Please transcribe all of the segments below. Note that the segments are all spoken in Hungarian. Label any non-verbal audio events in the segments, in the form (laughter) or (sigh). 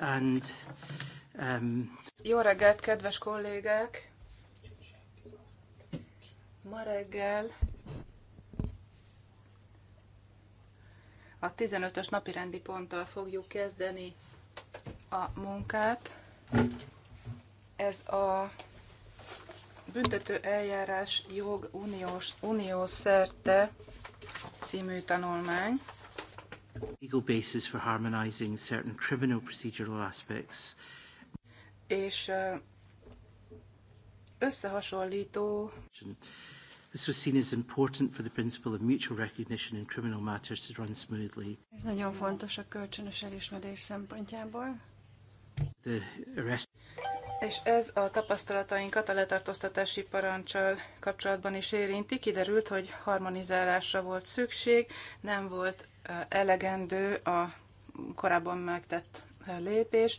And, um... Jó reggelt, kedves kollégák! Ma reggel a 15-ös napi rendi ponttal fogjuk kezdeni a munkát. Ez a büntető eljárás jog uniós, uniós szerte című tanulmány. Legal basis for harmonizing certain criminal procedural aspects. És összehasonlító This was seen as important for the principle of mutual recognition in criminal matters to run smoothly. Ez nagyon fontos a kölcsönös elismerés szempontjából. The arrest és ez a tapasztalatainkat a letartóztatási parancsal kapcsolatban is érinti. Kiderült, hogy harmonizálásra volt szükség, nem volt eh, elegendő a korábban megtett eh, lépés,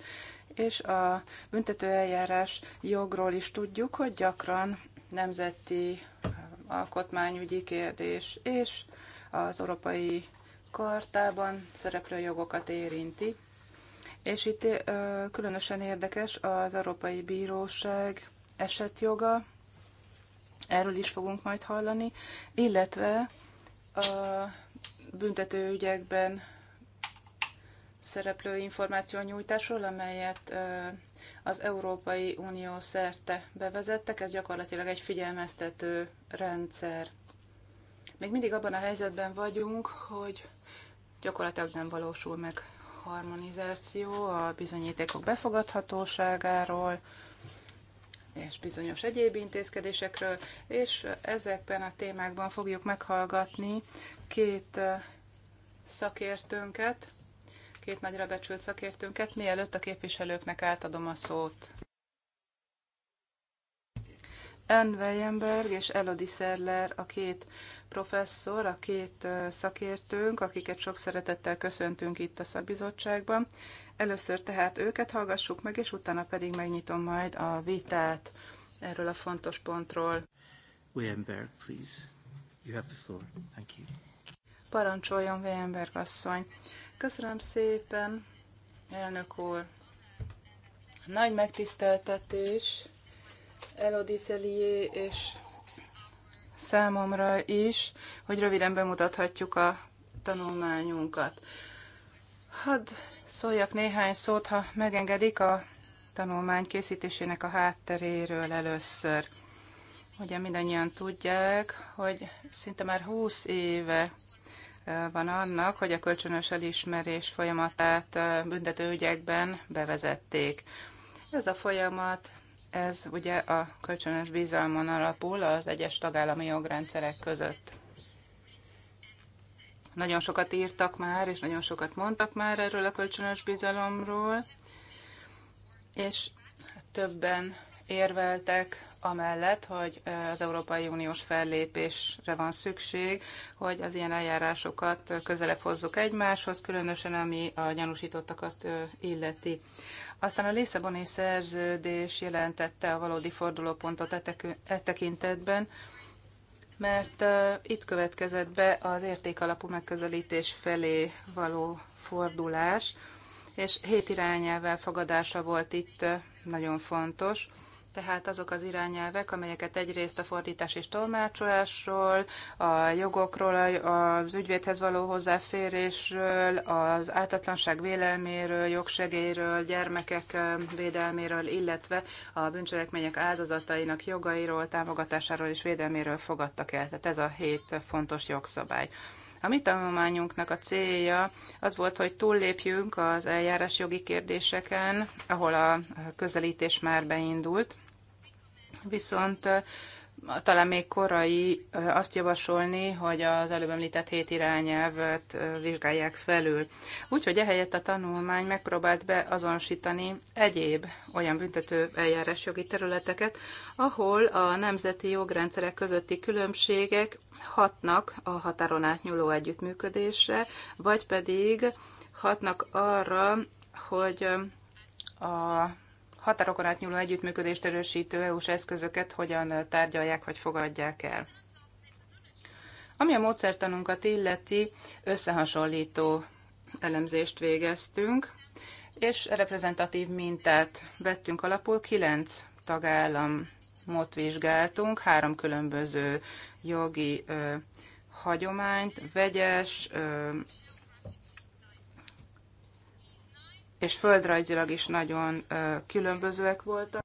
és a büntetőeljárás jogról is tudjuk, hogy gyakran nemzeti eh, alkotmányügyi kérdés és az európai kartában szereplő jogokat érinti, és itt különösen érdekes az Európai Bíróság esetjoga, erről is fogunk majd hallani, illetve a büntetőügyekben szereplő információ nyújtásról, amelyet az Európai Unió szerte bevezettek. Ez gyakorlatilag egy figyelmeztető rendszer. Még mindig abban a helyzetben vagyunk, hogy gyakorlatilag nem valósul meg harmonizáció a bizonyítékok befogadhatóságáról, és bizonyos egyéb intézkedésekről, és ezekben a témákban fogjuk meghallgatni két szakértőnket, két nagyra becsült szakértőnket, mielőtt a képviselőknek átadom a szót. Anne Weyenberg és Elodie Serler a két professzor, a két szakértőnk, akiket sok szeretettel köszöntünk itt a szakbizottságban. Először tehát őket hallgassuk meg, és utána pedig megnyitom majd a vitát erről a fontos pontról. Weyenberg, please. You have the floor. Thank you. Parancsoljon, Weyenberg asszony. Köszönöm szépen, elnök úr. Nagy megtiszteltetés Elodie Szelié és számomra is, hogy röviden bemutathatjuk a tanulmányunkat. Hadd szóljak néhány szót, ha megengedik a tanulmány készítésének a hátteréről először. Ugye mindannyian tudják, hogy szinte már 20 éve van annak, hogy a kölcsönös elismerés folyamatát büntetőügyekben bevezették. Ez a folyamat ez ugye a kölcsönös bizalmon alapul az egyes tagállami jogrendszerek között. Nagyon sokat írtak már, és nagyon sokat mondtak már erről a kölcsönös bizalomról, és többen érveltek amellett, hogy az Európai Uniós fellépésre van szükség, hogy az ilyen eljárásokat közelebb hozzuk egymáshoz, különösen ami a gyanúsítottakat illeti. Aztán a Lisszaboni szerződés jelentette a valódi fordulópontot e, e tekintetben, mert itt következett be az értékalapú megközelítés felé való fordulás, és hét irányelvel fogadása volt itt nagyon fontos tehát azok az irányelvek, amelyeket egyrészt a fordítás és tolmácsolásról, a jogokról, az ügyvédhez való hozzáférésről, az áltatlanság vélelméről, jogsegéről, gyermekek védelméről, illetve a bűncselekmények áldozatainak jogairól, támogatásáról és védelméről fogadtak el. Tehát ez a hét fontos jogszabály. A mi tanulmányunknak a célja az volt, hogy túllépjünk az eljárás jogi kérdéseken, ahol a közelítés már beindult, viszont talán még korai azt javasolni, hogy az előbb említett hét irányelvet vizsgálják felül. Úgyhogy ehelyett a tanulmány megpróbált beazonosítani egyéb olyan büntető eljárásjogi területeket, ahol a nemzeti jogrendszerek közötti különbségek hatnak a határon átnyúló együttműködésre, vagy pedig hatnak arra, hogy a határokon átnyúló együttműködést erősítő EU-s eszközöket hogyan tárgyalják vagy fogadják el. Ami a módszertanunkat illeti, összehasonlító elemzést végeztünk, és reprezentatív mintát vettünk alapul, kilenc tagállamot vizsgáltunk, három különböző jogi ö, hagyományt, vegyes, ö, és földrajzilag is nagyon különbözőek voltak.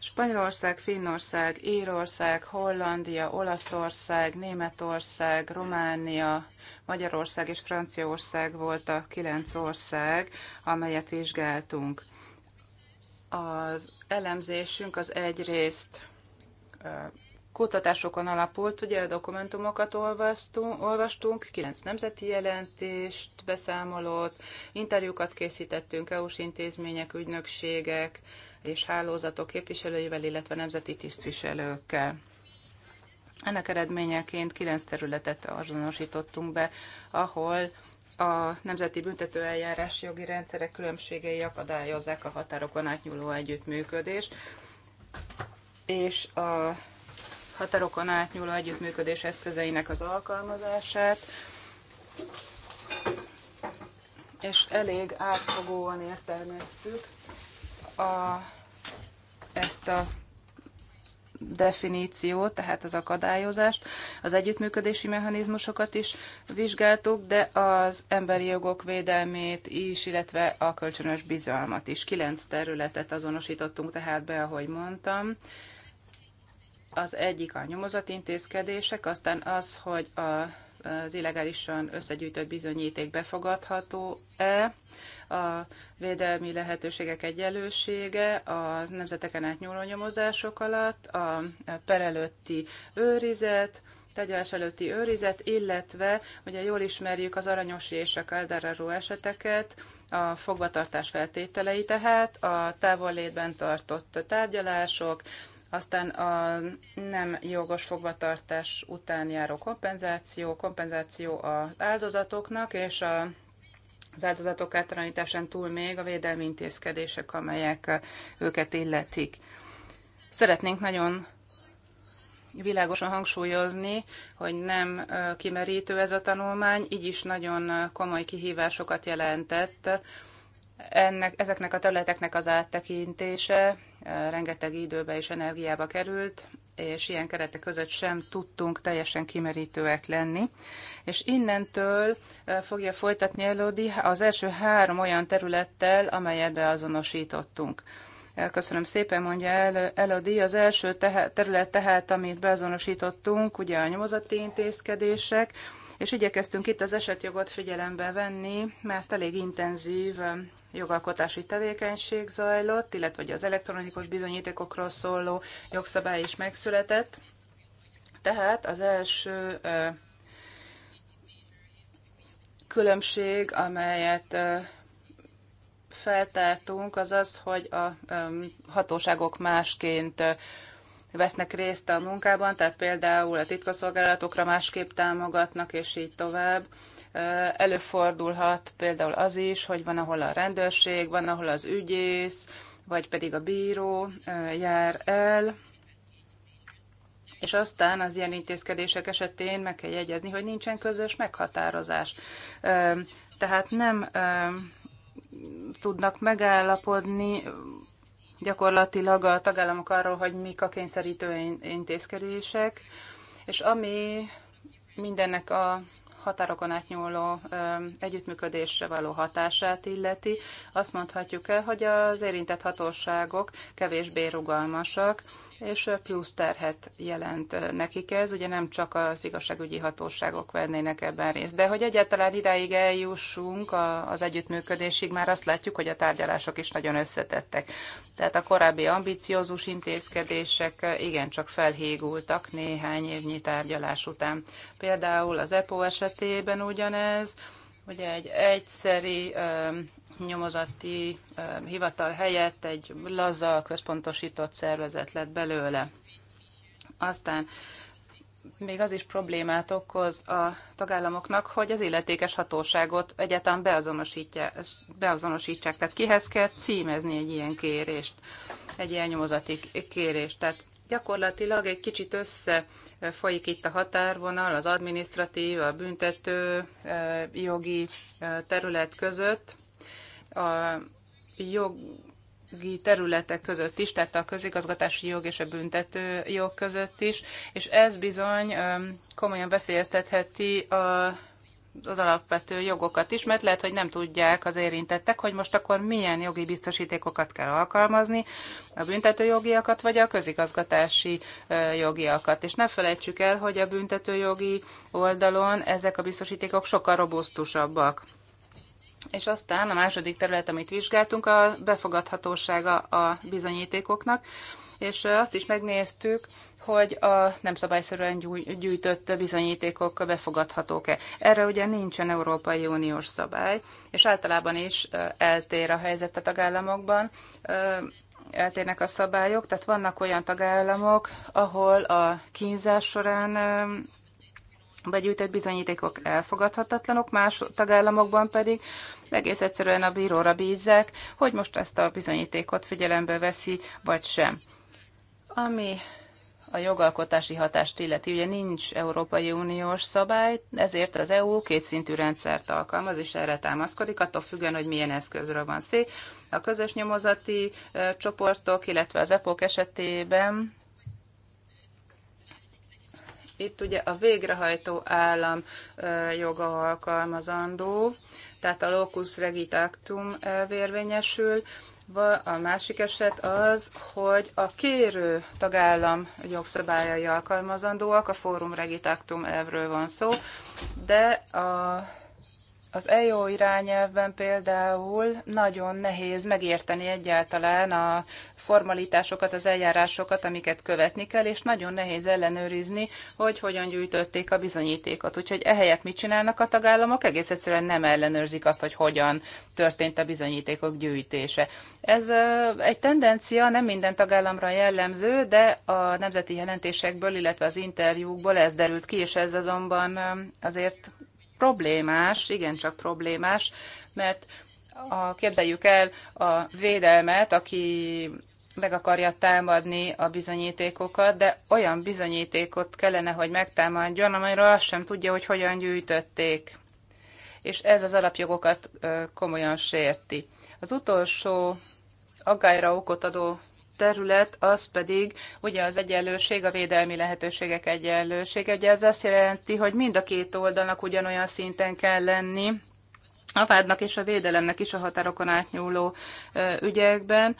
Spanyolország, Finnország, Írország, Hollandia, Olaszország, Németország, Románia, Magyarország és Franciaország volt a kilenc ország, amelyet vizsgáltunk. Az elemzésünk az egyrészt kutatásokon alapult, ugye a dokumentumokat olvastunk, olvastunk, kilenc nemzeti jelentést, beszámolót, interjúkat készítettünk EU-s intézmények, ügynökségek és hálózatok képviselőivel, illetve nemzeti tisztviselőkkel. Ennek eredményeként kilenc területet azonosítottunk be, ahol a nemzeti büntetőeljárás jogi rendszerek különbségei akadályozzák a határokon átnyúló együttműködést, és a határokon átnyúló együttműködés eszközeinek az alkalmazását, és elég átfogóan értelmeztük a, ezt a definíciót, tehát az akadályozást, az együttműködési mechanizmusokat is vizsgáltuk, de az emberi jogok védelmét is, illetve a kölcsönös bizalmat is. Kilenc területet azonosítottunk tehát be, ahogy mondtam, az egyik a nyomozati intézkedések, aztán az, hogy a, az illegálisan összegyűjtött bizonyíték befogadható-e, a védelmi lehetőségek egyenlősége a nemzeteken átnyúló nyomozások alatt, a perelőtti őrizet, tegyelés előtti őrizet, illetve ugye jól ismerjük az aranyosi és a Calderaro eseteket, a fogvatartás feltételei tehát, a létben tartott tárgyalások, aztán a nem jogos fogvatartás után járó kompenzáció, kompenzáció az áldozatoknak, és a az áldozatok általánításán túl még a védelmi intézkedések, amelyek őket illetik. Szeretnénk nagyon világosan hangsúlyozni, hogy nem kimerítő ez a tanulmány, így is nagyon komoly kihívásokat jelentett ennek, ezeknek a területeknek az áttekintése rengeteg időbe és energiába került, és ilyen keretek között sem tudtunk teljesen kimerítőek lenni. És innentől fogja folytatni Elodi az első három olyan területtel, amelyet beazonosítottunk. Köszönöm szépen, mondja el, Elodi. Az első tehe, terület tehát, amit beazonosítottunk, ugye a nyomozati intézkedések, és igyekeztünk itt az esetjogot figyelembe venni, mert elég intenzív um, jogalkotási tevékenység zajlott, illetve az elektronikus bizonyítékokról szóló jogszabály is megszületett. Tehát az első különbség, amelyet feltártunk, az az, hogy a um, hatóságok másként vesznek részt a munkában, tehát például a titkosszolgálatokra másképp támogatnak, és így tovább. Előfordulhat például az is, hogy van, ahol a rendőrség, van, ahol az ügyész, vagy pedig a bíró jár el, és aztán az ilyen intézkedések esetén meg kell jegyezni, hogy nincsen közös meghatározás. Tehát nem tudnak megállapodni gyakorlatilag a tagállamok arról, hogy mik a kényszerítő intézkedések, és ami mindennek a határokon átnyúló együttműködésre való hatását illeti, azt mondhatjuk el, hogy az érintett hatóságok kevésbé rugalmasak, és plusz terhet jelent nekik ez, ugye nem csak az igazságügyi hatóságok vennének ebben részt. De hogy egyáltalán idáig eljussunk az együttműködésig, már azt látjuk, hogy a tárgyalások is nagyon összetettek. Tehát a korábbi ambiciózus intézkedések igencsak felhígultak néhány évnyi tárgyalás után. Például az EPO esetében ugyanez, ugye egy egyszeri nyomozati hivatal helyett egy laza, központosított szervezet lett belőle. Aztán még az is problémát okoz a tagállamoknak, hogy az illetékes hatóságot egyáltalán beazonosítják, Tehát kihez kell címezni egy ilyen kérést, egy ilyen nyomozati kérést. Tehát gyakorlatilag egy kicsit összefolyik itt a határvonal az administratív, a büntető jogi terület között, a jogi területek között is, tehát a közigazgatási jog és a büntető jog között is, és ez bizony komolyan veszélyeztetheti a az alapvető jogokat is, mert lehet, hogy nem tudják az érintettek, hogy most akkor milyen jogi biztosítékokat kell alkalmazni, a büntetőjogiakat vagy a közigazgatási jogiakat. És ne felejtsük el, hogy a büntetőjogi oldalon ezek a biztosítékok sokkal robusztusabbak és aztán a második terület, amit vizsgáltunk, a befogadhatósága a bizonyítékoknak, és azt is megnéztük, hogy a nem szabályszerűen gyűjtött bizonyítékok befogadhatók-e. Erre ugye nincsen Európai Uniós szabály, és általában is eltér a helyzet a tagállamokban, eltérnek a szabályok, tehát vannak olyan tagállamok, ahol a kínzás során begyűjtött bizonyítékok elfogadhatatlanok, más tagállamokban pedig egész egyszerűen a bíróra bízzák, hogy most ezt a bizonyítékot figyelembe veszi, vagy sem. Ami a jogalkotási hatást illeti, ugye nincs Európai Uniós szabály, ezért az EU kétszintű rendszert alkalmaz, és erre támaszkodik, attól függően, hogy milyen eszközről van szé. A közös nyomozati csoportok, illetve az EPOK esetében itt ugye a végrehajtó állam joga alkalmazandó, tehát a locus actum vérvényesül, a másik eset az, hogy a kérő tagállam jogszabályai alkalmazandóak, a fórum regitaktum elvről van szó, de a az EO irányelvben például nagyon nehéz megérteni egyáltalán a formalitásokat, az eljárásokat, amiket követni kell, és nagyon nehéz ellenőrizni, hogy hogyan gyűjtötték a bizonyítékot. Úgyhogy ehelyett mit csinálnak a tagállamok? Egész egyszerűen nem ellenőrzik azt, hogy hogyan történt a bizonyítékok gyűjtése. Ez egy tendencia, nem minden tagállamra jellemző, de a nemzeti jelentésekből, illetve az interjúkból ez derült ki, és ez azonban azért problémás, igencsak problémás, mert a, képzeljük el a védelmet, aki meg akarja támadni a bizonyítékokat, de olyan bizonyítékot kellene, hogy megtámadjon, amelyről azt sem tudja, hogy hogyan gyűjtötték. És ez az alapjogokat komolyan sérti. Az utolsó aggályra okot adó terület az pedig ugye az egyenlőség, a védelmi lehetőségek egyenlősége. Ugye ez azt jelenti, hogy mind a két oldalnak ugyanolyan szinten kell lenni, a vádnak és a védelemnek is a határokon átnyúló ügyekben.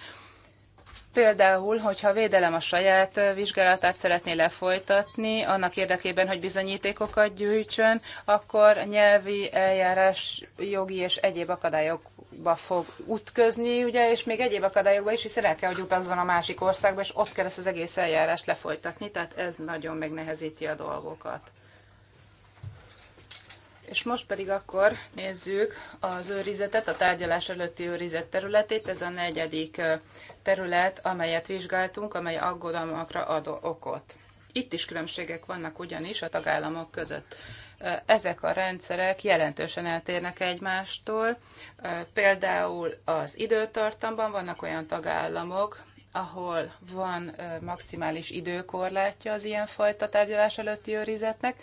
Például, hogyha a védelem a saját vizsgálatát szeretné lefolytatni, annak érdekében, hogy bizonyítékokat gyűjtsön, akkor nyelvi eljárás, jogi és egyéb akadályok akadályokba fog utközni, ugye, és még egyéb akadályokba is, hiszen el kell, hogy utazzon a másik országba, és ott kell ezt az egész eljárást lefolytatni, tehát ez nagyon megnehezíti a dolgokat. És most pedig akkor nézzük az őrizetet, a tárgyalás előtti őrizet területét. Ez a negyedik terület, amelyet vizsgáltunk, amely aggodalmakra ad okot. Itt is különbségek vannak ugyanis a tagállamok között ezek a rendszerek jelentősen eltérnek egymástól. Például az időtartamban vannak olyan tagállamok, ahol van maximális időkorlátja az ilyenfajta tárgyalás előtti őrizetnek,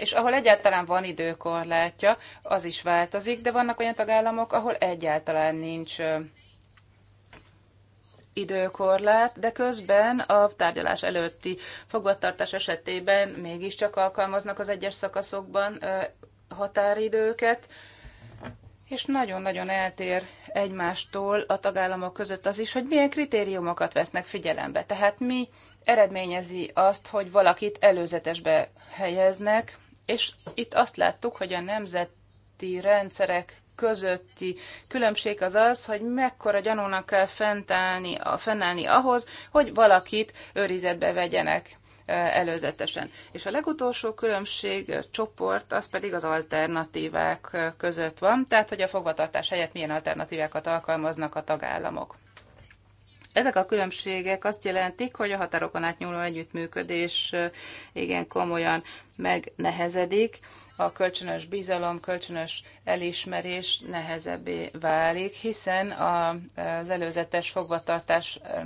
és ahol egyáltalán van időkorlátja, az is változik, de vannak olyan tagállamok, ahol egyáltalán nincs időkorlát, de közben a tárgyalás előtti fogvatartás esetében mégiscsak alkalmaznak az egyes szakaszokban határidőket, és nagyon-nagyon eltér egymástól a tagállamok között az is, hogy milyen kritériumokat vesznek figyelembe. Tehát mi eredményezi azt, hogy valakit előzetesbe helyeznek, és itt azt láttuk, hogy a nemzeti rendszerek közötti különbség az az, hogy mekkora gyanúnak kell a fennállni ahhoz, hogy valakit őrizetbe vegyenek előzetesen. És a legutolsó különbség csoport, az pedig az alternatívák között van, tehát hogy a fogvatartás helyett milyen alternatívákat alkalmaznak a tagállamok. Ezek a különbségek azt jelentik, hogy a határokon átnyúló együttműködés eh, igen komolyan megnehezedik, a kölcsönös bizalom, kölcsönös elismerés nehezebbé válik, hiszen eh, az előzetes fogvatartás eh,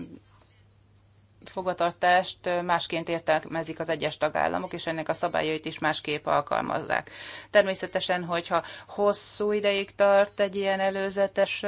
fogvatartást másként értelmezik az egyes tagállamok, és ennek a szabályait is másképp alkalmazzák. Természetesen, hogyha hosszú ideig tart egy ilyen előzetes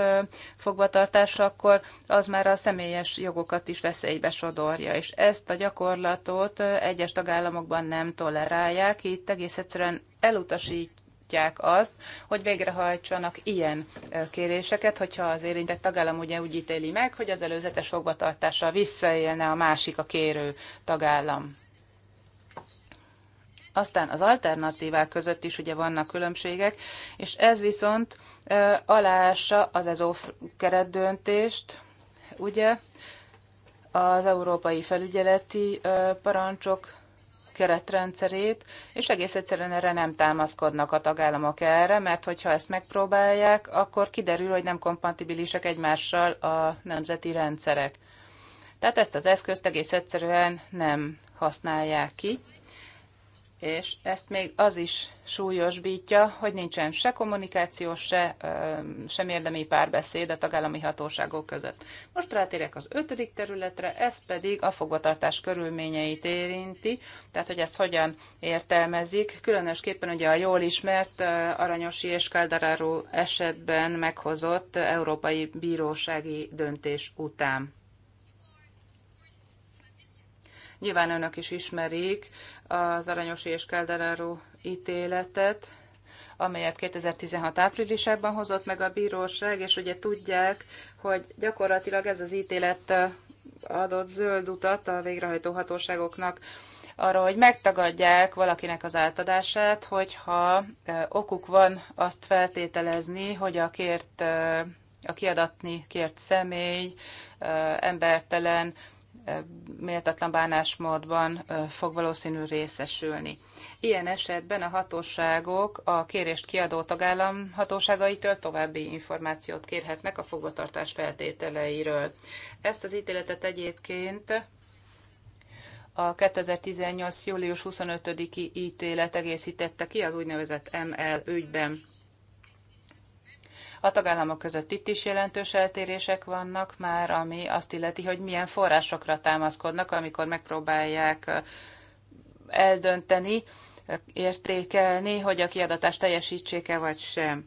fogvatartás, akkor az már a személyes jogokat is veszélybe sodorja, és ezt a gyakorlatot egyes tagállamokban nem tolerálják, itt egész egyszerűen elutasítják támogatják azt, hogy végrehajtsanak ilyen kéréseket, hogyha az érintett tagállam ugye úgy ítéli meg, hogy az előzetes fogvatartással visszaélne a másik a kérő tagállam. Aztán az alternatívák között is ugye vannak különbségek, és ez viszont ö, az az keret keretdöntést, ugye az európai felügyeleti parancsok keretrendszerét, és egész egyszerűen erre nem támaszkodnak a tagállamok erre, mert hogyha ezt megpróbálják, akkor kiderül, hogy nem kompatibilisek egymással a nemzeti rendszerek. Tehát ezt az eszközt egész egyszerűen nem használják ki, és ezt még az is súlyosbítja, hogy nincsen se kommunikáció, se, sem érdemi párbeszéd a tagállami hatóságok között. Most rátérek az ötödik területre, ez pedig a fogvatartás körülményeit érinti, tehát hogy ezt hogyan értelmezik. Különösképpen ugye a jól ismert Aranyosi és Kaldaráró esetben meghozott Európai Bírósági döntés után. Nyilván önök is ismerik az Aranyosi és Kelderáró ítéletet, amelyet 2016 áprilisában hozott meg a bíróság, és ugye tudják, hogy gyakorlatilag ez az ítélet eh, adott zöld utat a végrehajtó hatóságoknak arra, hogy megtagadják valakinek az átadását, hogyha eh, okuk van azt feltételezni, hogy a kért eh, a kiadatni kért személy embertelen, méltatlan bánásmódban fog valószínű részesülni. Ilyen esetben a hatóságok a kérést kiadó tagállam hatóságaitől további információt kérhetnek a fogvatartás feltételeiről. Ezt az ítéletet egyébként a 2018. július 25-i ítélet egészítette ki az úgynevezett ML ügyben. A tagállamok között itt is jelentős eltérések vannak már, ami azt illeti, hogy milyen forrásokra támaszkodnak, amikor megpróbálják eldönteni, értékelni, hogy a kiadatást teljesítsék-e vagy sem.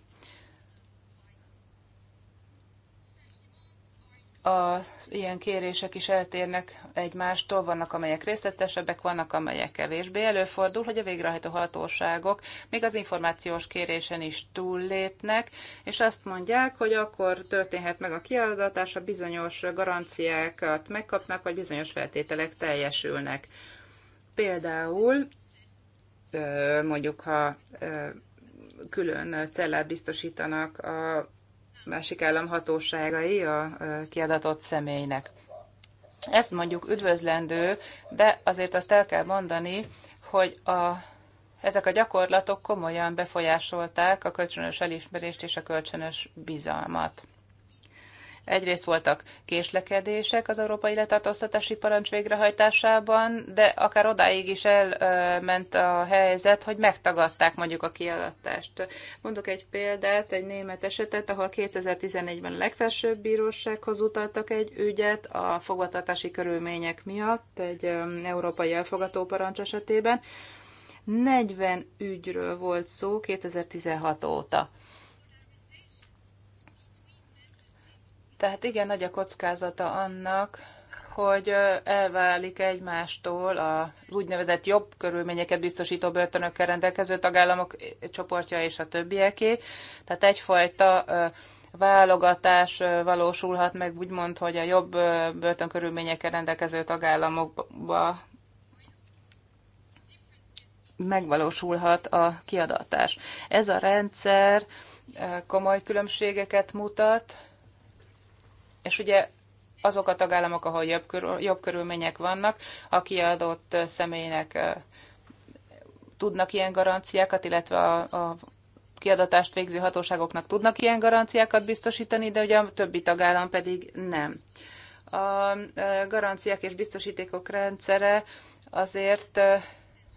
a ilyen kérések is eltérnek egymástól, vannak amelyek részletesebbek, vannak amelyek kevésbé. Előfordul, hogy a végrehajtó hatóságok még az információs kérésen is túllépnek, és azt mondják, hogy akkor történhet meg a kiadatás, a bizonyos garanciákat megkapnak, vagy bizonyos feltételek teljesülnek. Például mondjuk, ha külön cellát biztosítanak a másik állam hatóságai a kiadatott személynek. Ez mondjuk üdvözlendő, de azért azt el kell mondani, hogy a, ezek a gyakorlatok komolyan befolyásolták a kölcsönös elismerést és a kölcsönös bizalmat. Egyrészt voltak késlekedések az európai letartóztatási parancs végrehajtásában, de akár odáig is elment a helyzet, hogy megtagadták mondjuk a kiadatást. Mondok egy példát, egy német esetet, ahol 2014-ben a legfelsőbb bírósághoz utaltak egy ügyet a fogvatartási körülmények miatt, egy um, európai elfogató parancs esetében. 40 ügyről volt szó 2016 óta. Tehát igen, nagy a kockázata annak, hogy elválik egymástól a úgynevezett jobb körülményeket biztosító börtönökkel rendelkező tagállamok csoportja és a többieké. Tehát egyfajta válogatás valósulhat meg, úgymond, hogy a jobb börtönkörülményekkel rendelkező tagállamokba megvalósulhat a kiadatás. Ez a rendszer komoly különbségeket mutat, és ugye azok a tagállamok, ahol jobb, körül, jobb körülmények vannak, a kiadott személynek tudnak ilyen garanciákat, illetve a, a kiadatást végző hatóságoknak tudnak ilyen garanciákat biztosítani, de ugye a többi tagállam pedig nem. A garanciák és biztosítékok rendszere azért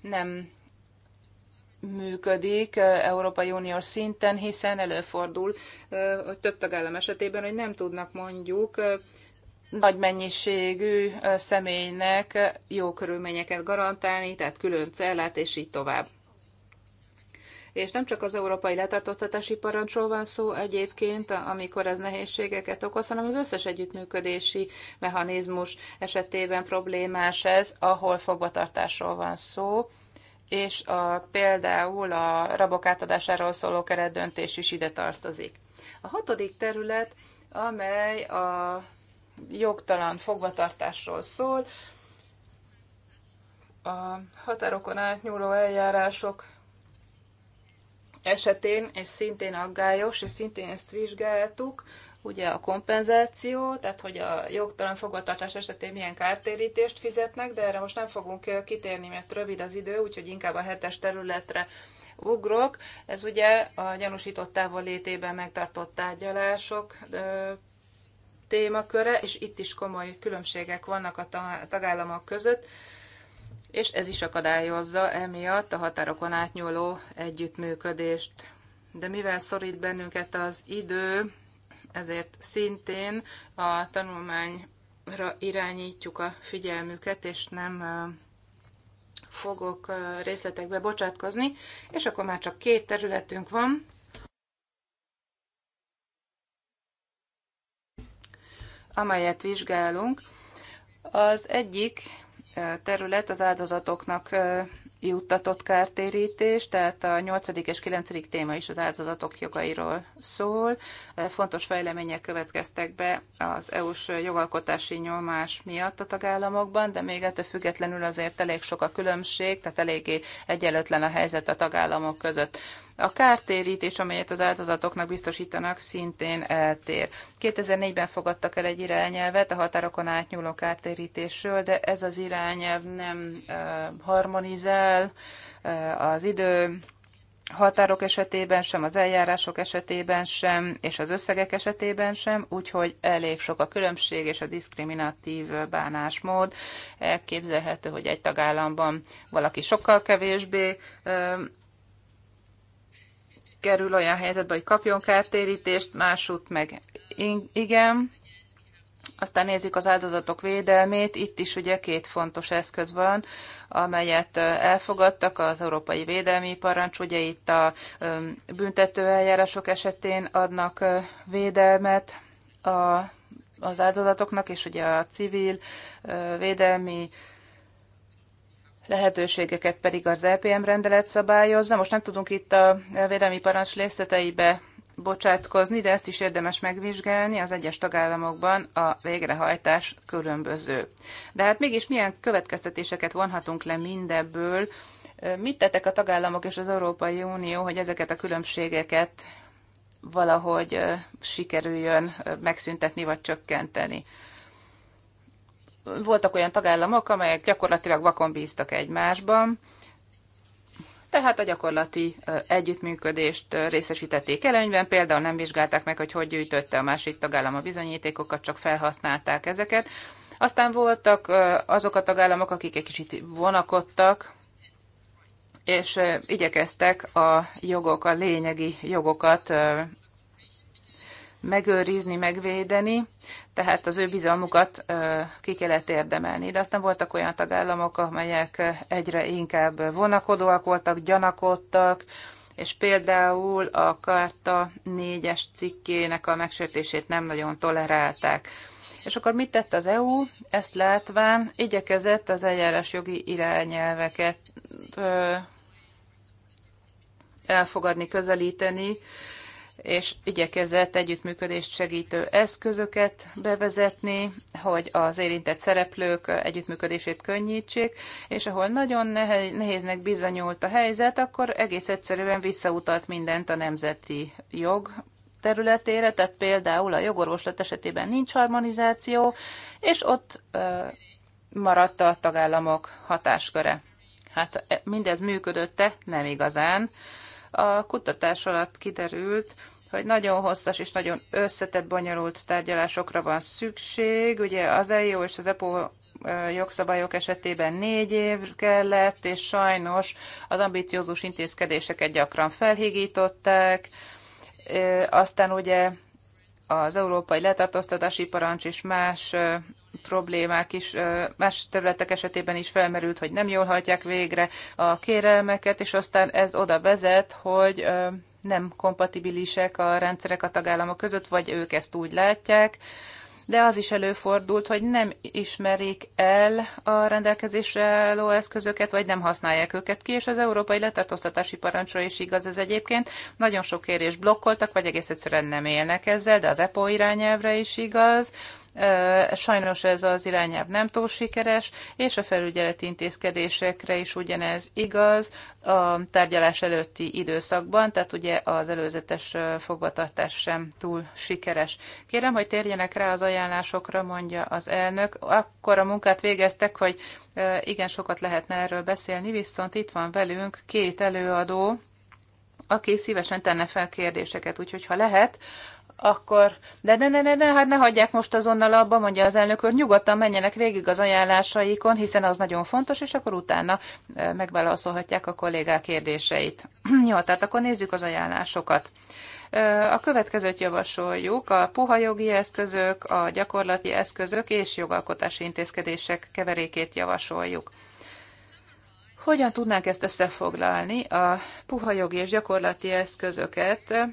nem működik Európai Uniós szinten, hiszen előfordul hogy több tagállam esetében, hogy nem tudnak mondjuk nagy mennyiségű személynek jó körülményeket garantálni, tehát külön cellát és így tovább. És nem csak az európai letartóztatási parancsról van szó egyébként, amikor ez nehézségeket okoz, hanem az összes együttműködési mechanizmus esetében problémás ez, ahol fogvatartásról van szó és a, például a rabok átadásáról szóló keretdöntés is ide tartozik. A hatodik terület, amely a jogtalan fogvatartásról szól, a határokon átnyúló eljárások esetén, és szintén aggályos, és szintén ezt vizsgáltuk, ugye a kompenzáció, tehát hogy a jogtalan fogvatartás esetén milyen kártérítést fizetnek, de erre most nem fogunk kitérni, mert rövid az idő, úgyhogy inkább a hetes területre ugrok. Ez ugye a gyanúsított létében megtartott tárgyalások témaköre, és itt is komoly különbségek vannak a tagállamok között, és ez is akadályozza emiatt a határokon átnyúló együttműködést. De mivel szorít bennünket az idő, ezért szintén a tanulmányra irányítjuk a figyelmüket, és nem fogok részletekbe bocsátkozni, és akkor már csak két területünk van. amelyet vizsgálunk. Az egyik terület az áldozatoknak juttatott kártérítés, tehát a 8. és 9. téma is az áldozatok jogairól szól. E, fontos fejlemények következtek be az EU-s jogalkotási nyomás miatt a tagállamokban, de még ettől függetlenül azért elég sok a különbség, tehát eléggé egyenlőtlen a helyzet a tagállamok között. A kártérítés, amelyet az áldozatoknak biztosítanak, szintén eltér. 2004-ben fogadtak el egy irányelvet a határokon átnyúló kártérítésről, de ez az irányelv nem harmonizál az idő határok esetében sem, az eljárások esetében sem, és az összegek esetében sem, úgyhogy elég sok a különbség és a diszkriminatív bánásmód. Elképzelhető, hogy egy tagállamban valaki sokkal kevésbé kerül olyan helyzetbe, hogy kapjon kártérítést, másút meg igen. Aztán nézzük az áldozatok védelmét. Itt is ugye két fontos eszköz van, amelyet elfogadtak az Európai Védelmi Parancs. Ugye itt a büntető eljárások esetén adnak védelmet az áldozatoknak, és ugye a civil védelmi lehetőségeket pedig az LPM e rendelet szabályozza. Most nem tudunk itt a védelmi parancs részleteibe bocsátkozni, de ezt is érdemes megvizsgálni, az egyes tagállamokban a végrehajtás különböző. De hát mégis milyen következtetéseket vonhatunk le mindebből, mit tettek a tagállamok és az Európai Unió, hogy ezeket a különbségeket valahogy sikerüljön megszüntetni vagy csökkenteni voltak olyan tagállamok, amelyek gyakorlatilag vakon bíztak egymásban, tehát a gyakorlati együttműködést részesítették előnyben, például nem vizsgálták meg, hogy hogy gyűjtötte a másik tagállam a bizonyítékokat, csak felhasználták ezeket. Aztán voltak azok a tagállamok, akik egy kicsit vonakodtak, és igyekeztek a jogok, a lényegi jogokat megőrizni, megvédeni, tehát az ő bizalmukat ki kellett érdemelni. De aztán voltak olyan tagállamok, amelyek egyre inkább vonakodóak voltak, gyanakodtak, és például a Karta 4-es cikkének a megsértését nem nagyon tolerálták. És akkor mit tett az EU? Ezt látván igyekezett az eljárás jogi irányelveket elfogadni, közelíteni, és igyekezett együttműködést segítő eszközöket bevezetni, hogy az érintett szereplők együttműködését könnyítsék, és ahol nagyon nehéznek bizonyult a helyzet, akkor egész egyszerűen visszautalt mindent a nemzeti jog területére, tehát például a jogorvoslat esetében nincs harmonizáció, és ott maradt a tagállamok hatásköre. Hát e, mindez működötte? Nem igazán. A kutatás alatt kiderült, hogy nagyon hosszas és nagyon összetett, bonyolult tárgyalásokra van szükség. Ugye az EIO és az EPO jogszabályok esetében négy év kellett, és sajnos az ambiciózus intézkedéseket gyakran felhigították. Aztán ugye az európai letartóztatási parancs és más problémák is, más területek esetében is felmerült, hogy nem jól hajtják végre a kérelmeket, és aztán ez oda vezet, hogy nem kompatibilisek a rendszerek a tagállamok között, vagy ők ezt úgy látják, de az is előfordult, hogy nem ismerik el a rendelkezésre álló eszközöket, vagy nem használják őket ki, és az európai letartóztatási parancsra is igaz ez egyébként. Nagyon sok kérés blokkoltak, vagy egész egyszerűen nem élnek ezzel, de az EPO irányelvre is igaz Sajnos ez az irányelv nem túl sikeres, és a felügyeleti intézkedésekre is ugyanez igaz a tárgyalás előtti időszakban, tehát ugye az előzetes fogvatartás sem túl sikeres. Kérem, hogy térjenek rá az ajánlásokra, mondja az elnök. Akkor a munkát végeztek, hogy igen sokat lehetne erről beszélni, viszont itt van velünk két előadó, aki szívesen tenne fel kérdéseket, úgyhogy ha lehet, akkor de ne, ne, ne, ne, hát ne hagyják most azonnal abba, mondja az elnök úr, nyugodtan menjenek végig az ajánlásaikon, hiszen az nagyon fontos, és akkor utána megválaszolhatják a kollégák kérdéseit. (clears throat) Jó, tehát akkor nézzük az ajánlásokat. A következőt javasoljuk, a puha jogi eszközök, a gyakorlati eszközök és jogalkotási intézkedések keverékét javasoljuk. Hogyan tudnánk ezt összefoglalni? A puha jogi és gyakorlati eszközöket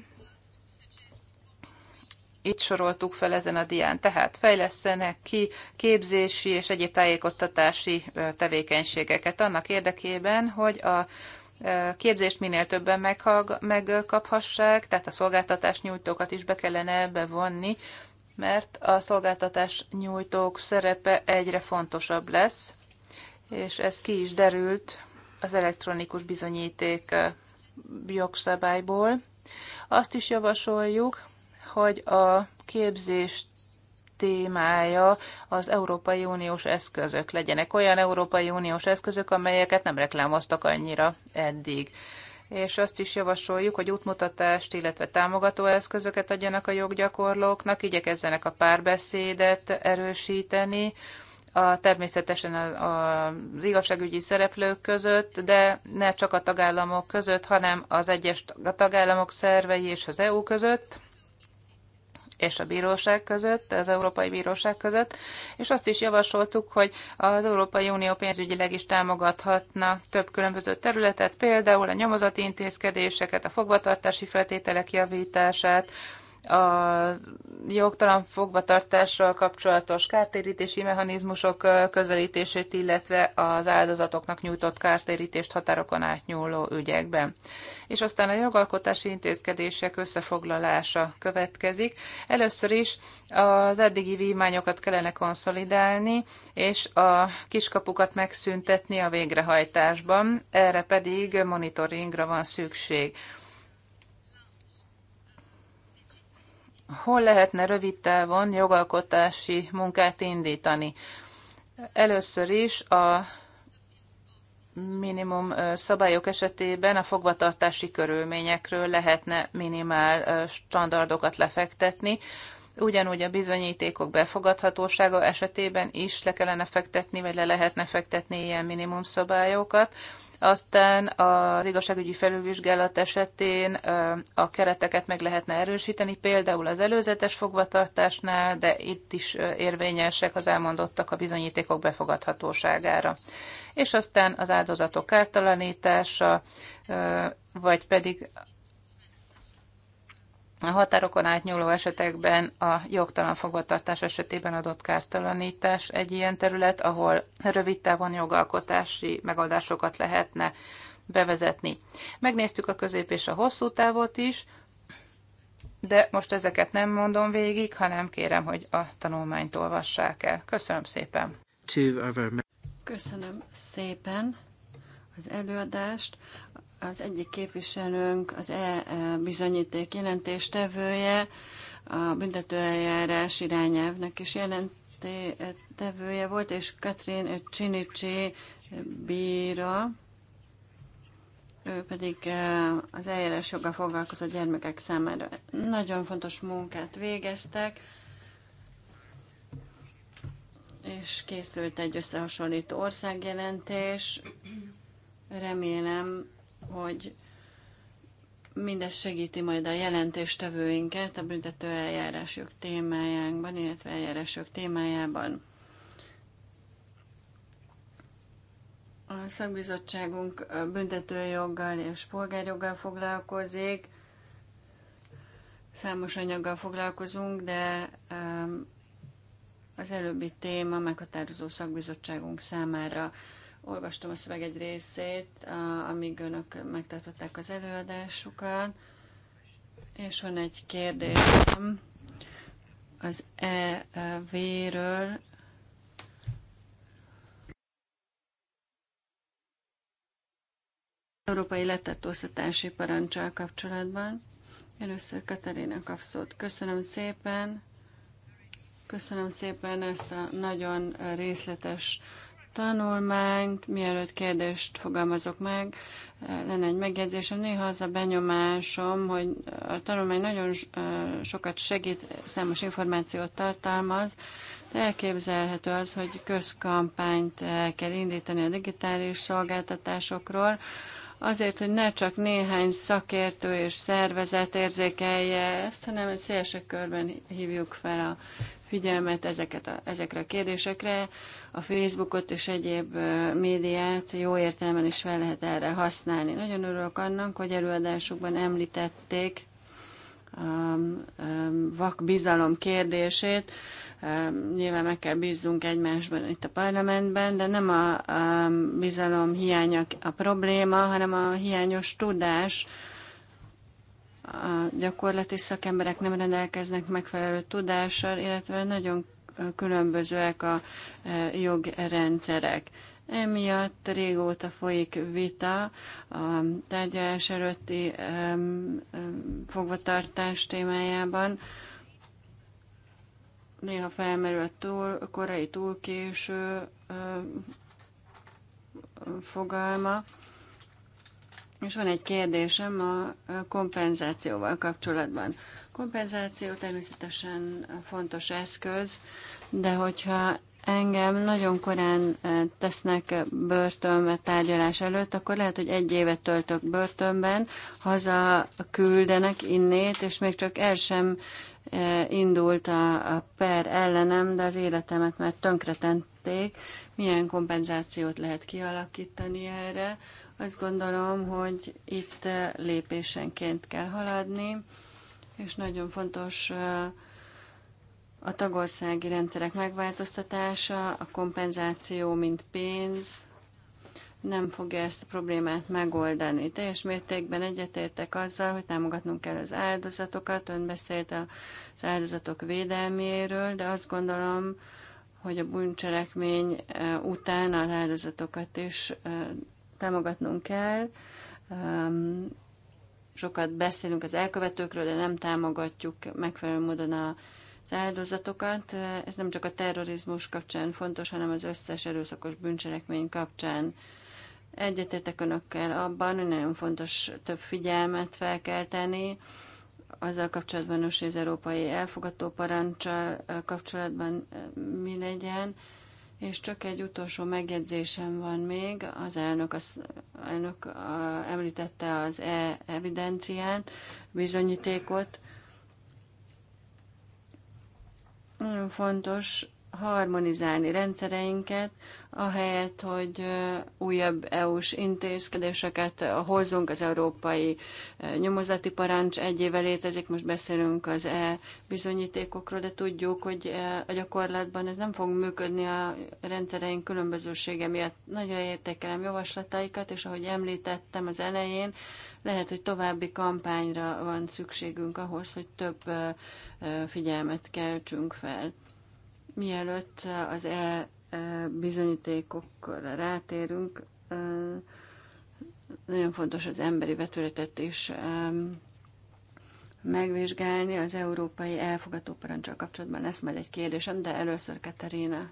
itt soroltuk fel ezen a dián. Tehát fejlesztenek ki képzési és egyéb tájékoztatási tevékenységeket annak érdekében, hogy a képzést minél többen megkaphassák, tehát a szolgáltatás nyújtókat is be kellene ebbe vonni, mert a szolgáltatás nyújtók szerepe egyre fontosabb lesz, és ez ki is derült az elektronikus bizonyíték jogszabályból. Azt is javasoljuk, hogy a képzés témája az Európai Uniós eszközök. Legyenek olyan Európai Uniós eszközök, amelyeket nem reklámoztak annyira eddig. És azt is javasoljuk, hogy útmutatást, illetve támogató eszközöket adjanak a joggyakorlóknak, igyekezzenek a párbeszédet erősíteni, a, természetesen a, a, az igazságügyi szereplők között, de ne csak a tagállamok között, hanem az egyes tagállamok szervei és az EU között és a bíróság között, az Európai Bíróság között, és azt is javasoltuk, hogy az Európai Unió pénzügyileg is támogathatna több különböző területet, például a nyomozati intézkedéseket, a fogvatartási feltételek javítását, a jogtalan fogvatartással kapcsolatos kártérítési mechanizmusok közelítését, illetve az áldozatoknak nyújtott kártérítést határokon átnyúló ügyekben. És aztán a jogalkotási intézkedések összefoglalása következik. Először is az eddigi vívmányokat kellene konszolidálni, és a kiskapukat megszüntetni a végrehajtásban, erre pedig monitoringra van szükség. hol lehetne rövid távon jogalkotási munkát indítani. Először is a minimum szabályok esetében a fogvatartási körülményekről lehetne minimál standardokat lefektetni, ugyanúgy a bizonyítékok befogadhatósága esetében is le kellene fektetni, vagy le lehetne fektetni ilyen minimum szabályokat. Aztán az igazságügyi felülvizsgálat esetén a kereteket meg lehetne erősíteni, például az előzetes fogvatartásnál, de itt is érvényesek az elmondottak a bizonyítékok befogadhatóságára. És aztán az áldozatok ártalanítása, vagy pedig a határokon átnyúló esetekben a jogtalan fogvatartás esetében adott kártalanítás egy ilyen terület, ahol rövid távon jogalkotási megoldásokat lehetne bevezetni. Megnéztük a közép és a hosszú távot is, de most ezeket nem mondom végig, hanem kérem, hogy a tanulmányt olvassák el. Köszönöm szépen! Köszönöm szépen az előadást. Az egyik képviselőnk az e-bizonyíték e, jelentéstevője, a büntetőeljárás irányelvnek is jelentéstevője volt, és Katrin Csinicsi bíra, ő pedig e, az eljárás joggal foglalkozó gyermekek számára nagyon fontos munkát végeztek, és készült egy összehasonlító országjelentés. Remélem, hogy mindez segíti majd a jelentéstevőinket a büntető eljárások témájánkban, illetve eljárások témájában. A szakbizottságunk büntetőjoggal és polgárjoggal foglalkozik, számos anyaggal foglalkozunk, de um, az előbbi téma meghatározó szakbizottságunk számára Olvastam a szöveg egy részét, amíg önök megtartották az előadásukat, és van egy kérdésem az EV-ről, európai letartóztatási parancsal kapcsolatban. Először Katarina kapszót. Köszönöm szépen. Köszönöm szépen ezt a nagyon részletes tanulmányt, mielőtt kérdést fogalmazok meg, lenne egy megjegyzésem. Néha az a benyomásom, hogy a tanulmány nagyon sokat segít, számos információt tartalmaz, de elképzelhető az, hogy közkampányt kell indítani a digitális szolgáltatásokról, azért, hogy ne csak néhány szakértő és szervezet érzékelje ezt, hanem egy szélső körben hívjuk fel a figyelmet ezeket a, ezekre a kérdésekre. A Facebookot és egyéb médiát jó értelemben is fel lehet erre használni. Nagyon örülök annak, hogy előadásukban említették a um, um, vak bizalom kérdését. Um, nyilván meg kell bízzunk egymásban itt a parlamentben, de nem a, bizalom hiánya a probléma, hanem a hiányos tudás, a gyakorlati szakemberek nem rendelkeznek megfelelő tudással, illetve nagyon különbözőek a e, jogrendszerek. Emiatt régóta folyik vita a tárgyalás előtti e, e, fogvatartás témájában. Néha felmerül a túl, korai túl késő fogalma. És van egy kérdésem a kompenzációval kapcsolatban. Kompenzáció természetesen fontos eszköz, de hogyha engem nagyon korán eh, tesznek börtönbe tárgyalás előtt, akkor lehet, hogy egy évet töltök börtönben, haza küldenek innét, és még csak el sem eh, indult a per ellenem, de az életemet már tönkretették. Milyen kompenzációt lehet kialakítani erre? Azt gondolom, hogy itt eh, lépésenként kell haladni, és nagyon fontos eh, a tagországi rendszerek megváltoztatása, a kompenzáció, mint pénz, nem fogja ezt a problémát megoldani. Teljes mértékben egyetértek azzal, hogy támogatnunk kell az áldozatokat. Ön beszélt az áldozatok védelméről, de azt gondolom, hogy a bűncselekmény eh, után az áldozatokat is támogatnunk kell. Sokat beszélünk az elkövetőkről, de nem támogatjuk megfelelő módon a az áldozatokat. Ez nem csak a terrorizmus kapcsán fontos, hanem az összes erőszakos bűncselekmény kapcsán. Egyetértek önökkel abban, hogy nagyon fontos több figyelmet felkelteni, azzal kapcsolatban, hogy az európai elfogató parancsal kapcsolatban eh, mi legyen. És csak egy utolsó megjegyzésem van még. Az elnök, az, elnök a, említette az e evidencián bizonyítékot. Nagyon fontos harmonizálni rendszereinket, ahelyett, hogy újabb EU-s intézkedéseket hozunk, az európai nyomozati parancs egy éve létezik, most beszélünk az e bizonyítékokról, de tudjuk, hogy a gyakorlatban ez nem fog működni a rendszereink különbözősége miatt. Nagyra értékelem javaslataikat, és ahogy említettem az elején, lehet, hogy további kampányra van szükségünk ahhoz, hogy több figyelmet keltsünk fel mielőtt az e bizonyítékokra rátérünk, nagyon fontos az emberi vetületet is megvizsgálni. Az európai elfogató parancsal kapcsolatban lesz majd egy kérdésem, de először Katerina.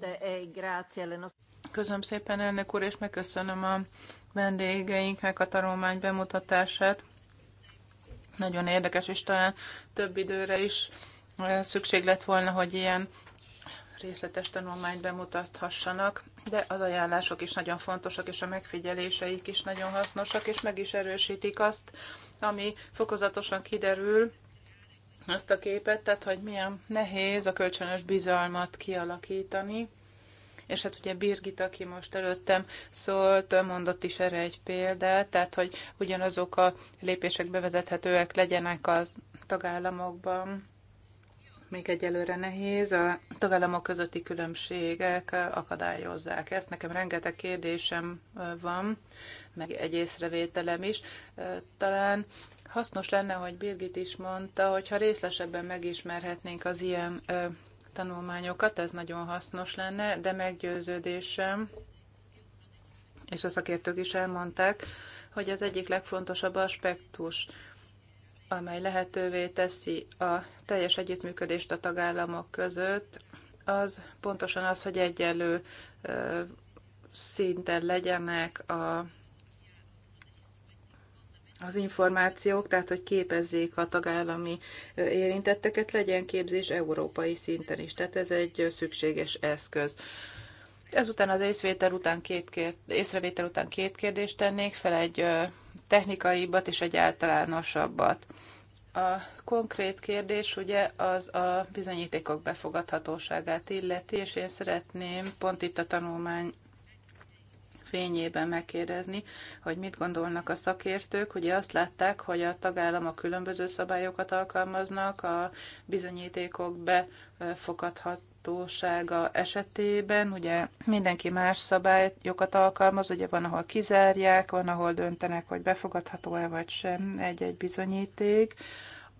Eh, Köszönöm szépen, elnök úr, és megköszönöm a vendégeinknek a tanulmány bemutatását. Nagyon érdekes, és talán több időre is szükség lett volna, hogy ilyen részletes tanulmányt bemutathassanak, de az ajánlások is nagyon fontosak, és a megfigyeléseik is nagyon hasznosak, és meg is erősítik azt, ami fokozatosan kiderül, azt a képet, tehát hogy milyen nehéz a kölcsönös bizalmat kialakítani. És hát ugye Birgit, aki most előttem szólt, mondott is erre egy példát, tehát hogy ugyanazok a lépések bevezethetőek legyenek az tagállamokban, még egyelőre nehéz. A tagállamok közötti különbségek akadályozzák ezt. Nekem rengeteg kérdésem van, meg egy észrevételem is. Talán hasznos lenne, hogy Birgit is mondta, hogyha részlesebben megismerhetnénk az ilyen tanulmányokat, ez nagyon hasznos lenne, de meggyőződésem, és a szakértők is elmondták, hogy az egyik legfontosabb aspektus amely lehetővé teszi a teljes együttműködést a tagállamok között, az pontosan az, hogy egyenlő szinten legyenek a, az információk, tehát hogy képezzék a tagállami érintetteket, legyen képzés európai szinten is. Tehát ez egy szükséges eszköz. Ezután az észvétel után két kérd, észrevétel után két kérdést tennék fel egy technikaibbat és egy általánosabbat. A konkrét kérdés ugye az a bizonyítékok befogadhatóságát illeti, és én szeretném pont itt a tanulmány fényében megkérdezni, hogy mit gondolnak a szakértők. Ugye azt látták, hogy a tagállamok különböző szabályokat alkalmaznak a bizonyítékok befogadhat esetében, ugye mindenki más szabályokat alkalmaz, ugye van, ahol kizárják, van, ahol döntenek, hogy befogadható-e vagy sem egy-egy bizonyíték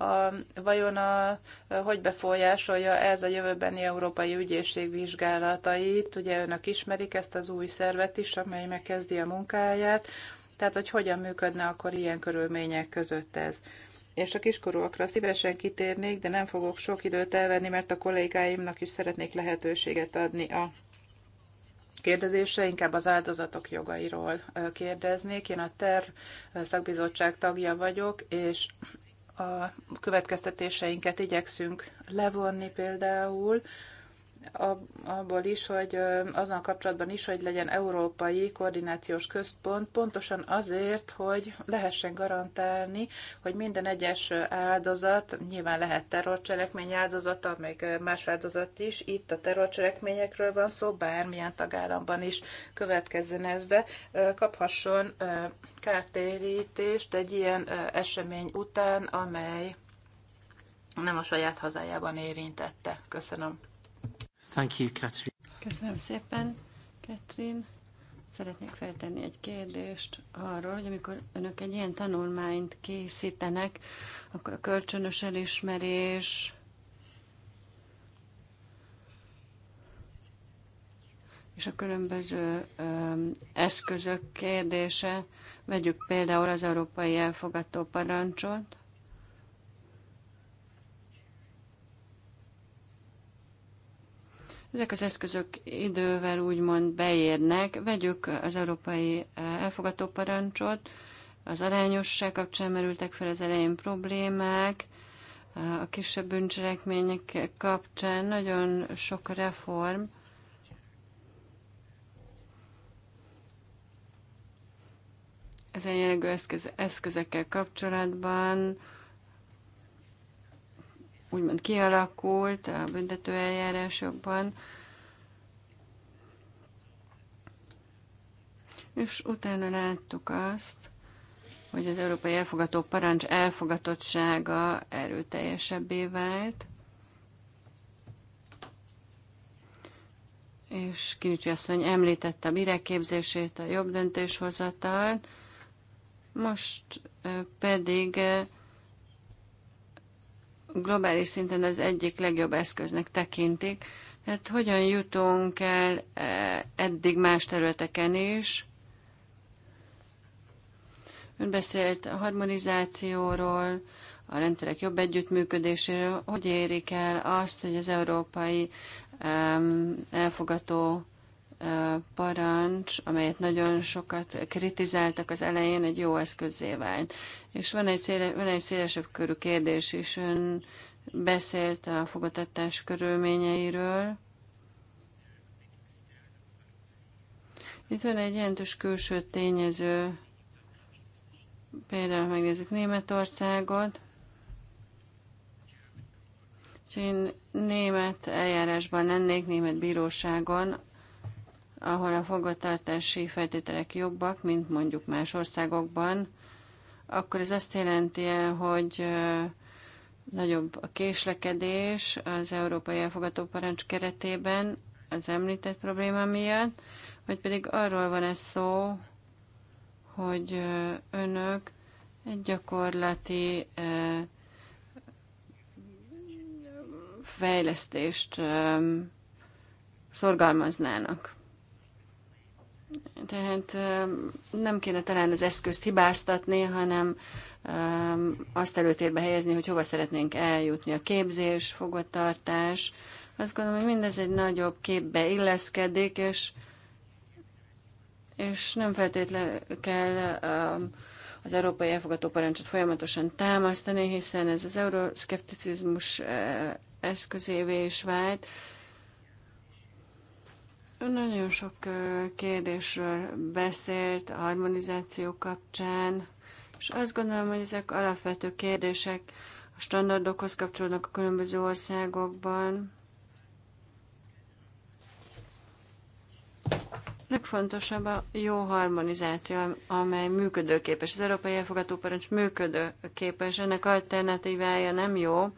a, vajon a, a, hogy befolyásolja ez a jövőbeni Európai Ügyészség vizsgálatait. Ugye önök ismerik ezt az új szervet is, amely megkezdi a munkáját. Tehát, hogy hogyan működne akkor ilyen körülmények között ez. És a kiskorúakra szívesen kitérnék, de nem fogok sok időt elvenni, mert a kollégáimnak is szeretnék lehetőséget adni a kérdezésre, inkább az áldozatok jogairól kérdeznék. Én a TER szakbizottság tagja vagyok, és a következtetéseinket igyekszünk levonni például abból is, hogy azon kapcsolatban is, hogy legyen európai koordinációs központ, pontosan azért, hogy lehessen garantálni, hogy minden egyes áldozat, nyilván lehet terrorcselekmény áldozata, meg más áldozat is, itt a terrorcselekményekről van szó, bármilyen tagállamban is következzen ez be, kaphasson kártérítést egy ilyen esemény után, amely nem a saját hazájában érintette. Köszönöm. Thank you, Catherine. Köszönöm szépen, Katrin. Szeretnék feltenni egy kérdést arról, hogy amikor önök egy ilyen tanulmányt készítenek, akkor a kölcsönös elismerés, és a különböző öm, eszközök kérdése, vegyük például az európai elfogadó parancsot, Ezek az eszközök idővel úgymond beérnek. Vegyük az európai eh, elfogató parancsot, az arányosság kapcsán merültek fel az elején problémák, eh, a kisebb bűncselekmények kapcsán nagyon sok reform, ezen jellegű eszköz, eszközekkel kapcsolatban úgymond kialakult a eljárásokban, és utána láttuk azt, hogy az európai elfogató parancs elfogatottsága erőteljesebbé vált, és Kinicsi asszony említette a bíreképzését, a jobb döntéshozatal, most pedig globális szinten az egyik legjobb eszköznek tekintik. Hát hogyan jutunk el e, eddig más területeken is? Ön beszélt a harmonizációról, a rendszerek jobb együttműködéséről. Hogy érik el azt, hogy az európai elfogató parancs, amelyet nagyon sokat kritizáltak az elején, egy jó eszközé vált. És van egy, széle, van egy szélesebb körű kérdés is. Ön beszélt a fogadtatás körülményeiről. Itt van egy jelentős külső tényező, például megnézzük Németországot, Úgyhogy én német eljárásban lennék, német bíróságon, ahol a fogvatartási feltételek jobbak, mint mondjuk más országokban, akkor ez azt jelenti, hogy nagyobb a késlekedés az Európai Elfogató Parancs keretében az említett probléma miatt, vagy pedig arról van ez szó, hogy önök egy gyakorlati fejlesztést szorgalmaznának. Tehát nem kéne talán az eszközt hibáztatni, hanem azt előtérbe helyezni, hogy hova szeretnénk eljutni. A képzés, fogvatartás. Azt gondolom, hogy mindez egy nagyobb képbe illeszkedik, és, és nem feltétlenül kell az európai elfogató parancsot folyamatosan támasztani, hiszen ez az euroszkepticizmus eszközévé is vált. Ön nagyon sok kérdésről beszélt a harmonizáció kapcsán, és azt gondolom, hogy ezek alapvető kérdések a standardokhoz kapcsolódnak a különböző országokban. Legfontosabb a jó harmonizáció, amely működőképes. Az Európai elfogadó Parancs működőképes, ennek alternatívája nem jó.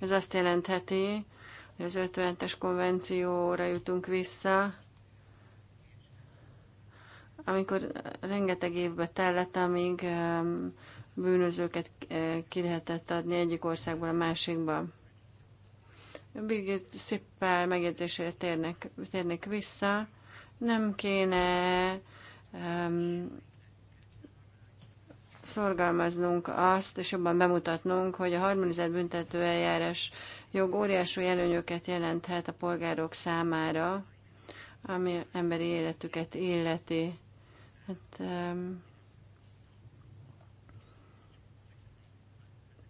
Ez azt jelentheti, az 50-es konvencióra jutunk vissza, amikor rengeteg évbe tellett, amíg bűnözőket eh, ki lehetett adni egyik országból a másikba. Birgit Szippel megértésére térnek, térnek vissza. Nem kéne um, szorgalmaznunk azt, és jobban bemutatnunk, hogy a harmonizált büntetőeljárás jog óriási előnyöket jelenthet a polgárok számára, ami emberi életüket illeti. Hát, um,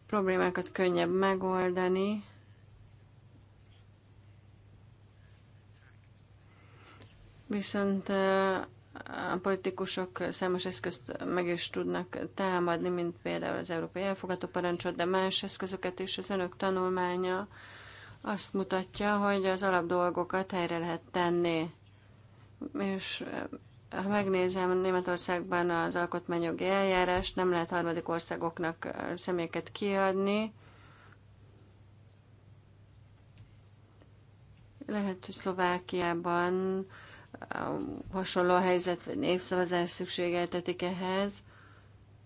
problémákat könnyebb megoldani. Viszont eh, a politikusok számos eszközt meg is tudnak támadni, mint például az Európai Elfogató Parancsot, de más eszközöket is. Az önök tanulmánya azt mutatja, hogy az alapdolgokat helyre lehet tenni. És eh, ha megnézem, Németországban az alkotmányjogi eljárás nem lehet harmadik országoknak eh, személyeket kiadni. Lehet, hogy Szlovákiában hasonló helyzet vagy népszavazás szükségeltetik ehhez.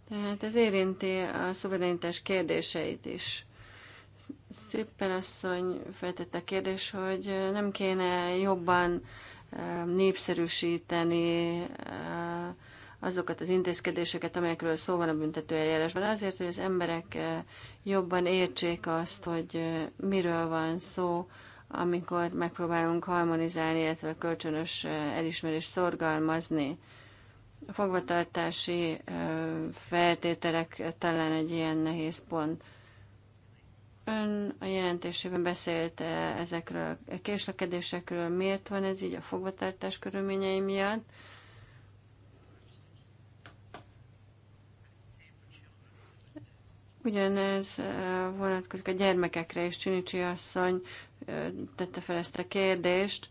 Tehát ez érinti a szuverenitás kérdéseit is. Szépen asszony feltette a kérdés, hogy nem kéne jobban népszerűsíteni azokat az intézkedéseket, amelyekről szó van a büntetőeljárásban, azért, hogy az emberek jobban értsék azt, hogy miről van szó, amikor megpróbálunk harmonizálni, illetve kölcsönös elismerést szorgalmazni. A fogvatartási feltételek talán egy ilyen nehéz pont. Ön a jelentésében beszélt ezekről a késlekedésekről, miért van ez így a fogvatartás körülményei miatt. Ugyanez vonatkozik a gyermekekre is, Csinicsi asszony tette fel ezt a kérdést,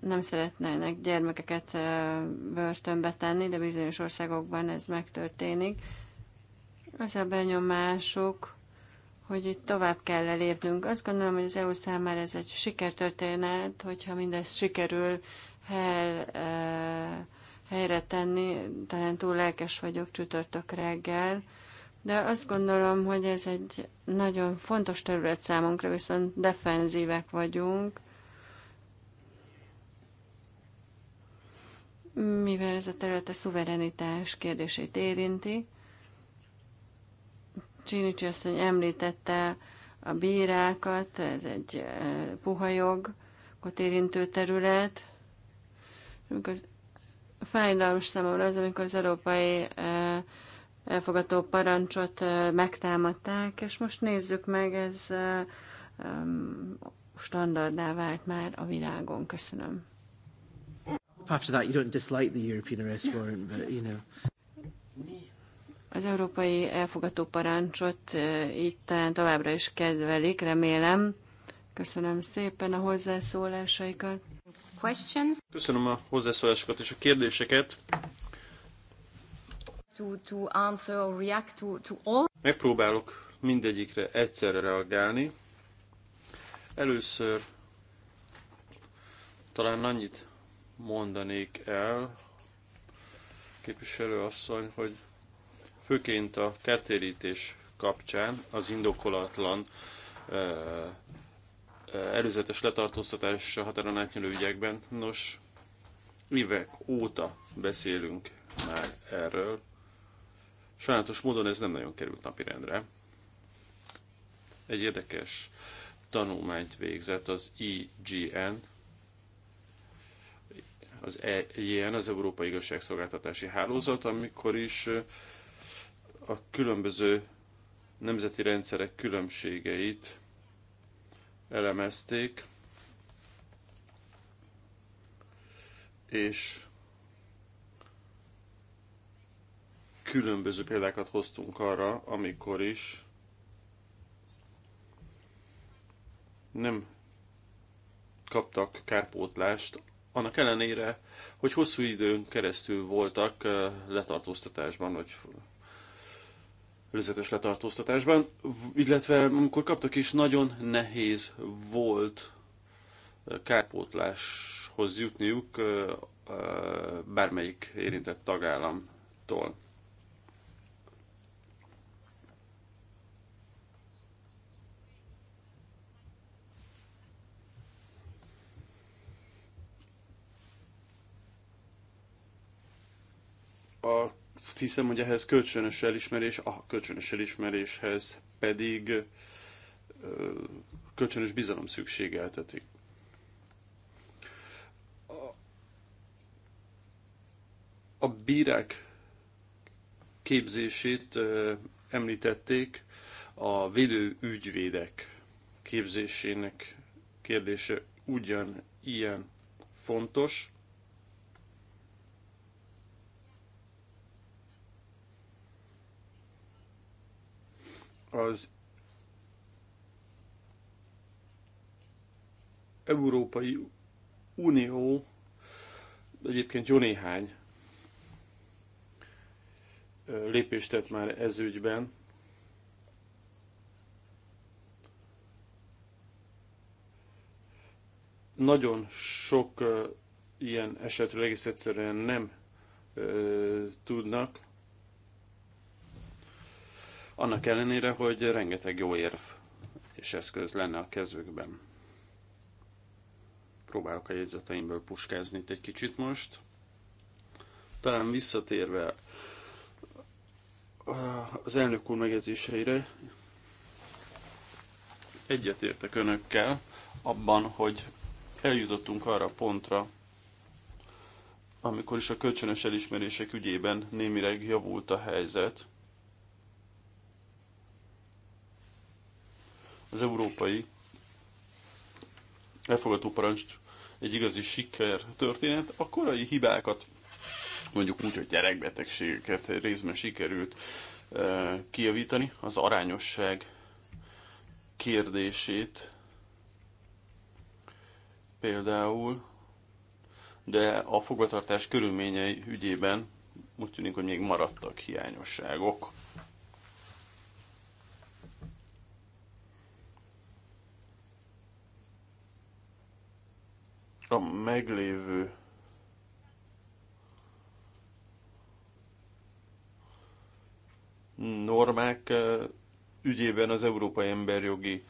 nem szeretnének gyermekeket börtönbe tenni, de bizonyos országokban ez megtörténik. Az a benyomásuk, hogy itt tovább kell lépnünk. Azt gondolom, hogy az EU számára ez egy sikertörténet, hogyha mindez sikerül hel, helyre tenni. Talán túl lelkes vagyok csütörtök reggel, de azt gondolom, hogy ez egy nagyon fontos terület számunkra, viszont defenzívek vagyunk, mivel ez a terület a szuverenitás kérdését érinti. Csinicsi asszony említette a bírákat, ez egy eh, puha jogot érintő terület. Amikor fájdalmas számomra az, amikor az európai eh, elfogadó parancsot megtámadták, és most nézzük meg, ez standardá vált már a világon. Köszönöm. After that, you don't dislike the European arrest warrant, but you know. Az európai elfogató parancsot így talán továbbra is kedvelik, remélem. Köszönöm szépen a hozzászólásaikat. Questions? Köszönöm a hozzászólásokat és a kérdéseket. To, to answer or react to, to all. Megpróbálok mindegyikre egyszerre reagálni. Először talán annyit mondanék el, asszony, hogy főként a kertérítés kapcsán az indokolatlan előzetes letartóztatás a határon átnyúló ügyekben. Nos, évek óta beszélünk már erről. Sajnálatos módon ez nem nagyon került napirendre. Egy érdekes tanulmányt végzett az IGN, e az EIN, az Európai Igazságszolgáltatási Hálózat, amikor is a különböző nemzeti rendszerek különbségeit elemezték, és különböző példákat hoztunk arra, amikor is nem kaptak kárpótlást, annak ellenére, hogy hosszú időn keresztül voltak letartóztatásban, vagy előzetes letartóztatásban, illetve amikor kaptak is, nagyon nehéz volt kárpótláshoz jutniuk bármelyik érintett tagállamtól. azt hiszem, hogy ehhez kölcsönös elismerés, a kölcsönös elismeréshez pedig kölcsönös bizalom szükségeltetik. A bírák képzését említették, a védő ügyvédek képzésének kérdése ugyan ilyen fontos. az Európai Unió egyébként jó néhány lépést tett már ez ügyben. Nagyon sok ilyen esetről egész egyszerűen nem tudnak annak ellenére, hogy rengeteg jó érv és eszköz lenne a kezükben. Próbálok a jegyzeteimből puskázni itt egy kicsit most. Talán visszatérve az elnök úr megjegyzéseire, egyetértek önökkel abban, hogy eljutottunk arra a pontra, amikor is a kölcsönös elismerések ügyében némileg javult a helyzet, Az európai elfogadó parancs egy igazi siker történet. A korai hibákat, mondjuk úgy, hogy gyerekbetegségeket részben sikerült e, kijavítani, az arányosság kérdését például, de a fogvatartás körülményei ügyében úgy tűnik, hogy még maradtak hiányosságok. a meglévő normák ügyében az Európai Emberjogi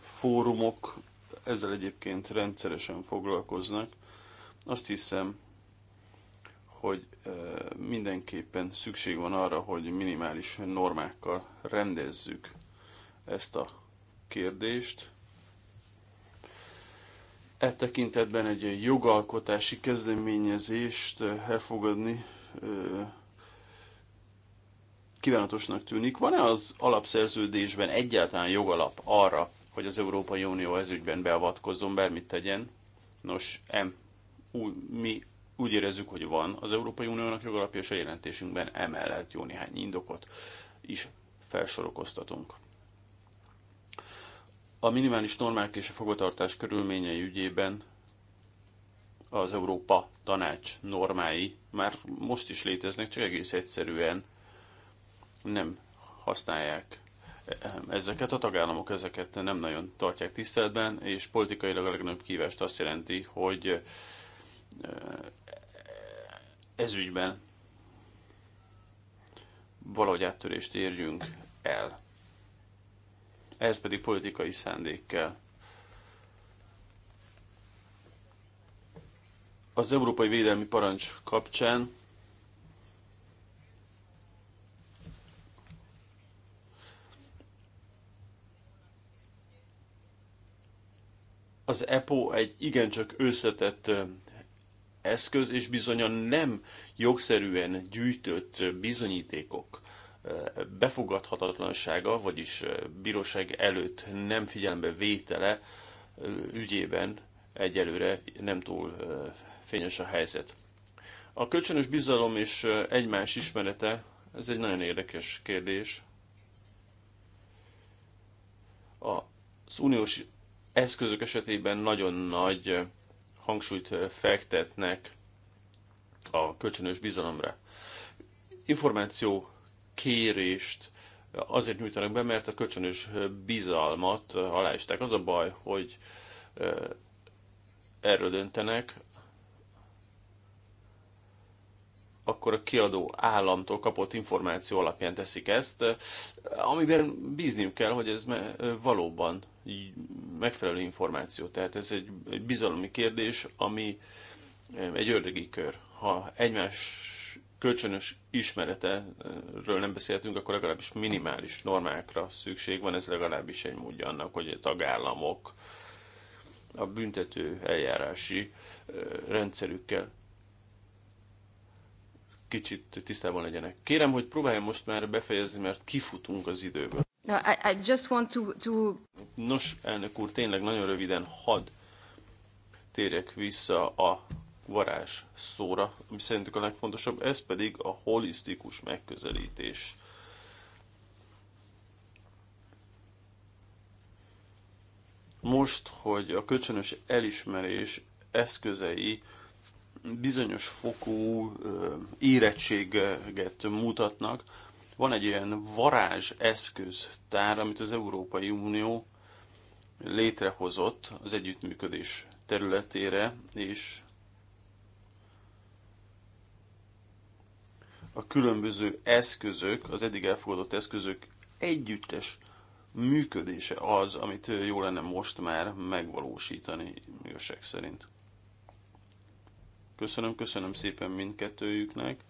Fórumok ezzel egyébként rendszeresen foglalkoznak. Azt hiszem, hogy mindenképpen szükség van arra, hogy minimális normákkal rendezzük ezt a kérdést e tekintetben egy jogalkotási kezdeményezést eh, elfogadni eh, kívánatosnak tűnik. Van-e az alapszerződésben egyáltalán jogalap arra, hogy az Európai Unió ezügyben beavatkozzon, bármit tegyen? Nos, em, ú, mi úgy érezzük, hogy van az Európai Uniónak jogalapja, és a jelentésünkben emellett jó néhány indokot is felsorokoztatunk. A minimális normák és a fogatartás körülményei ügyében az Európa Tanács normái már most is léteznek, csak egész egyszerűen nem használják ezeket a tagállamok, ezeket nem nagyon tartják tiszteletben, és politikailag a legnagyobb kívást azt jelenti, hogy eh, ez ügyben valahogy áttörést érjünk el ehhez pedig politikai szándék kell. Az Európai Védelmi Parancs kapcsán az EPO egy igencsak összetett eszköz, és bizonyan nem jogszerűen gyűjtött bizonyítékok befogadhatatlansága, vagyis bíróság előtt nem figyelembe vétele ügyében egyelőre nem túl fényes a helyzet. A kölcsönös bizalom és egymás ismerete, ez egy nagyon érdekes kérdés. Az uniós eszközök esetében nagyon nagy hangsúlyt fektetnek a kölcsönös bizalomra. Információ kérést azért nyújtanak be, mert a kölcsönös bizalmat aláisták. Az a baj, hogy erről döntenek, akkor a kiadó államtól kapott információ alapján teszik ezt, amiben bízniuk kell, hogy ez valóban megfelelő információ. Tehát ez egy, bizalomi bizalmi kérdés, ami egy ördögi kör. Ha egymás kölcsönös ismeretről nem beszéltünk, akkor legalábbis minimális normákra szükség van, ez legalábbis egy módja annak, hogy a tagállamok a büntető eljárási rendszerükkel kicsit tisztában legyenek. Kérem, hogy próbáljam most már befejezni, mert kifutunk az időből. No, I, I just want to, to... Nos, elnök úr, tényleg nagyon röviden had térjek vissza a varázs szóra, ami szerintük a legfontosabb, ez pedig a holisztikus megközelítés. Most, hogy a kölcsönös elismerés eszközei bizonyos fokú érettséget mutatnak, van egy ilyen varázs eszköztár, amit az Európai Unió létrehozott az együttműködés területére, és a különböző eszközök, az eddig elfogadott eszközök együttes működése az, amit jó lenne most már megvalósítani, igazság szerint. Köszönöm, köszönöm szépen mindkettőjüknek.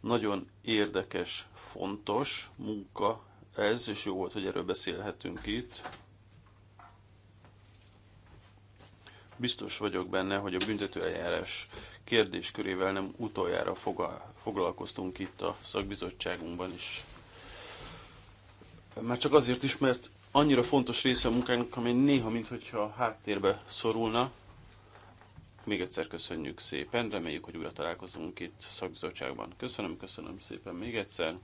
Nagyon érdekes, fontos munka ez, és jó volt, hogy erről beszélhetünk itt. Biztos vagyok benne, hogy a büntetőeljárás kérdéskörével nem utoljára foglalkoztunk itt a szakbizottságunkban is. Már csak azért is, mert annyira fontos része a munkának, amely néha, mintha háttérbe szorulna. Még egyszer köszönjük szépen, reméljük, hogy újra találkozunk itt szakbizottságban. Köszönöm, köszönöm szépen még egyszer,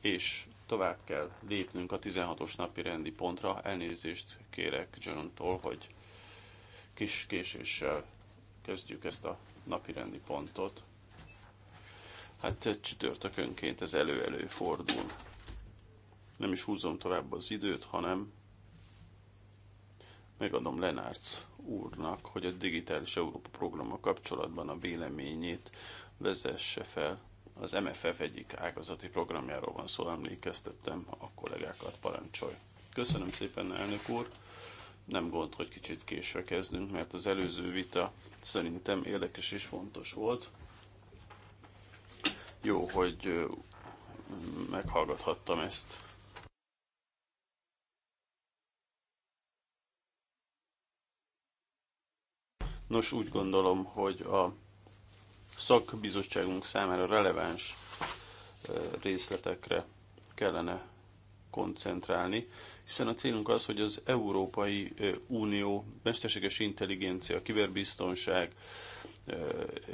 és tovább kell lépnünk a 16-os napi rendi pontra. Elnézést kérek John-tól, hogy kis késéssel kezdjük ezt a napirendi pontot. Hát eh, csütörtökönként ez elő-elő fordul. Nem is húzom tovább az időt, hanem megadom Lenárc úrnak, hogy a Digitális Európa programmal kapcsolatban a véleményét vezesse fel. Az MFF egyik ágazati programjáról van szó, emlékeztettem a kollégákat, parancsolj. Köszönöm szépen, elnök úr! Nem gond, hogy kicsit késve kezdünk, mert az előző vita szerintem érdekes és fontos volt. Jó, hogy meghallgathattam ezt. Nos, úgy gondolom, hogy a szakbizottságunk számára releváns részletekre kellene koncentrálni, hiszen a célunk az, hogy az Európai Unió mesterséges intelligencia, kiberbiztonság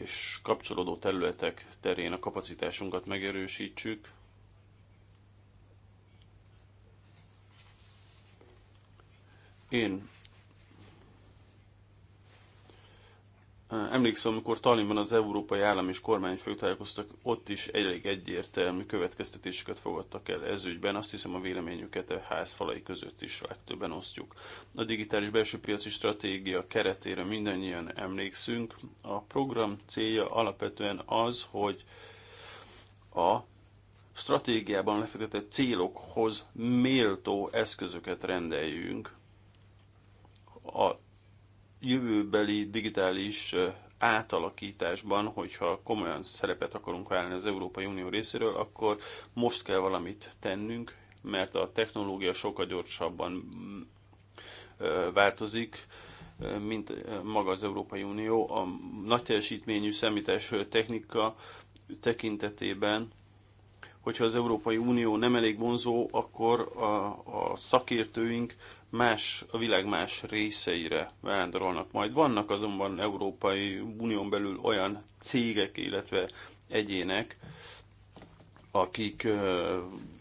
és kapcsolódó területek terén a kapacitásunkat megerősítsük, én Emlékszem, amikor Tallinnban az európai állam és kormányfők találkoztak, ott is elég egyértelmű következtetéseket fogadtak el ez ügyben. Azt hiszem a véleményüket a házfalai között is legtöbben osztjuk. A digitális belső piaci stratégia keretére mindannyian emlékszünk. A program célja alapvetően az, hogy a stratégiában lefektetett célokhoz méltó eszközöket rendeljünk a jövőbeli digitális átalakításban, hogyha komolyan szerepet akarunk válni az Európai Unió részéről, akkor most kell valamit tennünk, mert a technológia sokkal gyorsabban változik, mint maga az Európai Unió. A nagy teljesítményű szemítás technika tekintetében, hogyha az Európai Unió nem elég vonzó, akkor a, a szakértőink más, a világ más részeire vándorolnak majd. Vannak azonban Európai Unión belül olyan cégek, illetve egyének, akik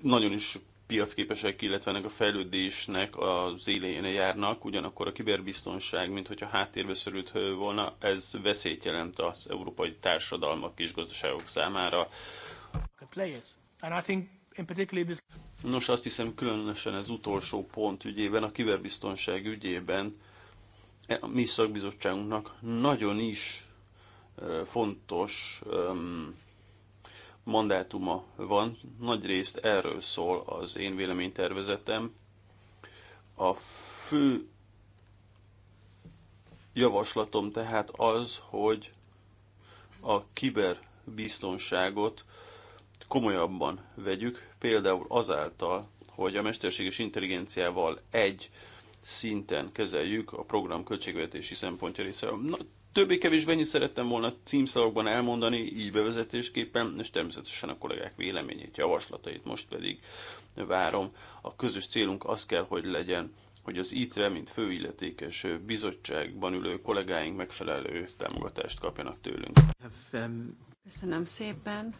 nagyon is piacképesek, illetve ennek a fejlődésnek az élén járnak, ugyanakkor a kiberbiztonság, mint hogyha háttérbe szörült volna, ez veszélyt jelent az európai társadalmak és gazdaságok számára. Nos, azt hiszem különösen ez utolsó pont ügyében, a kiberbiztonság ügyében e, a mi szakbizottságunknak nagyon is fontos mandátuma van. Nagy részt erről szól az én véleménytervezetem. A fő javaslatom tehát az, hogy a kiberbiztonságot komolyabban vegyük, például azáltal, hogy a mesterséges intelligenciával egy szinten kezeljük a program költségvetési szempontja része. Na, többé-kevésbé ennyit szerettem volna címszalagban elmondani, így bevezetésképpen, és természetesen a kollégák véleményét, javaslatait most pedig várom. A közös célunk az kell, hogy legyen, hogy az ITRE, mint főilletékes bizottságban ülő kollégáink megfelelő támogatást kapjanak tőlünk. Köszönöm szépen.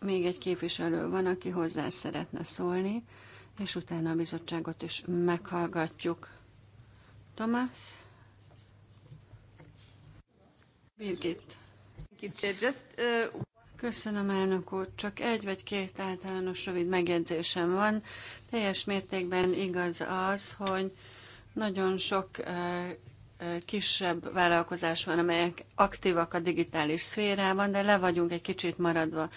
Még egy képviselő van, aki hozzá szeretne szólni, és utána a bizottságot is meghallgatjuk. Tomás? Birgit. Uh, Köszönöm, elnök úr. Csak egy vagy két általános rövid megjegyzésem van. Teljes mértékben igaz az, hogy nagyon sok uh, uh, kisebb vállalkozás van, amelyek aktívak a digitális szférában, de le vagyunk egy kicsit maradva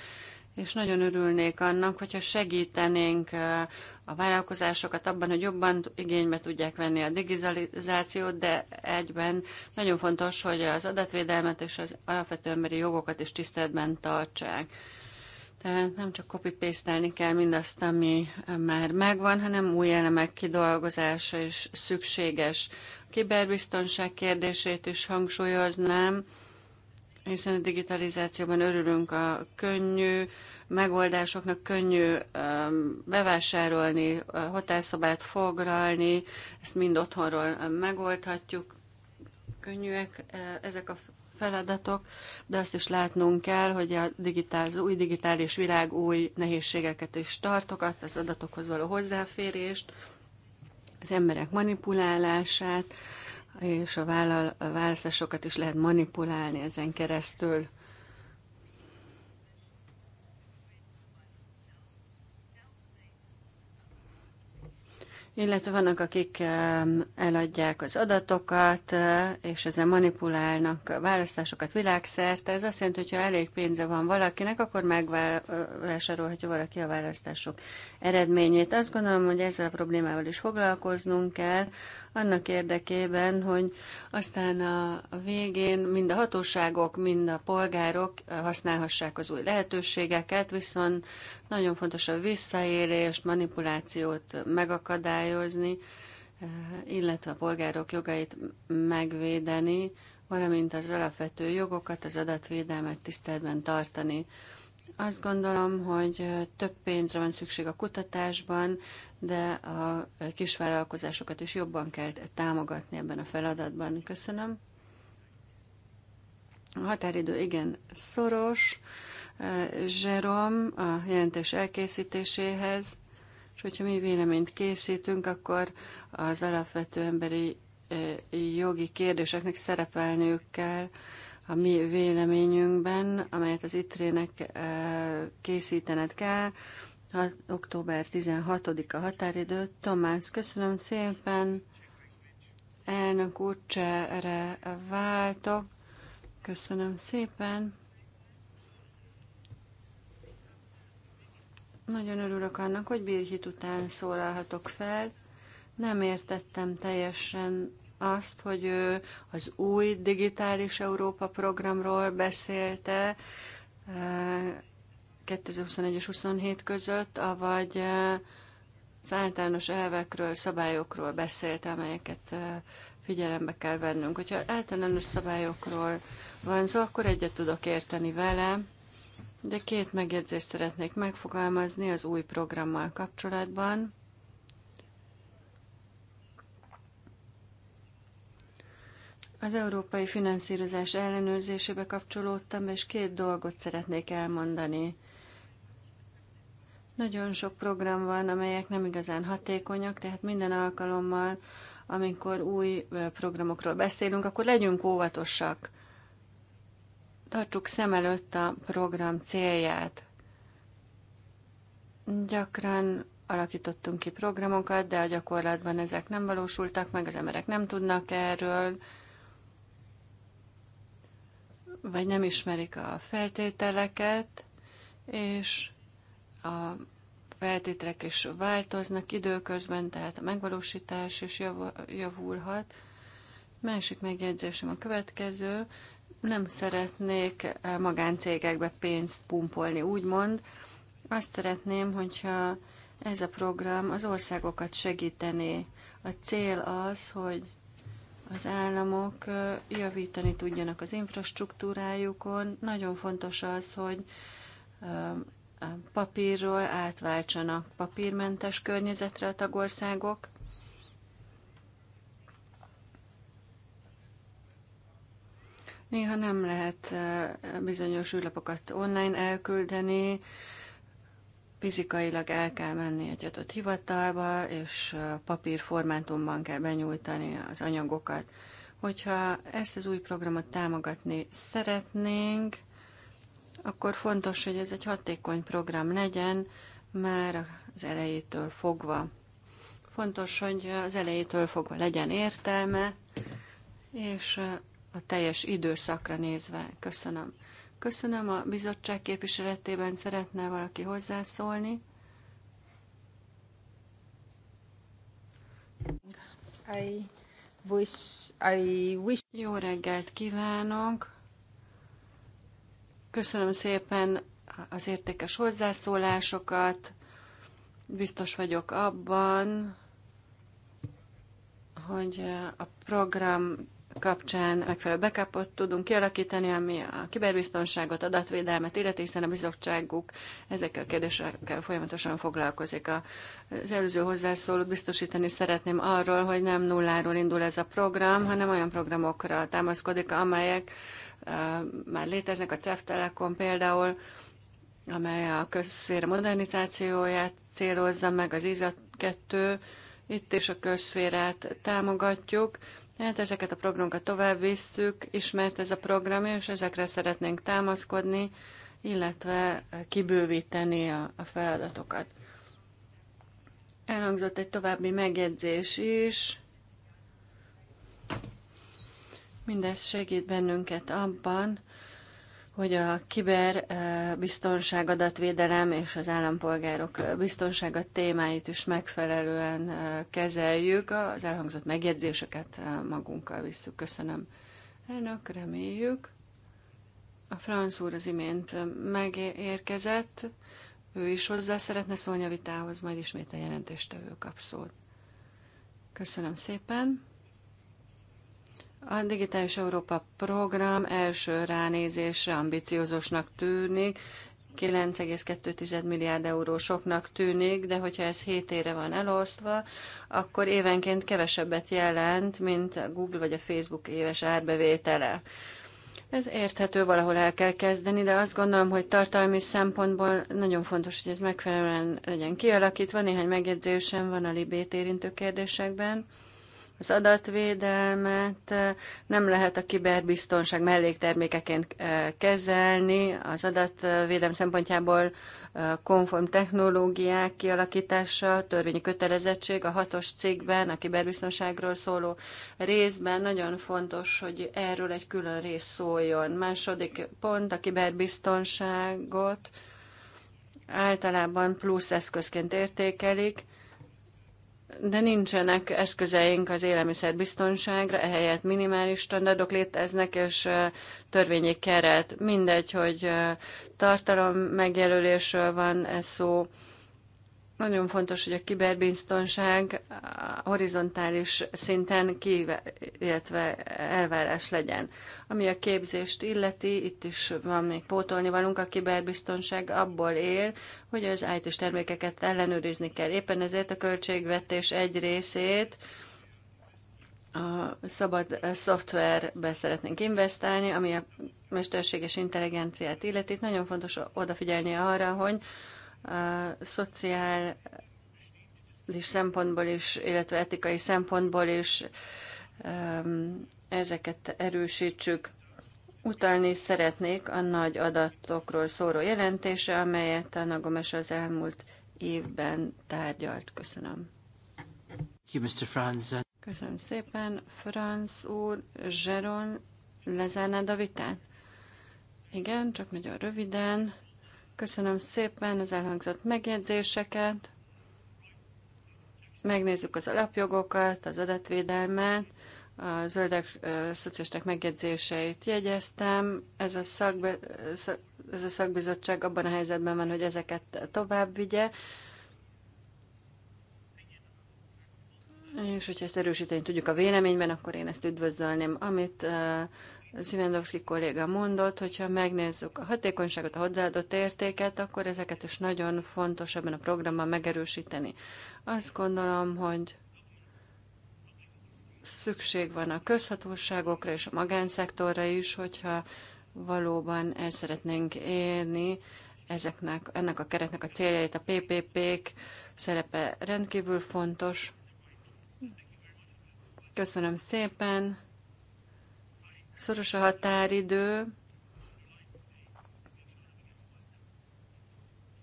és nagyon örülnék annak, hogyha segítenénk a vállalkozásokat abban, hogy jobban igénybe tudják venni a digitalizációt, de egyben nagyon fontos, hogy az adatvédelmet és az alapvető emberi jogokat is tiszteletben tartsák. Tehát nem csak copy paste kell mindazt, ami már megvan, hanem új elemek kidolgozása is szükséges. A kiberbiztonság kérdését is hangsúlyoznám hiszen a digitalizációban örülünk a könnyű megoldásoknak, könnyű um, bevásárolni, hotelszobát foglalni, ezt mind otthonról megoldhatjuk, könnyűek uh, ezek a feladatok, de azt is látnunk kell, hogy a digitál, az új digitális világ új nehézségeket és tartokat, az adatokhoz való hozzáférést, az emberek manipulálását, és a, vállal, a választásokat is lehet manipulálni ezen keresztül. Illetve vannak, akik eladják az adatokat, e, és ezzel manipulálnak a választásokat világszerte. Ez azt jelenti, hogy ha elég pénze van valakinek, akkor megvásárolhatja valaki a választások eredményét. Azt gondolom, hogy ezzel a problémával is foglalkoznunk kell, annak érdekében, hogy aztán a végén mind a hatóságok, mind a polgárok használhassák az új lehetőségeket, viszont nagyon fontos a visszaélést, manipulációt megakadályozni, eh, illetve a polgárok jogait megvédeni, valamint az alapvető jogokat, az adatvédelmet tiszteletben tartani. Azt gondolom, hogy több pénzre van szükség a kutatásban, de a kisvállalkozásokat is jobban kell támogatni ebben a feladatban. Köszönöm. A határidő igen szoros. Zserom a jelentés elkészítéséhez, és hogyha mi véleményt készítünk, akkor az alapvető emberi jogi kérdéseknek szerepelniük kell a mi véleményünkben, amelyet az itre nek készítened kell. Október 16-a határidő. Tomás, köszönöm szépen. Elnök úrcsere váltok. Köszönöm szépen. Nagyon örülök annak, hogy Birgit után szólalhatok fel. Nem értettem teljesen azt, hogy ő az új digitális Európa programról beszélte 2021 eh, és 27 között, avagy eh, az általános elvekről, szabályokról beszélt, amelyeket eh, figyelembe kell vennünk. Hogyha általános szabályokról van szó, akkor egyet tudok érteni vele, de két megjegyzést szeretnék megfogalmazni az új programmal kapcsolatban. Az európai finanszírozás ellenőrzésébe kapcsolódtam, és két dolgot szeretnék elmondani. Nagyon sok program van, amelyek nem igazán hatékonyak, tehát minden alkalommal, amikor új programokról beszélünk, akkor legyünk óvatosak. Tartsuk szem előtt a program célját. Gyakran alakítottunk ki programokat, de a gyakorlatban ezek nem valósultak meg, az emberek nem tudnak erről, vagy nem ismerik a feltételeket, és a feltételek is változnak időközben, tehát a megvalósítás is javulhat. Másik megjegyzésem a következő, nem szeretnék eh, magáncégekbe pénzt pumpolni, úgymond. Azt szeretném, hogyha ez a program az országokat segítené. A cél az, hogy az államok javítani tudjanak az infrastruktúrájukon. Nagyon fontos az, hogy papírról átváltsanak papírmentes környezetre a tagországok. Néha nem lehet bizonyos űrlapokat online elküldeni, fizikailag el kell menni egy adott hivatalba, és papírformátumban kell benyújtani az anyagokat. Hogyha ezt az új programot támogatni szeretnénk, akkor fontos, hogy ez egy hatékony program legyen, már az elejétől fogva. Fontos, hogy az elejétől fogva legyen értelme, és a teljes időszakra nézve. Köszönöm. Köszönöm, a bizottság képviseletében szeretne valaki hozzászólni. I wish, I wish... Jó reggelt kívánok! Köszönöm szépen az értékes hozzászólásokat. Biztos vagyok abban, hogy a program kapcsán megfelelő backupot tudunk kialakítani, ami a kiberbiztonságot, adatvédelmet illetve hiszen a bizottságuk ezekkel a kérdésekkel folyamatosan foglalkozik. Az előző hozzászólót biztosítani szeretném arról, hogy nem nulláról indul ez a program, hanem olyan programokra támaszkodik, amelyek már léteznek, a CEF Telekom például, amely a közszér modernizációját célozza meg, az IZA 2, itt is a közszférát támogatjuk, Hát ezeket a programokat tovább visszük, ismert ez a program, és ezekre szeretnénk támaszkodni, illetve kibővíteni a, a feladatokat. Elhangzott egy további megjegyzés is. Mindez segít bennünket abban, hogy a kiberbiztonság, adatvédelem és az állampolgárok biztonsága témáit is megfelelően kezeljük. Az elhangzott megjegyzéseket magunkkal visszük. Köszönöm. Elnök, reméljük. A franc úr az imént megérkezett. Ő is hozzá szeretne szólni a vitához, majd ismét a jelentéstevő kap szót. Köszönöm szépen. A Digitális Európa program első ránézésre ambiciózusnak tűnik, 9,2 milliárd euró soknak tűnik, de hogyha ez 7 ére van elosztva, akkor évenként kevesebbet jelent, mint a Google vagy a Facebook éves árbevétele. Ez érthető, valahol el kell kezdeni, de azt gondolom, hogy tartalmi szempontból nagyon fontos, hogy ez megfelelően legyen kialakítva. Néhány megjegyzésem van a libét érintő kérdésekben. Az adatvédelmet nem lehet a kiberbiztonság melléktermékeként kezelni. Az adatvédelem szempontjából konform technológiák kialakítása, törvényi kötelezettség a hatos cégben, a kiberbiztonságról szóló részben. Nagyon fontos, hogy erről egy külön rész szóljon. Második pont a kiberbiztonságot általában plusz eszközként értékelik, de nincsenek eszközeink az élelmiszerbiztonságra, ehelyett minimális standardok léteznek, és törvényi keret. Mindegy, hogy tartalom megjelölésről van ez szó, nagyon fontos, hogy a kiberbiztonság horizontális szinten kive, illetve elvárás legyen. Ami a képzést illeti, itt is van még pótolni valunk, a kiberbiztonság abból él, hogy az it termékeket ellenőrizni kell. Éppen ezért a költségvetés egy részét a szabad szoftverbe szeretnénk investálni, ami a mesterséges intelligenciát illeti. Nagyon fontos odafigyelni arra, hogy szociális szempontból is, illetve etikai szempontból is um, ezeket erősítsük. Utalni szeretnék a nagy adatokról szóró jelentése, amelyet a Nagomes az elmúlt évben tárgyalt. Köszönöm. Köszönöm szépen, Franz úr, Zseron, lezárnád a vitát? Igen, csak nagyon röviden. Köszönöm szépen az elhangzott megjegyzéseket. Megnézzük az alapjogokat, az adatvédelmet, a zöldek szociálisták megjegyzéseit jegyeztem. Ez a, szakbe, ez a szakbizottság abban a helyzetben van, hogy ezeket tovább vigye. És hogyha ezt erősíteni tudjuk a véleményben, akkor én ezt üdvözölném. Amit Zimendowski kolléga mondott, hogyha megnézzük a hatékonyságot, a hozzáadott értéket, akkor ezeket is nagyon fontos ebben a programban megerősíteni. Azt gondolom, hogy szükség van a közhatóságokra és a magánszektorra is, hogyha valóban el szeretnénk érni ezeknek, ennek a keretnek a céljait. A PPP-k szerepe rendkívül fontos. Köszönöm szépen! Szoros a határidő.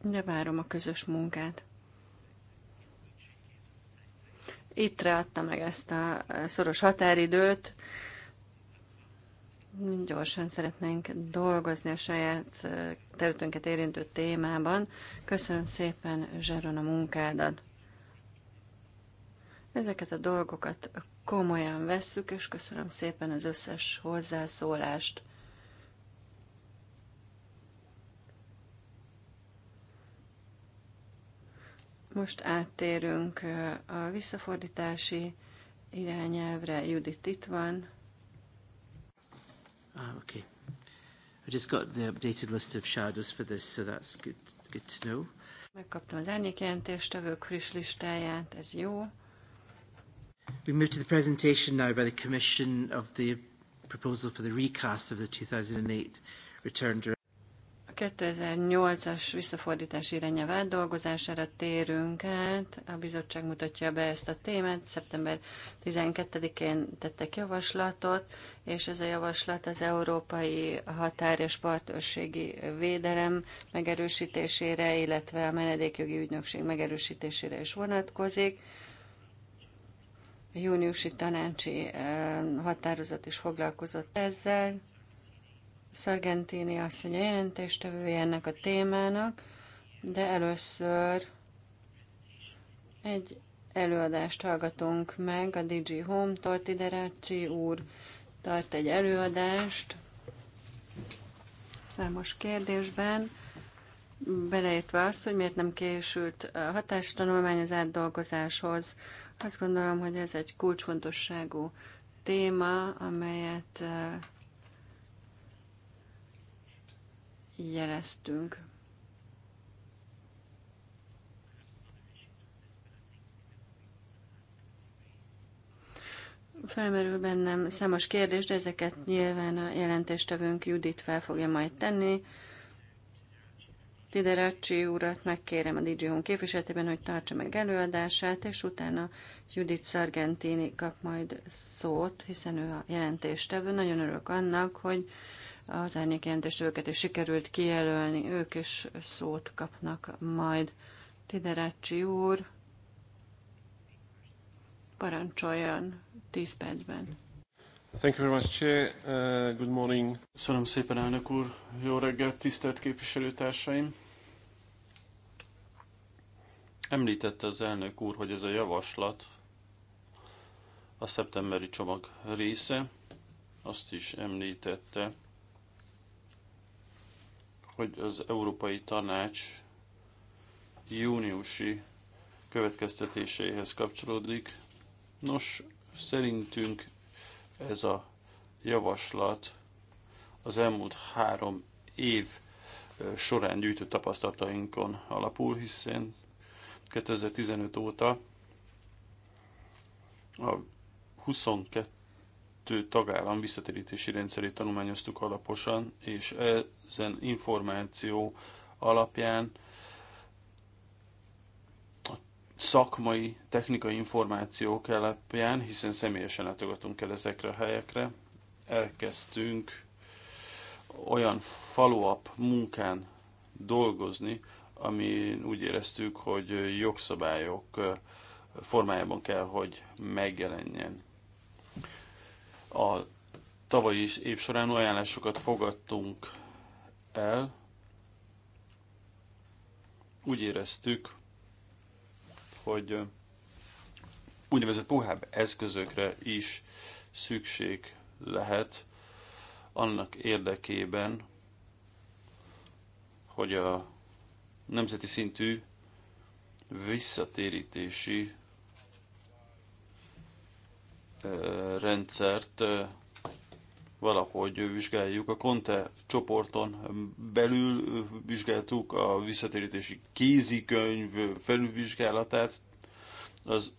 De várom a közös munkát. Itt adta meg ezt a szoros határidőt. Gyorsan szeretnénk dolgozni a saját területünket érintő témában. Köszönöm szépen, Zseron, a munkádat. Ezeket a dolgokat komolyan vesszük, és köszönöm szépen az összes hozzászólást. Most áttérünk a visszafordítási irányelvre. Judit itt van. Ah, okay. I just got the updated list of shadows for this, so that's good, good to know. Megkaptam az árnyékjelentéstevők friss listáját, ez jó. We move to the presentation now by the Commission of the proposal for the recast of the 2008 return directive. A 2008-as visszafordítás irányelv átdolgozására térünk át. A bizottság mutatja be ezt a témát. Szeptember 12-én tettek javaslatot, és ez a javaslat az európai határ és partőrségi védelem megerősítésére, illetve a menedékjogi ügynökség megerősítésére is vonatkozik júniusi tanácsi határozat is foglalkozott ezzel. Szargentini azt a jelentéstevője ennek a témának, de először egy előadást hallgatunk meg a DG Home, Torti Derácsi úr tart egy előadást számos kérdésben, beleértve azt, hogy miért nem a hatástanulmány az átdolgozáshoz, azt gondolom, hogy ez egy kulcsfontosságú téma, amelyet jeleztünk. Felmerül bennem számos kérdés, de ezeket nyilván a jelentéstevőnk Judit fel fogja majd tenni. Tideracsi urat megkérem a DJ képviseletében, hogy tartsa meg előadását, és utána Judit Sargentini kap majd szót, hiszen ő a jelentéstevő. Nagyon örülök annak, hogy az árnyék jelentéstevőket is sikerült kijelölni, ők is szót kapnak majd. Tideracsi úr, parancsoljon 10 percben. Thank you very much, Chair. Uh, good morning. Köszönöm szépen, elnök úr. Jó reggelt, tisztelt képviselőtársaim. Említette az elnök úr, hogy ez a javaslat a szeptemberi csomag része. Azt is említette, hogy az Európai Tanács júniusi következtetéséhez kapcsolódik. Nos, szerintünk ez a javaslat az elmúlt három év során gyűjtött tapasztalatainkon alapul, hiszen 2015 óta a 22 tagállam visszatérítési rendszerét tanulmányoztuk alaposan, és ezen információ alapján a szakmai, technikai információk alapján, hiszen személyesen látogatunk el ezekre a helyekre, elkezdtünk olyan follow-up munkán dolgozni, ami úgy éreztük, hogy jogszabályok formájában kell, hogy megjelenjen. A tavalyi év során ajánlásokat fogadtunk el, úgy éreztük, hogy úgynevezett puhább eszközökre is szükség lehet annak érdekében, hogy a nemzeti szintű visszatérítési rendszert valahogy vizsgáljuk. A Conte csoporton belül vizsgáltuk a visszatérítési kézikönyv felülvizsgálatát, az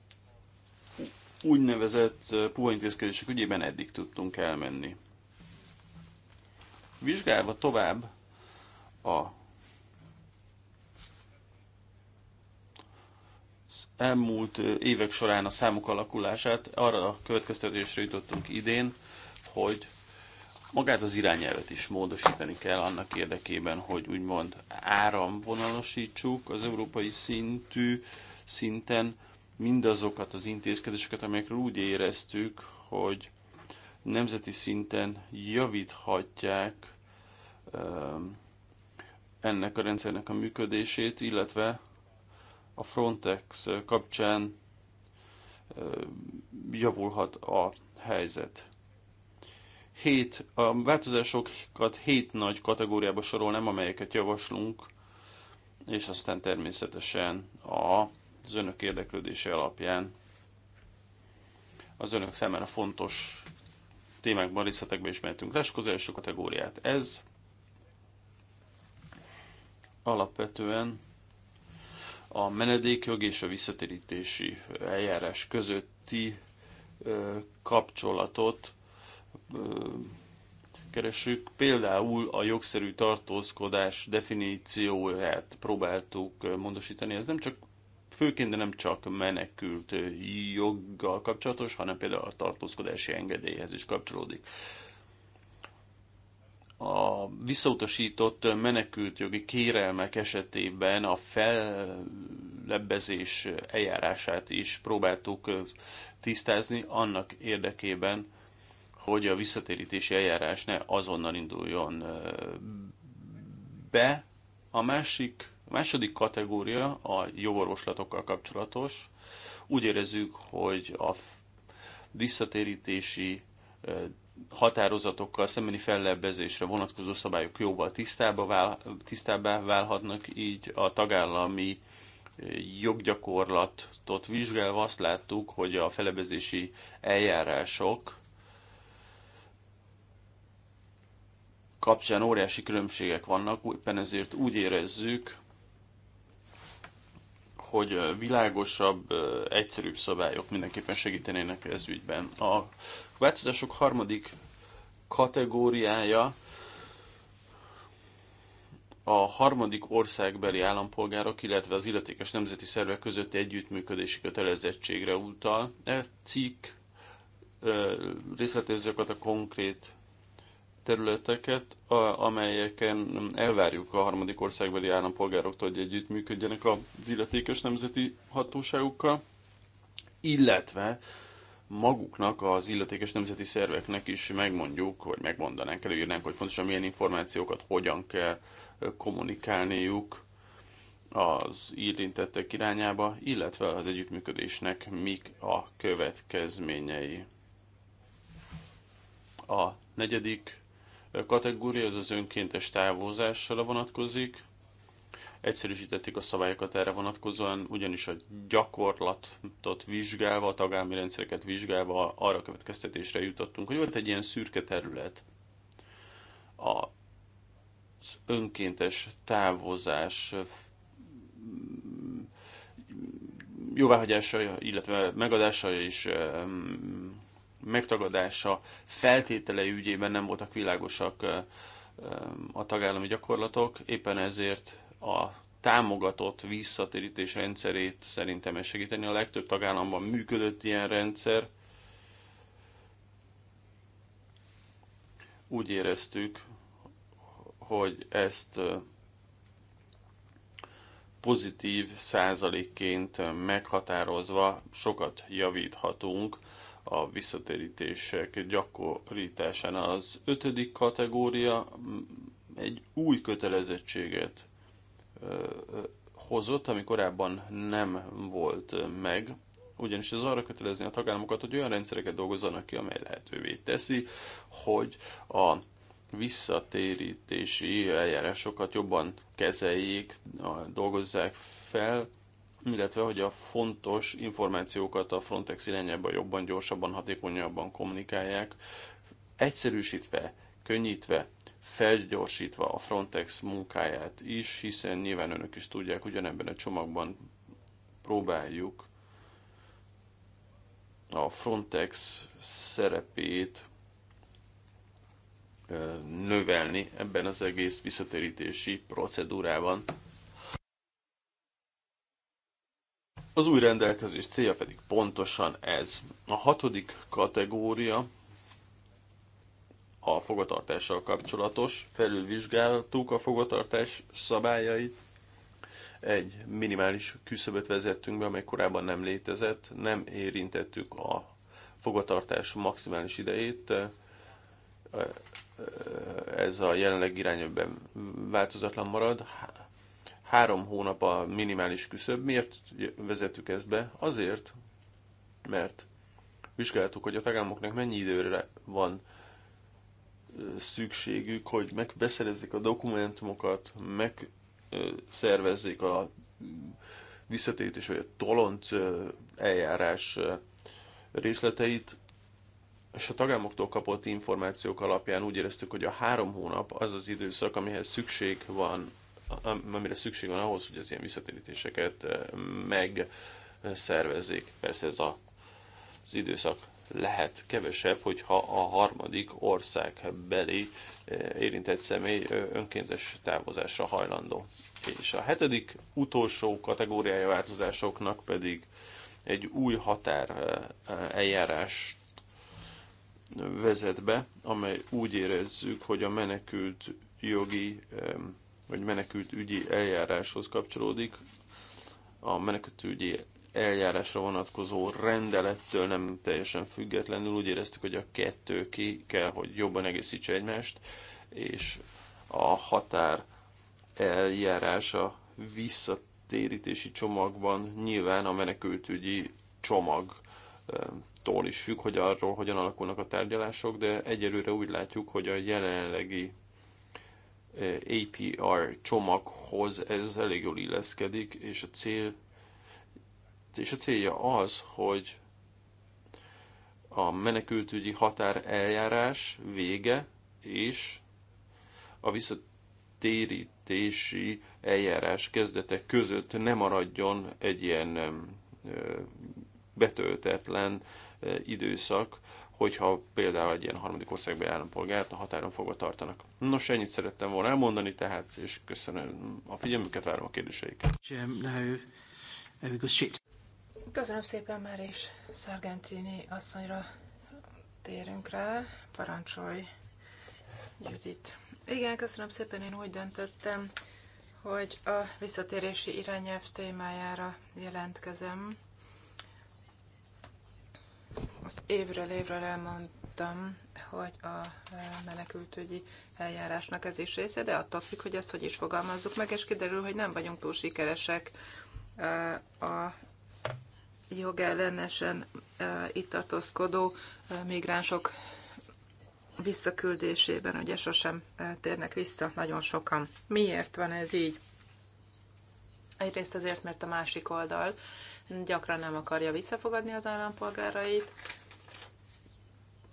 úgynevezett puha intézkedések ügyében eddig tudtunk elmenni. Vizsgálva tovább a elmúlt évek során a számok alakulását, arra a következtetésre jutottunk idén, hogy magát az irányelvet is módosítani kell annak érdekében, hogy úgymond áramvonalosítsuk az európai szintű szinten mindazokat az intézkedéseket, amelyekről úgy éreztük, hogy nemzeti szinten javíthatják ennek a rendszernek a működését, illetve a Frontex kapcsán javulhat a helyzet. Hét, a változásokat hét nagy kategóriába sorolnám, amelyeket javaslunk, és aztán természetesen az önök érdeklődése alapján az önök számára fontos témákban, részletekben is mehetünk Lássuk az első kategóriát. Ez alapvetően a menedékjog és a visszatérítési eljárás közötti kapcsolatot keresünk. Például a jogszerű tartózkodás definícióját próbáltuk módosítani. Ez nem csak főként, de nem csak menekült joggal kapcsolatos, hanem például a tartózkodási engedélyhez is kapcsolódik a visszautasított menekült jogi kérelmek esetében a fellebbezés eljárását is próbáltuk tisztázni annak érdekében, hogy a visszatérítési eljárás ne azonnal induljon be. A másik, a második kategória a jogorvoslatokkal kapcsolatos. Úgy érezzük, hogy a visszatérítési határozatokkal szembeni fellebbezésre vonatkozó szabályok jóval tisztába vál, tisztábbá válhatnak, így a tagállami eh, joggyakorlatot vizsgálva azt láttuk, hogy a felebezési eljárások kapcsán óriási különbségek vannak, éppen ezért úgy érezzük, hogy eh, világosabb, eh, egyszerűbb szabályok mindenképpen segítenének ez ügyben. A a változások harmadik kategóriája a harmadik országbeli állampolgárok, illetve az illetékes nemzeti szervek közötti együttműködési kötelezettségre utal. E cikk részletezi azokat a konkrét területeket, amelyeken elvárjuk a harmadik országbeli állampolgároktól, hogy együttműködjenek az illetékes nemzeti hatóságukkal, illetve maguknak az illetékes nemzeti szerveknek is megmondjuk, vagy megmondanánk, előírnánk, hogy pontosan milyen információkat hogyan kell kommunikálniuk az érintettek irányába, illetve az együttműködésnek mik a következményei. A negyedik kategória az az önkéntes távozással vonatkozik egyszerűsítették a szabályokat erre vonatkozóan, ugyanis a gyakorlatot vizsgálva, a tagállami rendszereket vizsgálva arra következtetésre jutottunk, hogy volt egy ilyen szürke terület az önkéntes távozás jóváhagyása, illetve megadása és megtagadása feltételei ügyében nem voltak világosak a tagállami gyakorlatok, éppen ezért a támogatott visszatérítés rendszerét szerintem ez segíteni. A legtöbb tagállamban működött ilyen rendszer. Úgy éreztük, hogy ezt pozitív százalékként meghatározva sokat javíthatunk a visszatérítések gyakorításán. Az ötödik kategória egy új kötelezettséget hozott, ami korábban nem volt meg, ugyanis ez arra kötelezni a tagállamokat, hogy olyan rendszereket dolgozzanak ki, amely lehetővé teszi, hogy a visszatérítési eljárásokat jobban kezeljék, dolgozzák fel, illetve hogy a fontos információkat a Frontex irányába jobban, gyorsabban, hatékonyabban kommunikálják, egyszerűsítve, könnyítve felgyorsítva a Frontex munkáját is, hiszen nyilván önök is tudják, hogy ugyanebben a csomagban próbáljuk a Frontex szerepét növelni ebben az egész visszatérítési procedúrában. Az új rendelkezés célja pedig pontosan ez. A hatodik kategória a fogatartással kapcsolatos. Felülvizsgáltuk a fogatartás szabályait, egy minimális küszöböt vezettünk be, amely korábban nem létezett, nem érintettük a fogatartás maximális idejét, ez a jelenleg irányában változatlan marad. Három hónap a minimális küszöb. Miért vezettük ezt be? Azért, mert vizsgáltuk, hogy a tagállamoknak mennyi időre van szükségük, hogy megbeszerezzék a dokumentumokat, megszervezzék a visszatérítés vagy a tolont eljárás részleteit, és a tagállamoktól kapott információk alapján úgy éreztük, hogy a három hónap az az időszak, amihez szükség van, amire szükség van ahhoz, hogy az ilyen visszatérítéseket megszervezzék. Persze ez a, az időszak lehet kevesebb, hogyha a harmadik beli eh, érintett személy önkéntes távozásra hajlandó. És a hetedik utolsó kategóriája változásoknak pedig egy új határ eh, eljárást vezet be, amely úgy érezzük, hogy a menekült jogi vagy menekült ügyi eljáráshoz kapcsolódik, a menekült ügyi eljárásra vonatkozó rendelettől nem teljesen függetlenül úgy éreztük, hogy a kettő ki kell, hogy jobban egészítse egymást, és a határ eljárása visszatérítési csomagban nyilván a menekültügyi csomagtól is függ, hogy arról hogyan alakulnak a tárgyalások, de egyelőre úgy látjuk, hogy a jelenlegi APR csomaghoz ez elég jól illeszkedik, és a cél és a célja az, hogy a menekültügyi határ eljárás vége és a visszatérítési eljárás kezdete között ne maradjon egy ilyen betöltetlen időszak, hogyha például egy ilyen harmadik országbe állampolgárt a határon fogva tartanak. Nos, ennyit szerettem volna elmondani, tehát, és köszönöm a figyelmüket, várom a kérdéseiket. Uh, Köszönöm szépen már is Szargentini asszonyra térünk rá. Parancsolj, Judit. Igen, köszönöm szépen, én úgy döntöttem, hogy a visszatérési irányelv témájára jelentkezem. Azt évről évről elmondtam, hogy a e, menekültügyi eljárásnak ez is része, de attól függ, hogy ezt hogy is fogalmazzuk meg, és kiderül, hogy nem vagyunk túl sikeresek e, a jogellenesen itt tartózkodó migránsok visszaküldésében ugye sosem térnek vissza nagyon sokan. Miért van ez így? Egyrészt azért, mert a másik oldal gyakran nem akarja visszafogadni az állampolgárait,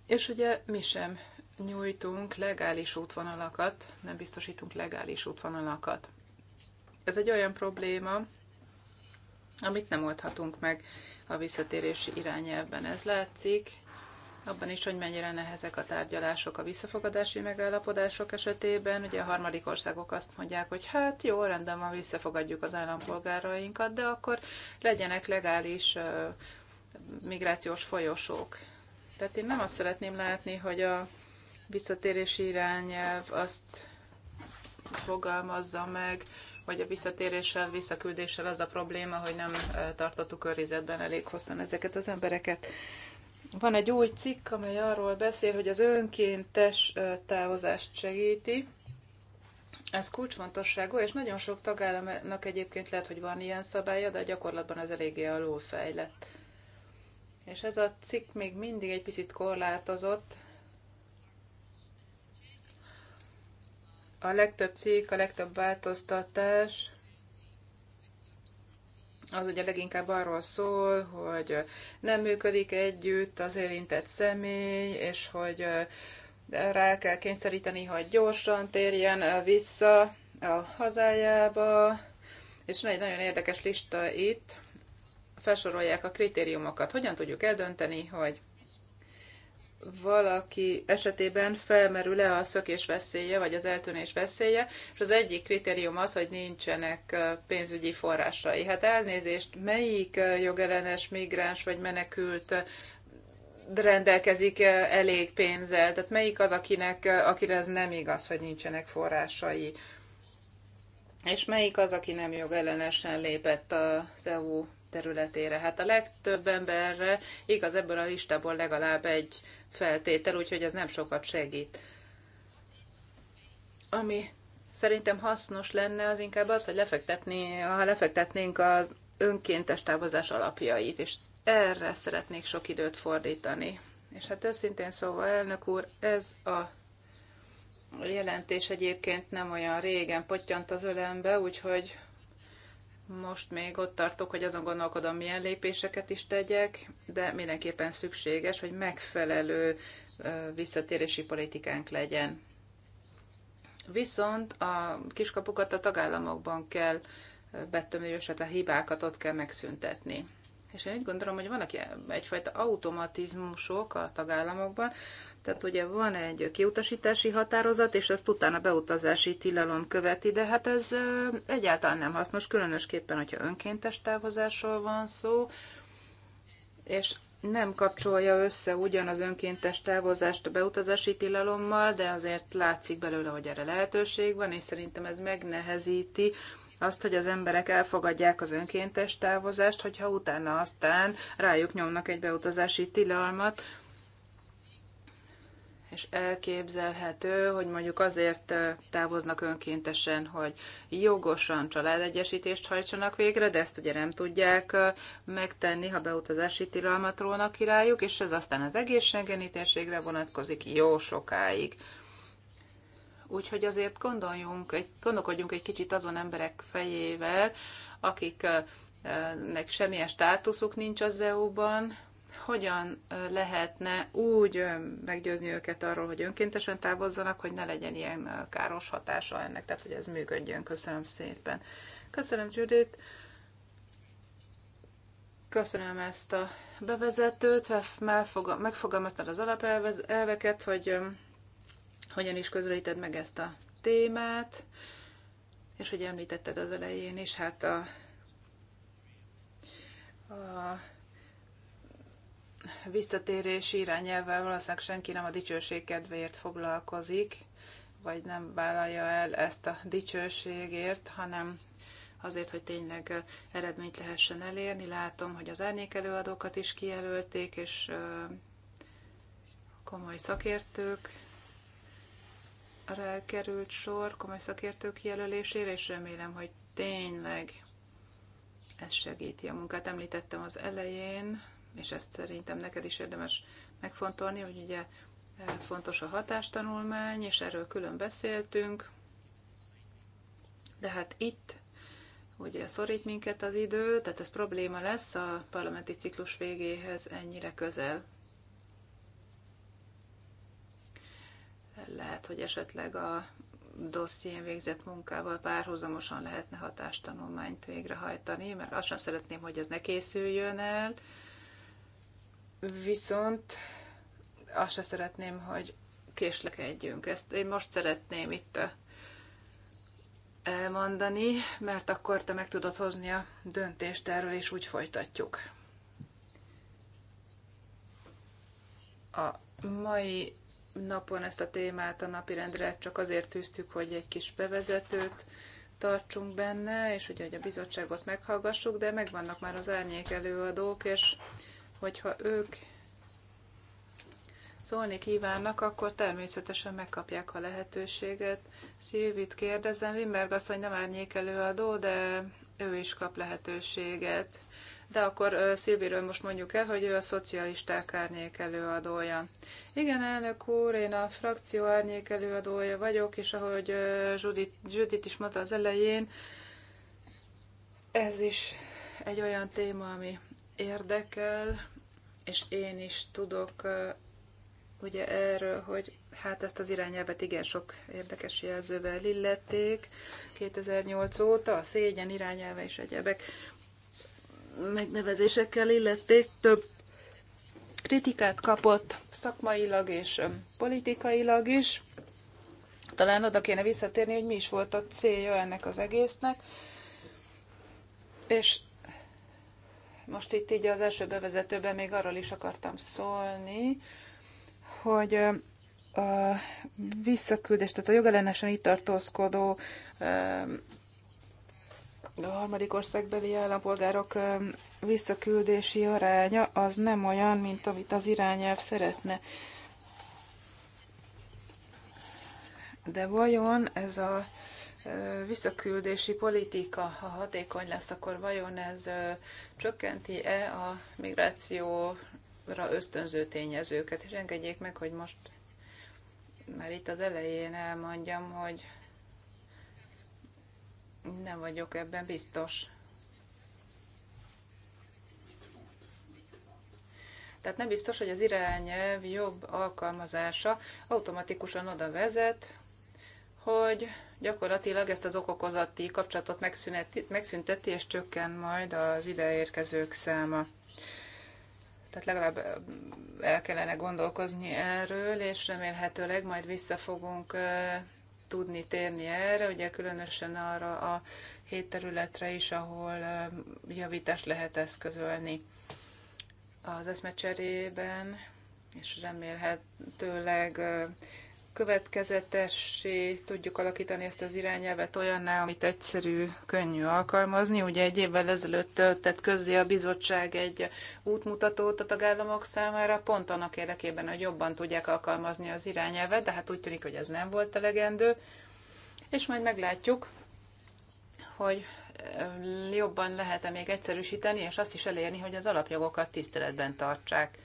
és ugye mi sem nyújtunk legális útvonalakat, nem biztosítunk legális útvonalakat. Ez egy olyan probléma, amit nem oldhatunk meg a visszatérési irányelvben. Ez látszik, abban is, hogy mennyire nehezek a tárgyalások a visszafogadási megállapodások esetében. Ugye a harmadik országok azt mondják, hogy hát jó, rendben van, visszafogadjuk az állampolgárainkat, de akkor legyenek legális migrációs folyosók. Tehát én nem azt szeretném látni, hogy a visszatérési irányelv azt fogalmazza meg, vagy a visszatéréssel, visszaküldéssel az a probléma, hogy nem tartottuk őrizetben elég hosszan ezeket az embereket. Van egy új cikk, amely arról beszél, hogy az önkéntes távozást segíti. Ez kulcsfontosságú, és nagyon sok tagállamnak egyébként lehet, hogy van ilyen szabálya, de gyakorlatban ez eléggé alulfejlett. És ez a cikk még mindig egy picit korlátozott, a legtöbb cikk, a legtöbb változtatás az ugye leginkább arról szól, hogy nem működik együtt az érintett személy, és hogy rá kell kényszeríteni, hogy gyorsan térjen vissza a hazájába, és van egy nagyon érdekes lista itt, felsorolják a kritériumokat. Hogyan tudjuk eldönteni, hogy valaki esetében felmerül-e a szökés veszélye, vagy az eltűnés veszélye, és az egyik kritérium az, hogy nincsenek pénzügyi forrásai. Hát elnézést, melyik jogellenes migráns vagy menekült rendelkezik elég pénzzel, tehát melyik az, akinek, akire ez nem igaz, hogy nincsenek forrásai, és melyik az, aki nem jogellenesen lépett az EU területére. Hát a legtöbb emberre igaz ebből a listából legalább egy feltétel, úgyhogy ez nem sokat segít. Ami szerintem hasznos lenne, az inkább az, hogy lefektetni, ha lefektetnénk az önkéntes távozás alapjait, és erre szeretnék sok időt fordítani. És hát őszintén szóval, elnök úr, ez a jelentés egyébként nem olyan régen pottyant az ölembe, úgyhogy most még ott tartok, hogy azon gondolkodom, milyen lépéseket is tegyek, de mindenképpen szükséges, hogy megfelelő visszatérési politikánk legyen. Viszont a kiskapukat a tagállamokban kell betömni, a hibákat ott kell megszüntetni. És én úgy gondolom, hogy vannak egyfajta automatizmusok a tagállamokban, tehát ugye van egy kiutasítási határozat, és ezt utána beutazási tilalom követi, de hát ez egyáltalán nem hasznos, különösképpen, hogyha önkéntes távozásról van szó, és nem kapcsolja össze ugyan az önkéntes távozást a beutazási tilalommal, de azért látszik belőle, hogy erre lehetőség van, és szerintem ez megnehezíti azt, hogy az emberek elfogadják az önkéntes távozást, hogyha utána aztán rájuk nyomnak egy beutazási tilalmat, és elképzelhető, hogy mondjuk azért távoznak önkéntesen, hogy jogosan családegyesítést hajtsanak végre, de ezt ugye nem tudják megtenni, ha beutazási tilalmat rónak királyuk, és ez aztán az egészségenítésségre vonatkozik jó sokáig. Úgyhogy azért gondoljunk, egy, gondolkodjunk egy kicsit azon emberek fejével, akiknek semmilyen státuszuk nincs az EU-ban, hogyan lehetne úgy meggyőzni őket arról, hogy önkéntesen távozzanak, hogy ne legyen ilyen káros hatása ennek, tehát hogy ez működjön. Köszönöm szépen. Köszönöm, Judit. Köszönöm ezt a bevezetőt, megfogalmaztad az alapelveket, hogy hogyan is közelíted meg ezt a témát, és hogy említetted az elején is, hát a, a visszatérési irányelvvel valószínűleg senki nem a dicsőség kedvéért foglalkozik, vagy nem vállalja el ezt a dicsőségért, hanem azért, hogy tényleg eredményt lehessen elérni. Látom, hogy az árnyékelőadókat is kijelölték, és komoly szakértők került sor, komoly szakértők jelölésére, és remélem, hogy tényleg ez segíti a munkát. Említettem az elején, és ezt szerintem neked is érdemes megfontolni, hogy ugye e, fontos a hatástanulmány, és erről külön beszéltünk, de hát itt ugye szorít minket az idő, tehát ez probléma lesz a parlamenti ciklus végéhez ennyire közel. Lehet, hogy esetleg a dosszién végzett munkával párhuzamosan lehetne hatástanulmányt végrehajtani, mert azt sem szeretném, hogy ez ne készüljön el, viszont azt se szeretném, hogy késlekedjünk. Ezt én most szeretném itt elmondani, mert akkor te meg tudod hozni a döntést erről, és úgy folytatjuk. A mai napon ezt a témát a napirendre csak azért tűztük, hogy egy kis bevezetőt tartsunk benne, és ugye, hogy a bizottságot meghallgassuk, de megvannak már az árnyék előadók, és hogyha ők szólni kívánnak, akkor természetesen megkapják a lehetőséget. Szilvit kérdezem, Wimberg asszony nem árnyék előadó, de ő is kap lehetőséget. De akkor Szilviről most mondjuk el, hogy ő a szocialisták árnyék előadója. Igen, elnök úr, én a frakció árnyék előadója vagyok, és ahogy Judit, Judit is mondta az elején, ez is egy olyan téma, ami érdekel, és én is tudok ugye erről, hogy hát ezt az irányelvet igen sok érdekes jelzővel illették 2008 óta, a szégyen irányelve és egyebek megnevezésekkel illették, több kritikát kapott szakmailag és politikailag is. Talán oda kéne visszatérni, hogy mi is volt a célja ennek az egésznek. És most itt így az első bevezetőben még arról is akartam szólni, hogy a visszaküldés, tehát a jogellenesen itt tartózkodó a harmadik országbeli állampolgárok visszaküldési aránya az nem olyan, mint amit az irányelv szeretne. De vajon ez a visszaküldési politika, ha hatékony lesz, akkor vajon ez csökkenti-e a migrációra ösztönző tényezőket? És engedjék meg, hogy most már itt az elején elmondjam, hogy nem vagyok ebben biztos. Tehát nem biztos, hogy az irányelv jobb alkalmazása automatikusan oda vezet, hogy gyakorlatilag ezt az okokozati kapcsolatot megszünteti, és csökken majd az ideérkezők száma. Tehát legalább el kellene gondolkozni erről, és remélhetőleg majd vissza fogunk tudni térni erre, ugye különösen arra a hét területre is, ahol javítást lehet eszközölni az eszmecserében, és remélhetőleg következetessé tudjuk alakítani ezt az irányelvet olyanná, amit egyszerű, könnyű alkalmazni. Ugye egy évvel ezelőtt tett közzé a bizottság egy útmutatót a tagállamok számára, pont annak érdekében, hogy jobban tudják alkalmazni az irányelvet, de hát úgy tűnik, hogy ez nem volt elegendő. És majd meglátjuk, hogy eh, jobban lehet-e még egyszerűsíteni, és azt is elérni, hogy az alapjogokat tiszteletben tartsák.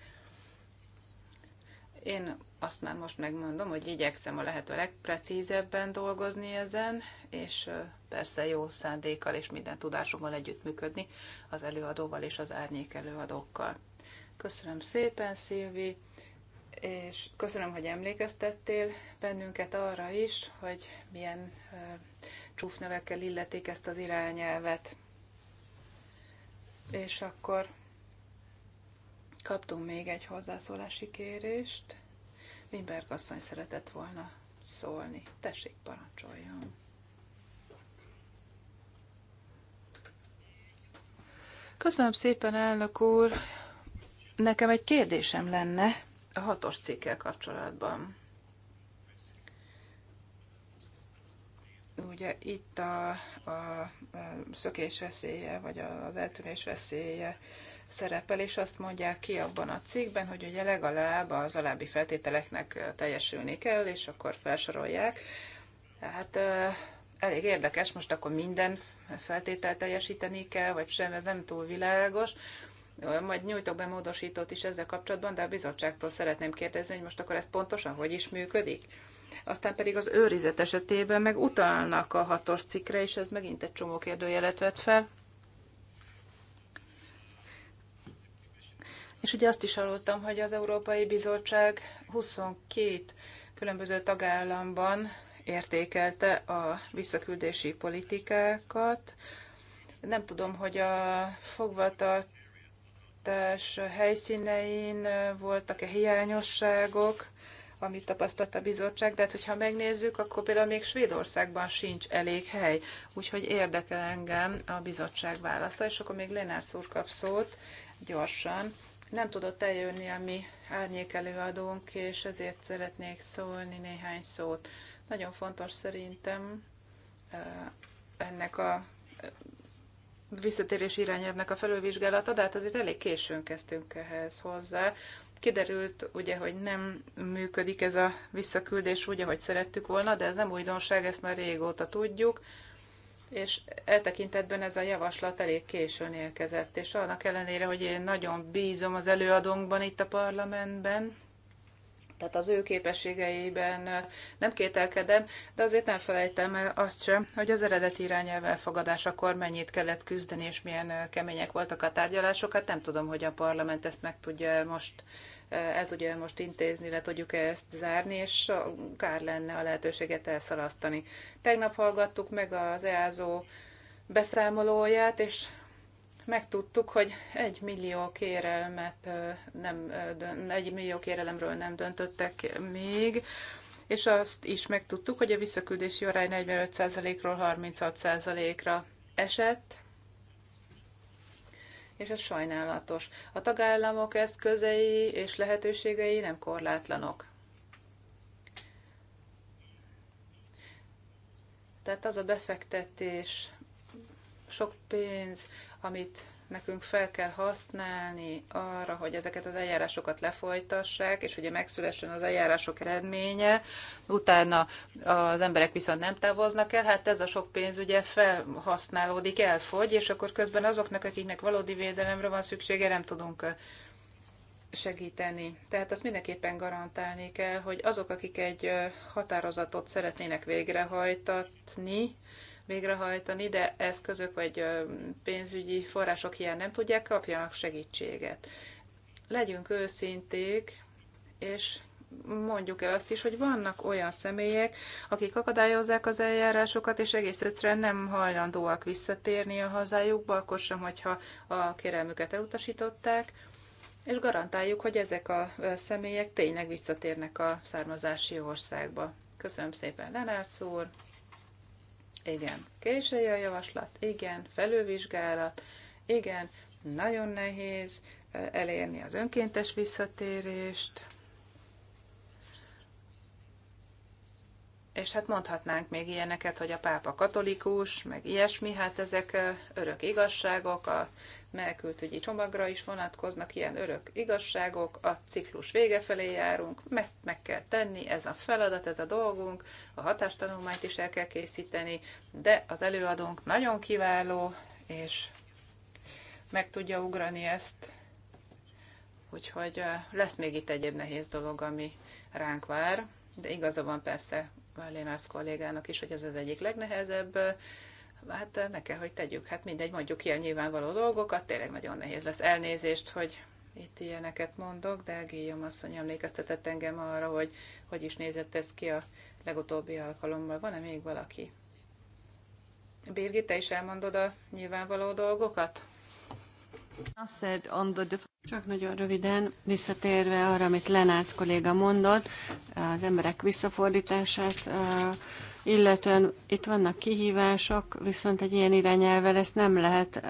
Én azt már most megmondom, hogy igyekszem a lehető legprecízebben dolgozni ezen, és persze jó szándékkal és minden tudásommal együttműködni az előadóval és az árnyék előadókkal. Köszönöm szépen, Szilvi, és köszönöm, hogy emlékeztettél bennünket arra is, hogy milyen csúfnevekkel illetik ezt az irányelvet. És akkor kaptunk még egy hozzászólási kérést. Wimberg asszony szeretett volna szólni. Tessék, parancsoljon! Köszönöm szépen, elnök úr! Nekem egy kérdésem lenne a hatos cikkel kapcsolatban. Ugye itt a, a szökés veszélye, vagy az eltűnés veszélye szerepel, és azt mondják ki abban a cikkben, hogy ugye legalább az alábbi feltételeknek teljesülni kell, és akkor felsorolják. Tehát elég érdekes, most akkor minden feltételt teljesíteni kell, vagy sem, ez nem túl világos. Majd nyújtok be módosítót is ezzel kapcsolatban, de a bizottságtól szeretném kérdezni, hogy most akkor ez pontosan hogy is működik. Aztán pedig az őrizet esetében meg utalnak a hatos cikre, és ez megint egy csomó kérdőjelet vet fel. És ugye azt is hallottam, hogy az Európai Bizottság 22 különböző tagállamban értékelte a visszaküldési politikákat. Nem tudom, hogy a fogvatartás helyszínein voltak-e hiányosságok, amit tapasztalt a bizottság, de hát, hogyha megnézzük, akkor például még Svédországban sincs elég hely. Úgyhogy érdekel engem a bizottság válasza, és akkor még Lenár szúr kap szót gyorsan, nem tudott eljönni a mi árnyék előadónk, és ezért szeretnék szólni néhány szót. Nagyon fontos szerintem ennek a visszatérés irányelvnek a felülvizsgálata, de hát azért elég későn kezdtünk ehhez hozzá. Kiderült ugye, hogy nem működik ez a visszaküldés úgy, ahogy szerettük volna, de ez nem újdonság, ezt már régóta tudjuk és e tekintetben ez a javaslat elég későn érkezett, és annak ellenére, hogy én nagyon bízom az előadónkban itt a parlamentben, tehát az ő képességeiben nem kételkedem, de azért nem felejtem el azt sem, hogy az eredeti irányelv elfogadásakor mennyit kellett küzdeni, és milyen kemények voltak a tárgyalások. Hát nem tudom, hogy a parlament ezt meg tudja most el tudja most intézni, le tudjuk -e ezt zárni, és kár lenne a lehetőséget elszalasztani. Tegnap hallgattuk meg az EASO beszámolóját, és megtudtuk, hogy egy millió kérelmet nem, egy millió kérelemről nem döntöttek még, és azt is megtudtuk, hogy a visszaküldési arány 45%-ról 36%-ra esett, és ez sajnálatos. A tagállamok eszközei és lehetőségei nem korlátlanok. Tehát az a befektetés, sok pénz, amit nekünk fel kell használni arra, hogy ezeket az eljárásokat lefolytassák, és ugye megszülessen az eljárások eredménye, utána az emberek viszont nem távoznak el, hát ez a sok pénz ugye felhasználódik, elfogy, és akkor közben azoknak, akiknek valódi védelemre van szüksége, nem tudunk segíteni. Tehát azt mindenképpen garantálni kell, hogy azok, akik egy határozatot szeretnének végrehajtatni, végrehajtani, de eszközök vagy pénzügyi források hiány nem tudják, kapjanak segítséget. Legyünk őszinték, és mondjuk el azt is, hogy vannak olyan személyek, akik akadályozzák az eljárásokat, és egész egyszerűen nem hajlandóak visszatérni a hazájukba, akkor sem, hogyha a kérelmüket elutasították, és garantáljuk, hogy ezek a személyek tényleg visszatérnek a származási országba. Köszönöm szépen, Lenárc úr! igen. Késői a javaslat, igen. Felülvizsgálat, igen. Nagyon nehéz eh, elérni az önkéntes visszatérést. És hát mondhatnánk még ilyeneket, hogy a pápa katolikus, meg ilyesmi, hát ezek eh, örök igazságok, a melkültügyi csomagra is vonatkoznak ilyen örök igazságok, a ciklus vége felé járunk, ezt meg kell tenni, ez a feladat, ez a dolgunk, a hatástanulmányt is el kell készíteni, de az előadónk nagyon kiváló, és meg tudja ugrani ezt, úgyhogy lesz még itt egyéb nehéz dolog, ami ránk vár, de igaza van persze Lénász kollégának is, hogy ez az egyik legnehezebb Hát ne eh, kell, hogy tegyük. Hát mindegy, mondjuk ilyen nyilvánvaló dolgokat, tényleg nagyon nehéz lesz. Elnézést, hogy itt ilyeneket mondok, de Guillaume asszony emlékeztetett engem arra, hogy hogy is nézett ez ki a legutóbbi alkalommal. Van-e még valaki? Birgit, te is elmondod a nyilvánvaló dolgokat? Csak nagyon röviden visszatérve arra, amit Lenász kolléga mondott, az emberek visszafordítását eh, illetve itt vannak kihívások, viszont egy ilyen irányelvel ezt nem lehet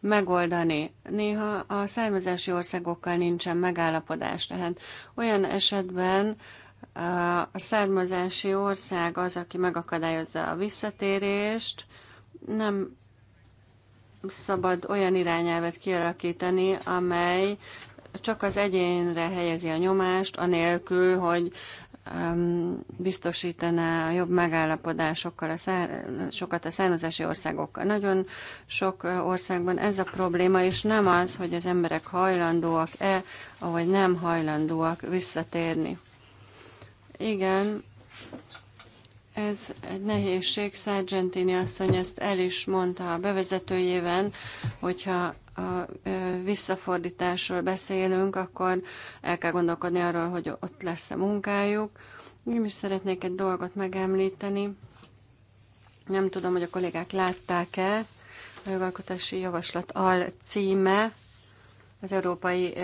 megoldani. Néha a származási országokkal nincsen megállapodás, tehát olyan esetben a származási ország az, aki megakadályozza a visszatérést, nem szabad olyan irányelvet kialakítani, amely csak az egyénre helyezi a nyomást, anélkül, hogy Um, biztosítaná a jobb megállapodásokkal a szár, sokat a származási országokkal. Nagyon sok uh, országban ez a probléma, és nem az, hogy az emberek hajlandóak-e, vagy nem hajlandóak visszatérni. Igen, ez egy nehézség. Sargentini asszony ezt el is mondta a bevezetőjében, hogyha a visszafordításról beszélünk, akkor el kell gondolkodni arról, hogy ott lesz a munkájuk. Én is szeretnék egy dolgot megemlíteni. Nem tudom, hogy a kollégák látták-e. A jogalkotási javaslat al címe az Európai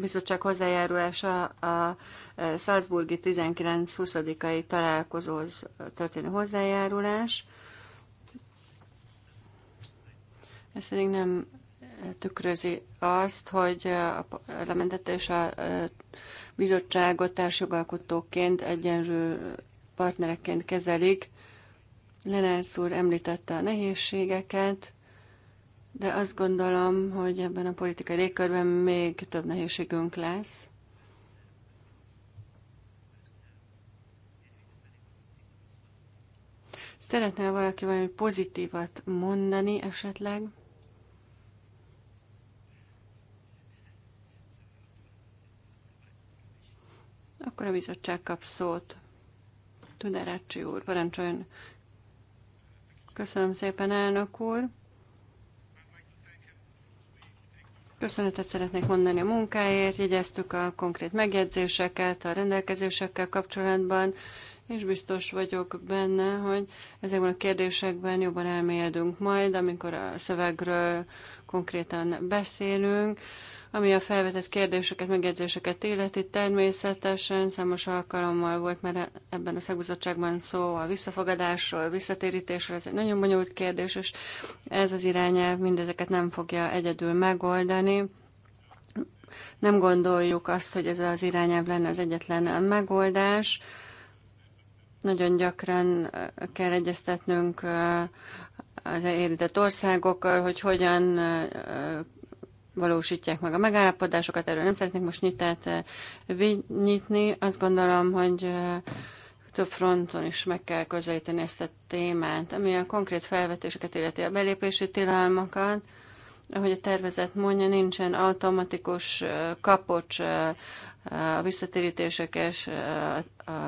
Bizottság hozzájárulása a Salzburgi 19-20-ai találkozóhoz történő hozzájárulás. Ez pedig nem tükrözi azt, hogy a parlamentet és a bizottságot társjogalkotóként egyenlő partnereként kezelik. Lenárc úr említette a nehézségeket, de azt gondolom, hogy ebben a politikai légkörben még több nehézségünk lesz. Szeretne valaki valami pozitívat mondani esetleg? Akkor a bizottság kap szót. Tuderácsi úr, parancsoljon. Köszönöm szépen, elnök úr. Köszönetet szeretnék mondani a munkáért, jegyeztük a konkrét megjegyzéseket a rendelkezésekkel kapcsolatban, és biztos vagyok benne, hogy ezekben a kérdésekben jobban elmélyedünk majd, amikor a szövegről konkrétan beszélünk. Ami a felvetett kérdéseket, megjegyzéseket illeti, természetesen számos alkalommal volt már ebben a szakbizottságban szó a visszafogadásról, a visszatérítésről, ez egy nagyon bonyolult kérdés, és ez az irányelv mindezeket nem fogja egyedül megoldani. Nem gondoljuk azt, hogy ez az irányelv lenne az egyetlen megoldás. Nagyon gyakran eh, kell egyeztetnünk eh, az érintett országokkal, hogy hogyan eh, valósítják meg a megállapodásokat, erről nem szeretnék most nyitát eh, nyitni. Azt gondolom, hogy eh, több fronton is meg kell közelíteni ezt a témát, ami a konkrét felvetéseket illeti a belépési tilalmakat, ahogy a tervezet mondja, nincsen automatikus eh, kapocs a visszatérítések és a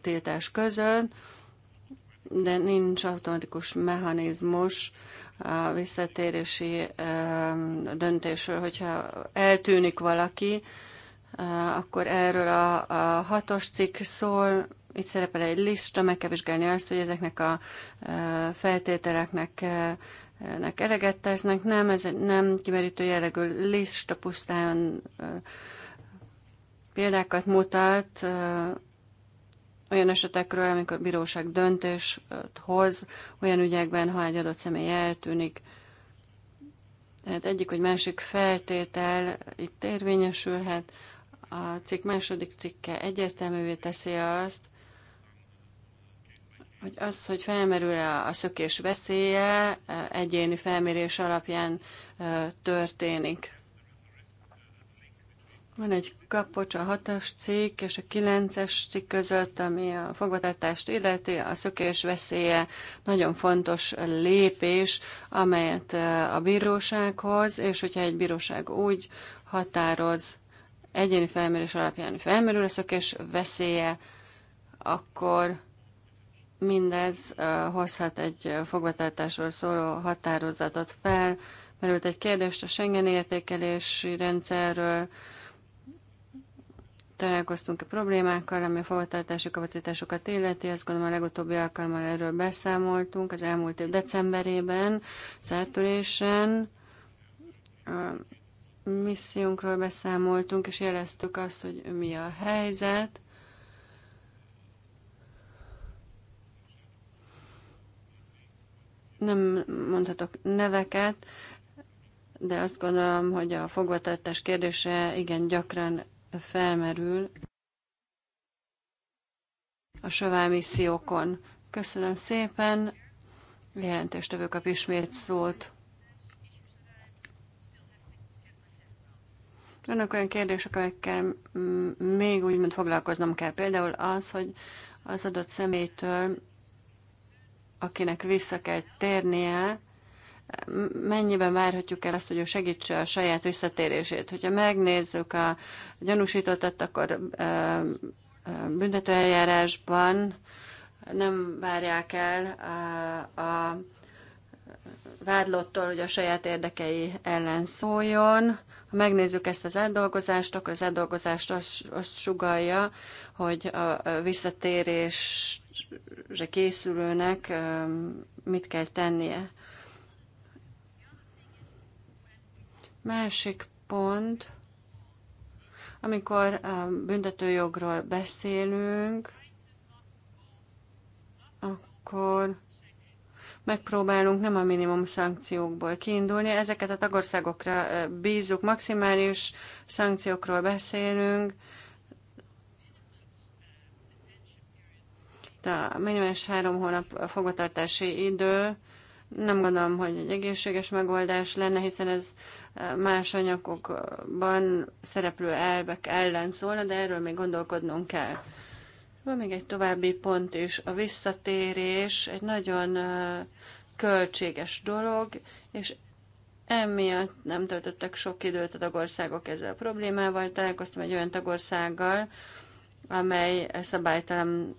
tiltás között, de nincs automatikus mechanizmus a visszatérési döntésről, hogyha eltűnik valaki, akkor erről a, a hatos cikk szól, itt szerepel egy lista, meg kell vizsgálni azt, hogy ezeknek a feltételeknek nek eleget tesznek. Nem, ez egy nem kimerítő jellegű lista pusztán példákat mutat olyan esetekről, amikor a bíróság döntést hoz, olyan ügyekben, ha egy adott személy eltűnik. Tehát egyik vagy másik feltétel itt érvényesülhet. A cikk második cikke egyértelművé teszi azt, hogy az, hogy felmerül-e a szökés veszélye, egyéni felmérés alapján történik. Van egy kapocs a hatos cikk és a kilences cikk között, ami a fogvatartást illeti, a szökés veszélye nagyon fontos lépés, amelyet a bírósághoz, és hogyha egy bíróság úgy határoz egyéni felmérés alapján felmerül a szökés veszélye, akkor mindez hozhat egy fogvatartásról szóló határozatot fel. Merült egy kérdést a Schengen értékelési rendszerről, találkoztunk a problémákkal, ami a fogvatartási kapacitásokat illeti. Azt gondolom a legutóbbi alkalommal erről beszámoltunk az elmúlt év decemberében, szertörésen. A missziunkról beszámoltunk, és jeleztük azt, hogy mi a helyzet. Nem mondhatok neveket, de azt gondolom, hogy a fogvatartás kérdése igen gyakran felmerül a savá missziókon. Köszönöm szépen, jelentéstevő kap ismét szót. Vannak olyan kérdések, amikkel még úgymond foglalkoznom kell. Például az, hogy az adott személytől, akinek vissza kell térnie, mennyiben várhatjuk el azt, hogy ő segítse a saját visszatérését. Hogyha megnézzük a gyanúsítottat, akkor büntetőeljárásban nem várják el a, a vádlottól, hogy a saját érdekei ellen szóljon. Ha megnézzük ezt az átdolgozást, akkor az átdolgozást azt, azt sugalja, hogy a visszatérésre készülőnek mit kell tennie. Másik pont, amikor büntetőjogról beszélünk, akkor megpróbálunk nem a minimum szankciókból kiindulni, ezeket a tagországokra bízunk, maximális szankciókról beszélünk, de a minimális három hónap fogvatartási idő nem gondolom, hogy egy egészséges megoldás lenne, hiszen ez eh, más anyagokban szereplő elvek ellen szólna, de erről még gondolkodnunk kell. Van még egy további pont is. A visszatérés egy nagyon eh, költséges dolog, és emiatt nem töltöttek sok időt a tagországok ezzel a problémával. Találkoztam egy olyan tagországgal, amely szabálytalan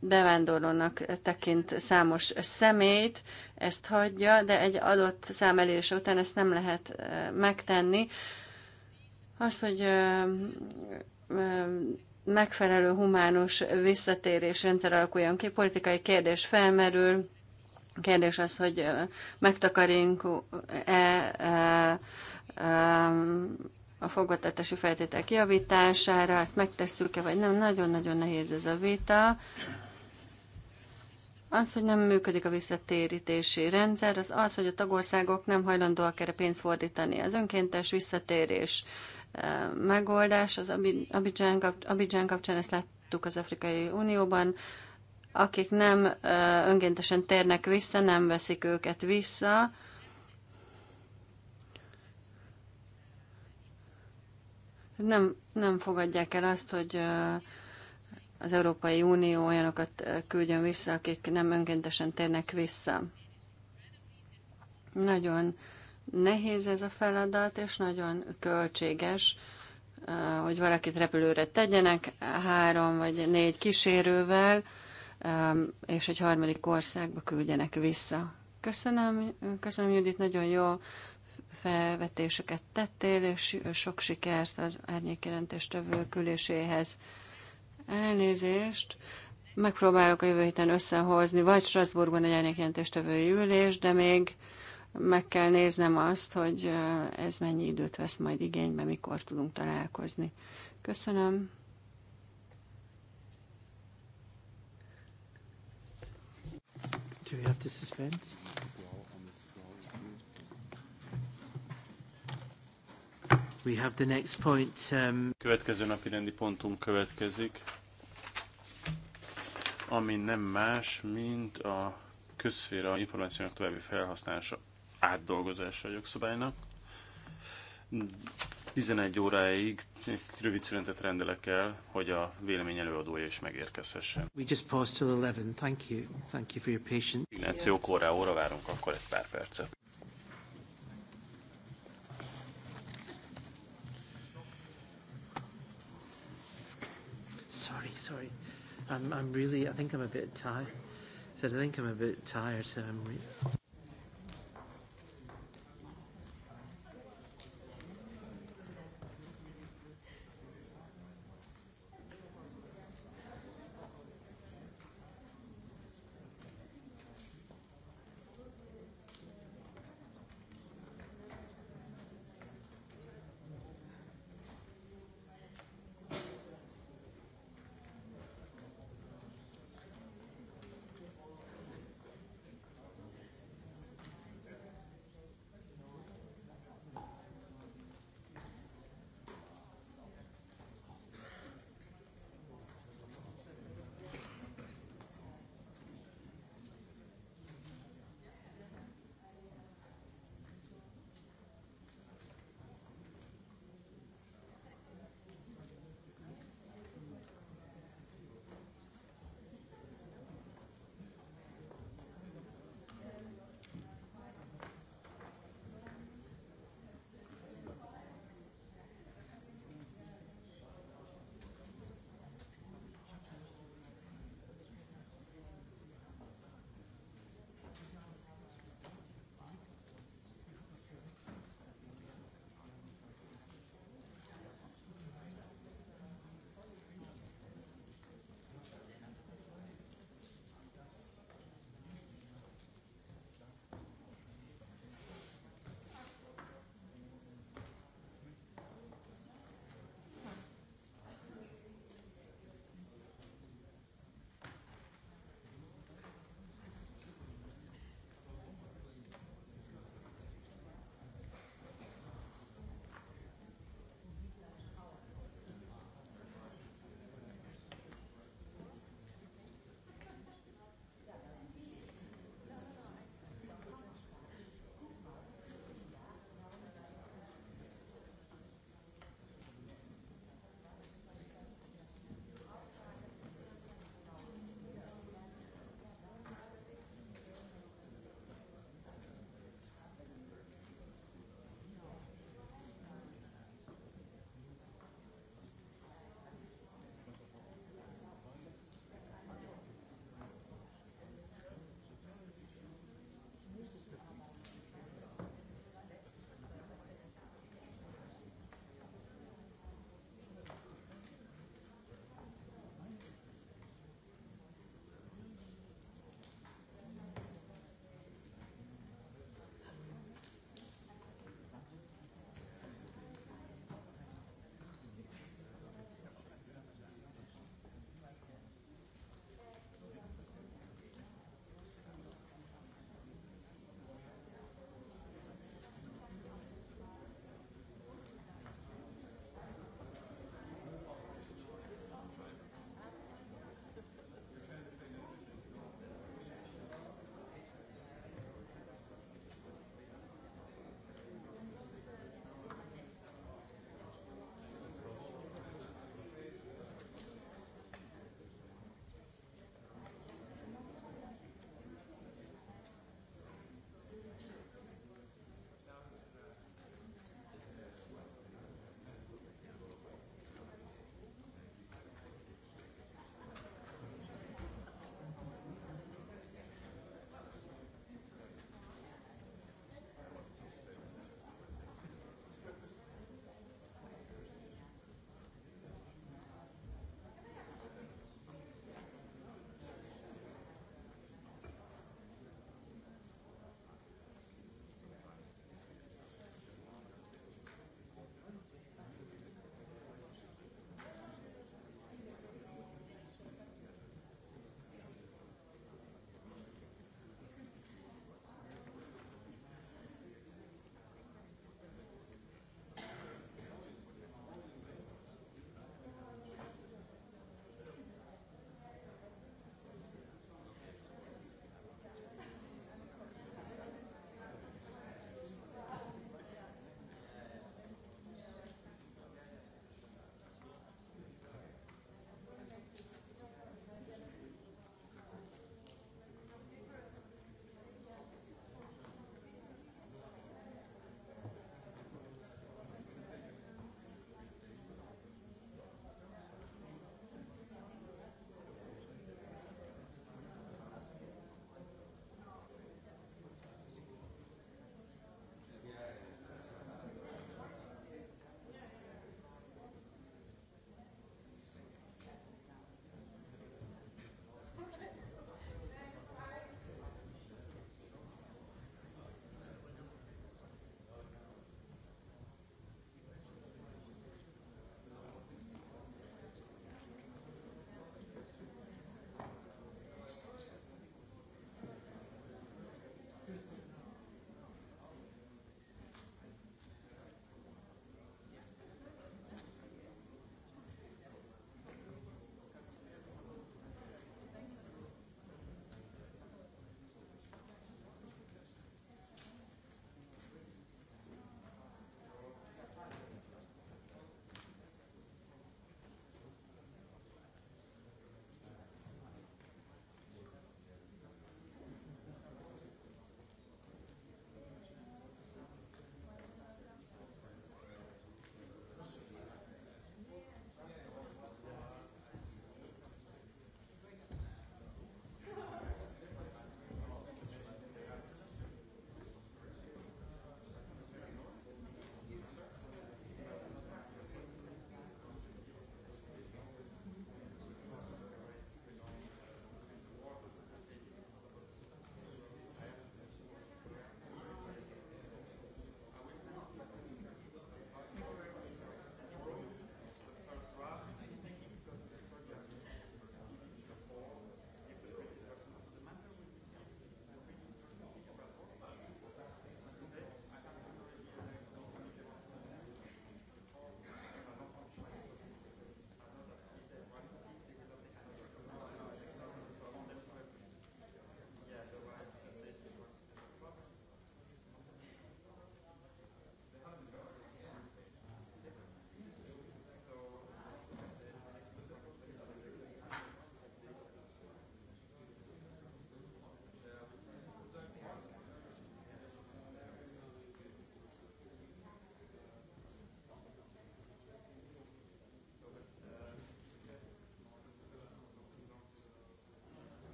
bevándorlónak tekint számos szemét, ezt hagyja, de egy adott szám elérés után ezt nem lehet megtenni. Az, hogy megfelelő humánus visszatérés rendszer alakuljon ki, politikai kérdés felmerül, kérdés az, hogy megtakarink e a fogvatartási feltétek javítására, ezt megtesszük-e, vagy nem, nagyon-nagyon nehéz ez a vita. Az, hogy nem működik a visszatérítési rendszer, az az, hogy a tagországok nem hajlandóak erre pénzt fordítani. Az önkéntes visszatérés eh, megoldás, az Abidjan, kapcsán ezt láttuk az Afrikai Unióban, akik nem eh, önkéntesen térnek vissza, nem veszik őket vissza, nem, nem fogadják el azt, hogy uh, az Európai Unió olyanokat küldjön vissza, akik nem önkéntesen térnek vissza. Nagyon nehéz ez a feladat, és nagyon költséges, hogy valakit repülőre tegyenek három vagy négy kísérővel, és egy harmadik országba küldjenek vissza. Köszönöm, köszönöm Judit, nagyon jó felvetéseket tettél, és sok sikert az árnyékjelentéstevő küléséhez. Elnézést. Megpróbálok a jövő héten összehozni, vagy Strasbourgban egy a ülés, de még meg kell néznem azt, hogy ez mennyi időt vesz majd igénybe, mikor tudunk találkozni. Köszönöm. Do we have to suspend? We have the next point. Um... Következő napi rendi pontunk következik ami nem más, mint a közféra információnak további felhasználása átdolgozása a jogszabálynak. 11 óráig rövid szünetet rendelek el, hogy a vélemény előadója is megérkezhessen. We just paused till 11. Thank you. Thank you for your patience. Ignáció korra óra várunk akkor egy pár percet. Sorry, sorry. I'm, I'm really, I think I'm a bit tired. Said, I think I'm a bit tired, so I'm. Re-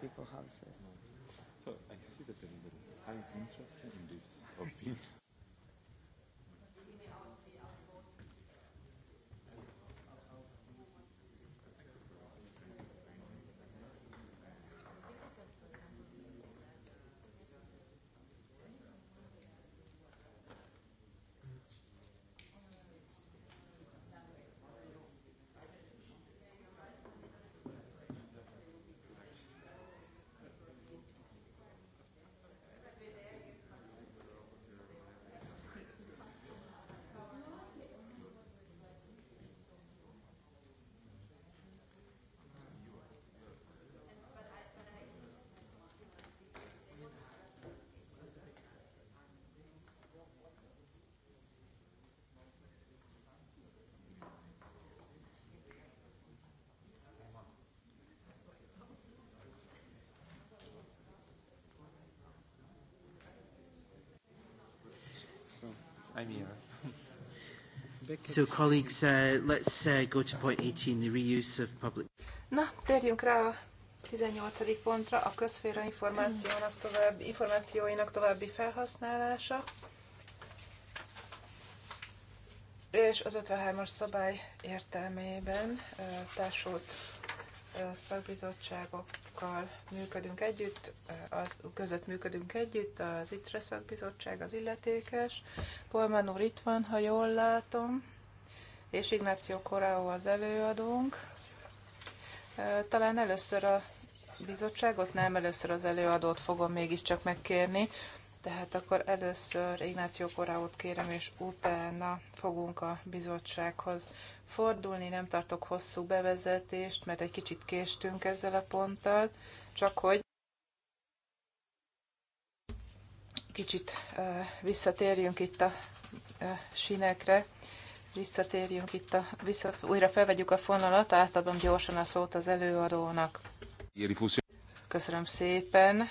people houses. So I see that there is a high interest in this opinion. So, colleagues, uh, let's uh, go to point 18, the reuse of public... Na, térjünk rá a 18. pontra, a közféra információnak tovább, információinak további felhasználása, és az 53-as szabály értelmében uh, társult szakbizottságokkal működünk együtt, az között működünk együtt, az ITRE szakbizottság az illetékes. Polman úr itt van, ha jól látom, és Ignáció Koráó az előadónk. Talán először a bizottságot, nem először az előadót fogom mégiscsak megkérni, tehát akkor először Ignáció Koráót kérem, és utána fogunk a bizottsághoz fordulni, nem tartok hosszú bevezetést, mert egy kicsit késtünk ezzel a ponttal, csak hogy kicsit visszatérjünk itt a sinekre, visszatérjünk itt a, vissza, újra felvegyük a fonalat, átadom gyorsan a szót az előadónak. Köszönöm szépen,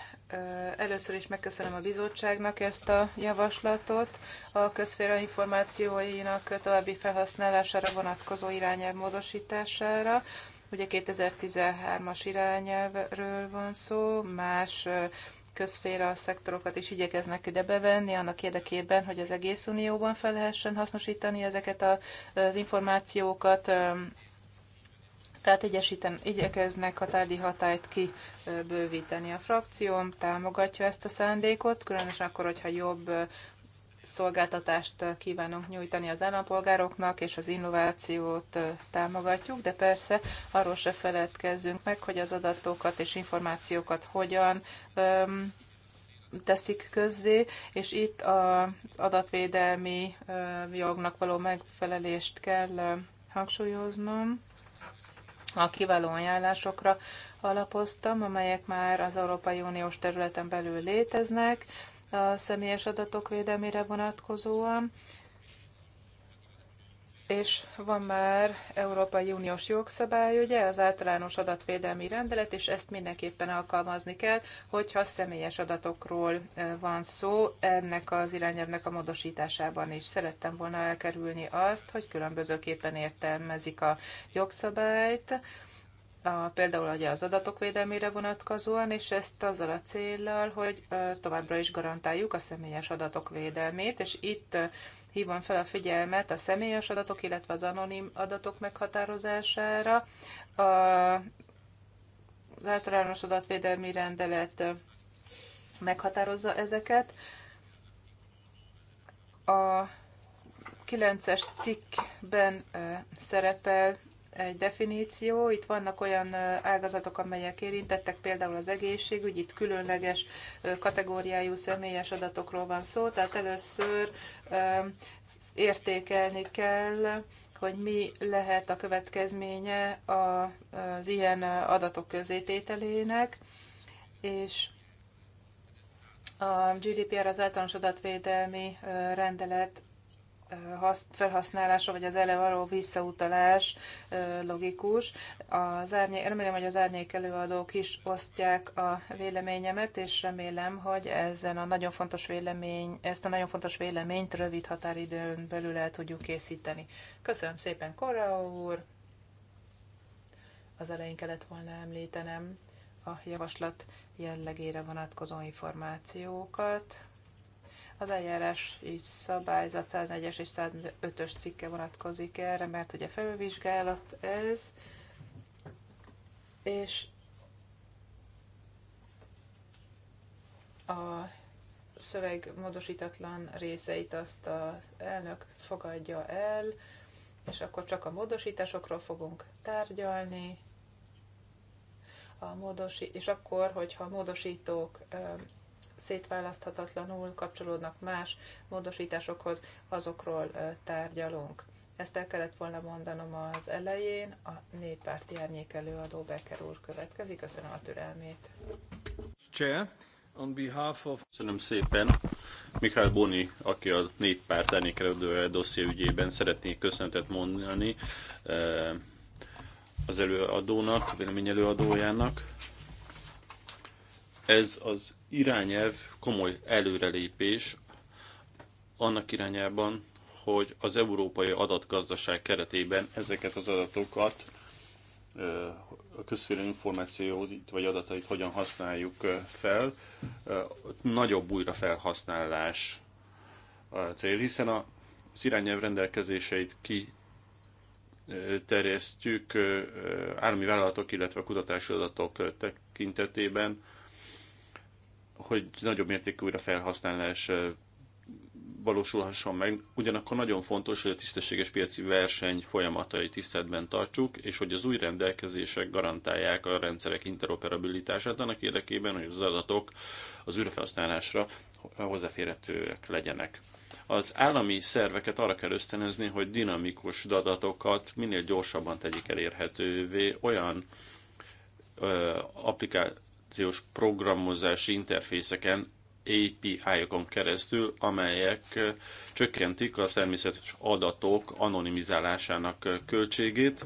Először is megköszönöm a bizottságnak ezt a javaslatot. A közféra információinak további felhasználására vonatkozó irányelv módosítására. Ugye 2013-as irányelvről van szó, más közféra szektorokat is igyekeznek ide bevenni, annak érdekében, hogy az egész unióban fel lehessen hasznosítani ezeket az információkat, tehát egyesíten, igyekeznek a tárgyi hatályt kibővíteni. A frakcióm támogatja ezt a szándékot, különösen akkor, hogyha jobb szolgáltatást kívánunk nyújtani az állampolgároknak, és az innovációt támogatjuk, de persze arról se feledkezzünk meg, hogy az adatokat és információkat hogyan öm, teszik közzé, és itt az adatvédelmi jognak való megfelelést kell hangsúlyoznom a kiváló ajánlásokra alapoztam, amelyek már az Európai Uniós területen belül léteznek a személyes adatok védelmére vonatkozóan, és van már Európai Uniós jogszabály, ugye, az általános adatvédelmi rendelet, és ezt mindenképpen alkalmazni kell, hogyha személyes adatokról van szó, ennek az irányelvnek a módosításában is. Szerettem volna elkerülni azt, hogy különbözőképpen értelmezik a jogszabályt, a, például ugye az adatok védelmére vonatkozóan, és ezt azzal a céllal, hogy továbbra is garantáljuk a személyes adatok védelmét, és itt hívom fel a figyelmet a személyes adatok, illetve az anonim adatok meghatározására. A, az általános adatvédelmi rendelet meghatározza ezeket. A 9-es cikkben szerepel egy definíció. Itt vannak olyan ágazatok, amelyek érintettek, például az egészségügy, itt különleges kategóriájú személyes adatokról van szó, tehát először értékelni kell, hogy mi lehet a következménye az ilyen adatok közétételének, és a GDPR az általános adatvédelmi rendelet felhasználása, vagy az ele való visszautalás logikus. Az árnyék, remélem, hogy az árnyék előadók is osztják a véleményemet, és remélem, hogy ezen a nagyon fontos vélemény, ezt a nagyon fontos véleményt rövid határidőn belül el tudjuk készíteni. Köszönöm szépen, Kora úr! Az elején kellett volna említenem a javaslat jellegére vonatkozó információkat. Az eljárási szabályzat 104 es és 105-ös cikke vonatkozik erre, mert ugye felülvizsgálat ez, és a szöveg módosítatlan részeit azt az elnök fogadja el, és akkor csak a módosításokról fogunk tárgyalni, a módosi, és akkor, hogyha a módosítók szétválaszthatatlanul kapcsolódnak más módosításokhoz, azokról tárgyalunk. Ezt el kellett volna mondanom az elején, a néppárti árnyék előadó Becker úr következik. Köszönöm a türelmét. Chair, on behalf of... Köszönöm szépen. Mikhail Boni, aki a néppárt árnyék előadója dosszié ügyében szeretnék köszönetet mondani az előadónak, a vélemény előadójának ez az irányelv komoly előrelépés annak irányában, hogy az európai adatgazdaság keretében ezeket az adatokat a közféle információt vagy adatait hogyan használjuk fel, nagyobb újrafelhasználás cél, hiszen a irányelv rendelkezéseit terjesztjük állami vállalatok, illetve kutatási adatok tekintetében, hogy nagyobb mértékű újra felhasználás valósulhasson meg. Ugyanakkor nagyon fontos, hogy a tisztességes piaci verseny folyamatai tiszteletben tartsuk, és hogy az új rendelkezések garantálják a rendszerek interoperabilitását annak érdekében, hogy az adatok az űrfelhasználásra hozzáférhetőek legyenek. Az állami szerveket arra kell ösztönözni, hogy dinamikus adatokat minél gyorsabban tegyék elérhetővé olyan ö, applikációs programozási interfészeken, API-okon keresztül, amelyek csökkentik a természetes adatok anonimizálásának költségét,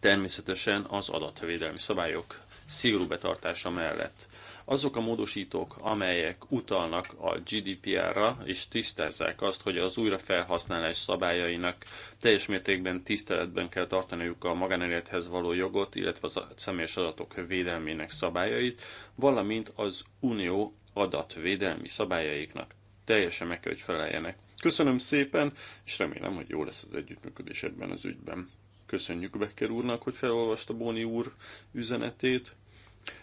természetesen az adatvédelmi szabályok szigorú betartása mellett. Azok a módosítók, amelyek utalnak a GDPR-ra, és tisztázzák azt, hogy az újrafelhasználás szabályainak teljes mértékben tiszteletben kell tartaniuk a magánélethez való jogot, illetve a személyes adatok védelmének szabályait, valamint az unió adatvédelmi szabályaiknak teljesen meg kell, hogy feleljenek. Köszönöm szépen, és remélem, hogy jó lesz az együttműködés ebben az ügyben. Köszönjük Becker úrnak, hogy felolvasta Bóni úr üzenetét.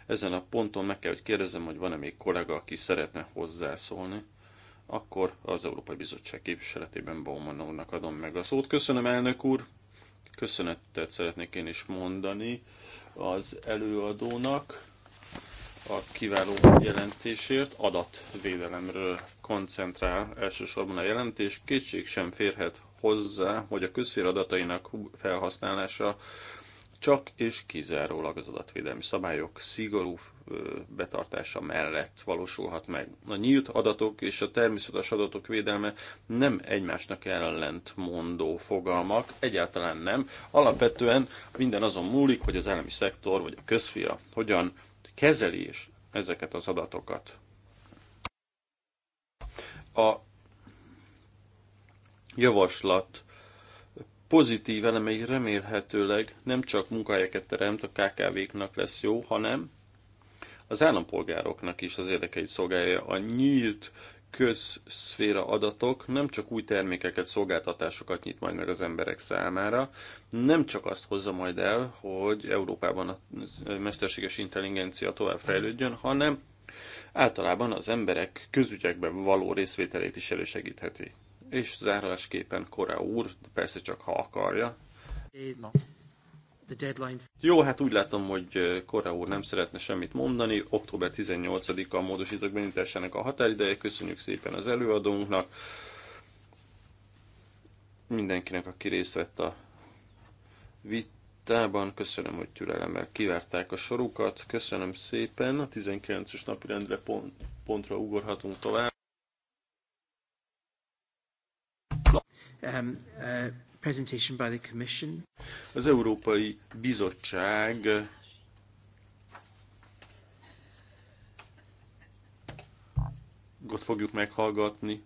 Ezen a ponton meg kell, hogy kérdezem, hogy van-e még kollega, aki szeretne hozzászólni. Akkor az Európai Bizottság képviseletében Bauman úrnak adom meg a szót. Köszönöm, elnök úr! Köszönetet szeretnék én is mondani az előadónak a kiváló jelentésért. Adatvédelemről koncentrál elsősorban a jelentés. Kétség sem férhet hozzá, hogy a közfér adatainak felhasználása csak és kizárólag az adatvédelmi szabályok szigorú betartása mellett valósulhat meg. A nyílt adatok és a természetes adatok védelme nem egymásnak ellentmondó fogalmak, egyáltalán nem. Alapvetően minden azon múlik, hogy az állami szektor vagy a közfia hogyan kezeli és ezeket az adatokat. A javaslat pozitív elemei remélhetőleg nem csak munkahelyeket teremt, a KKV-knak lesz jó, hanem az állampolgároknak is az érdekeit szolgálja. A nyílt közszféra adatok nem csak új termékeket, szolgáltatásokat nyit majd meg az emberek számára, nem csak azt hozza majd el, hogy Európában a mesterséges intelligencia tovább fejlődjön, hanem általában az emberek közügyekben való részvételét is elősegítheti. És zárásképpen Kora úr, persze csak ha akarja. Jó, hát úgy látom, hogy Kora úr nem szeretne semmit mondani. Október 18-a a módosítók benyújtásának a határideje. Köszönjük szépen az előadónknak. Mindenkinek, aki részt vett a vitában. Köszönöm, hogy türelemmel kivárták a sorukat. Köszönöm szépen. A 19-es napirendre pont, pontra ugorhatunk tovább. um, uh, presentation by the Commission. Az Európai Bizottság ott fogjuk meghallgatni,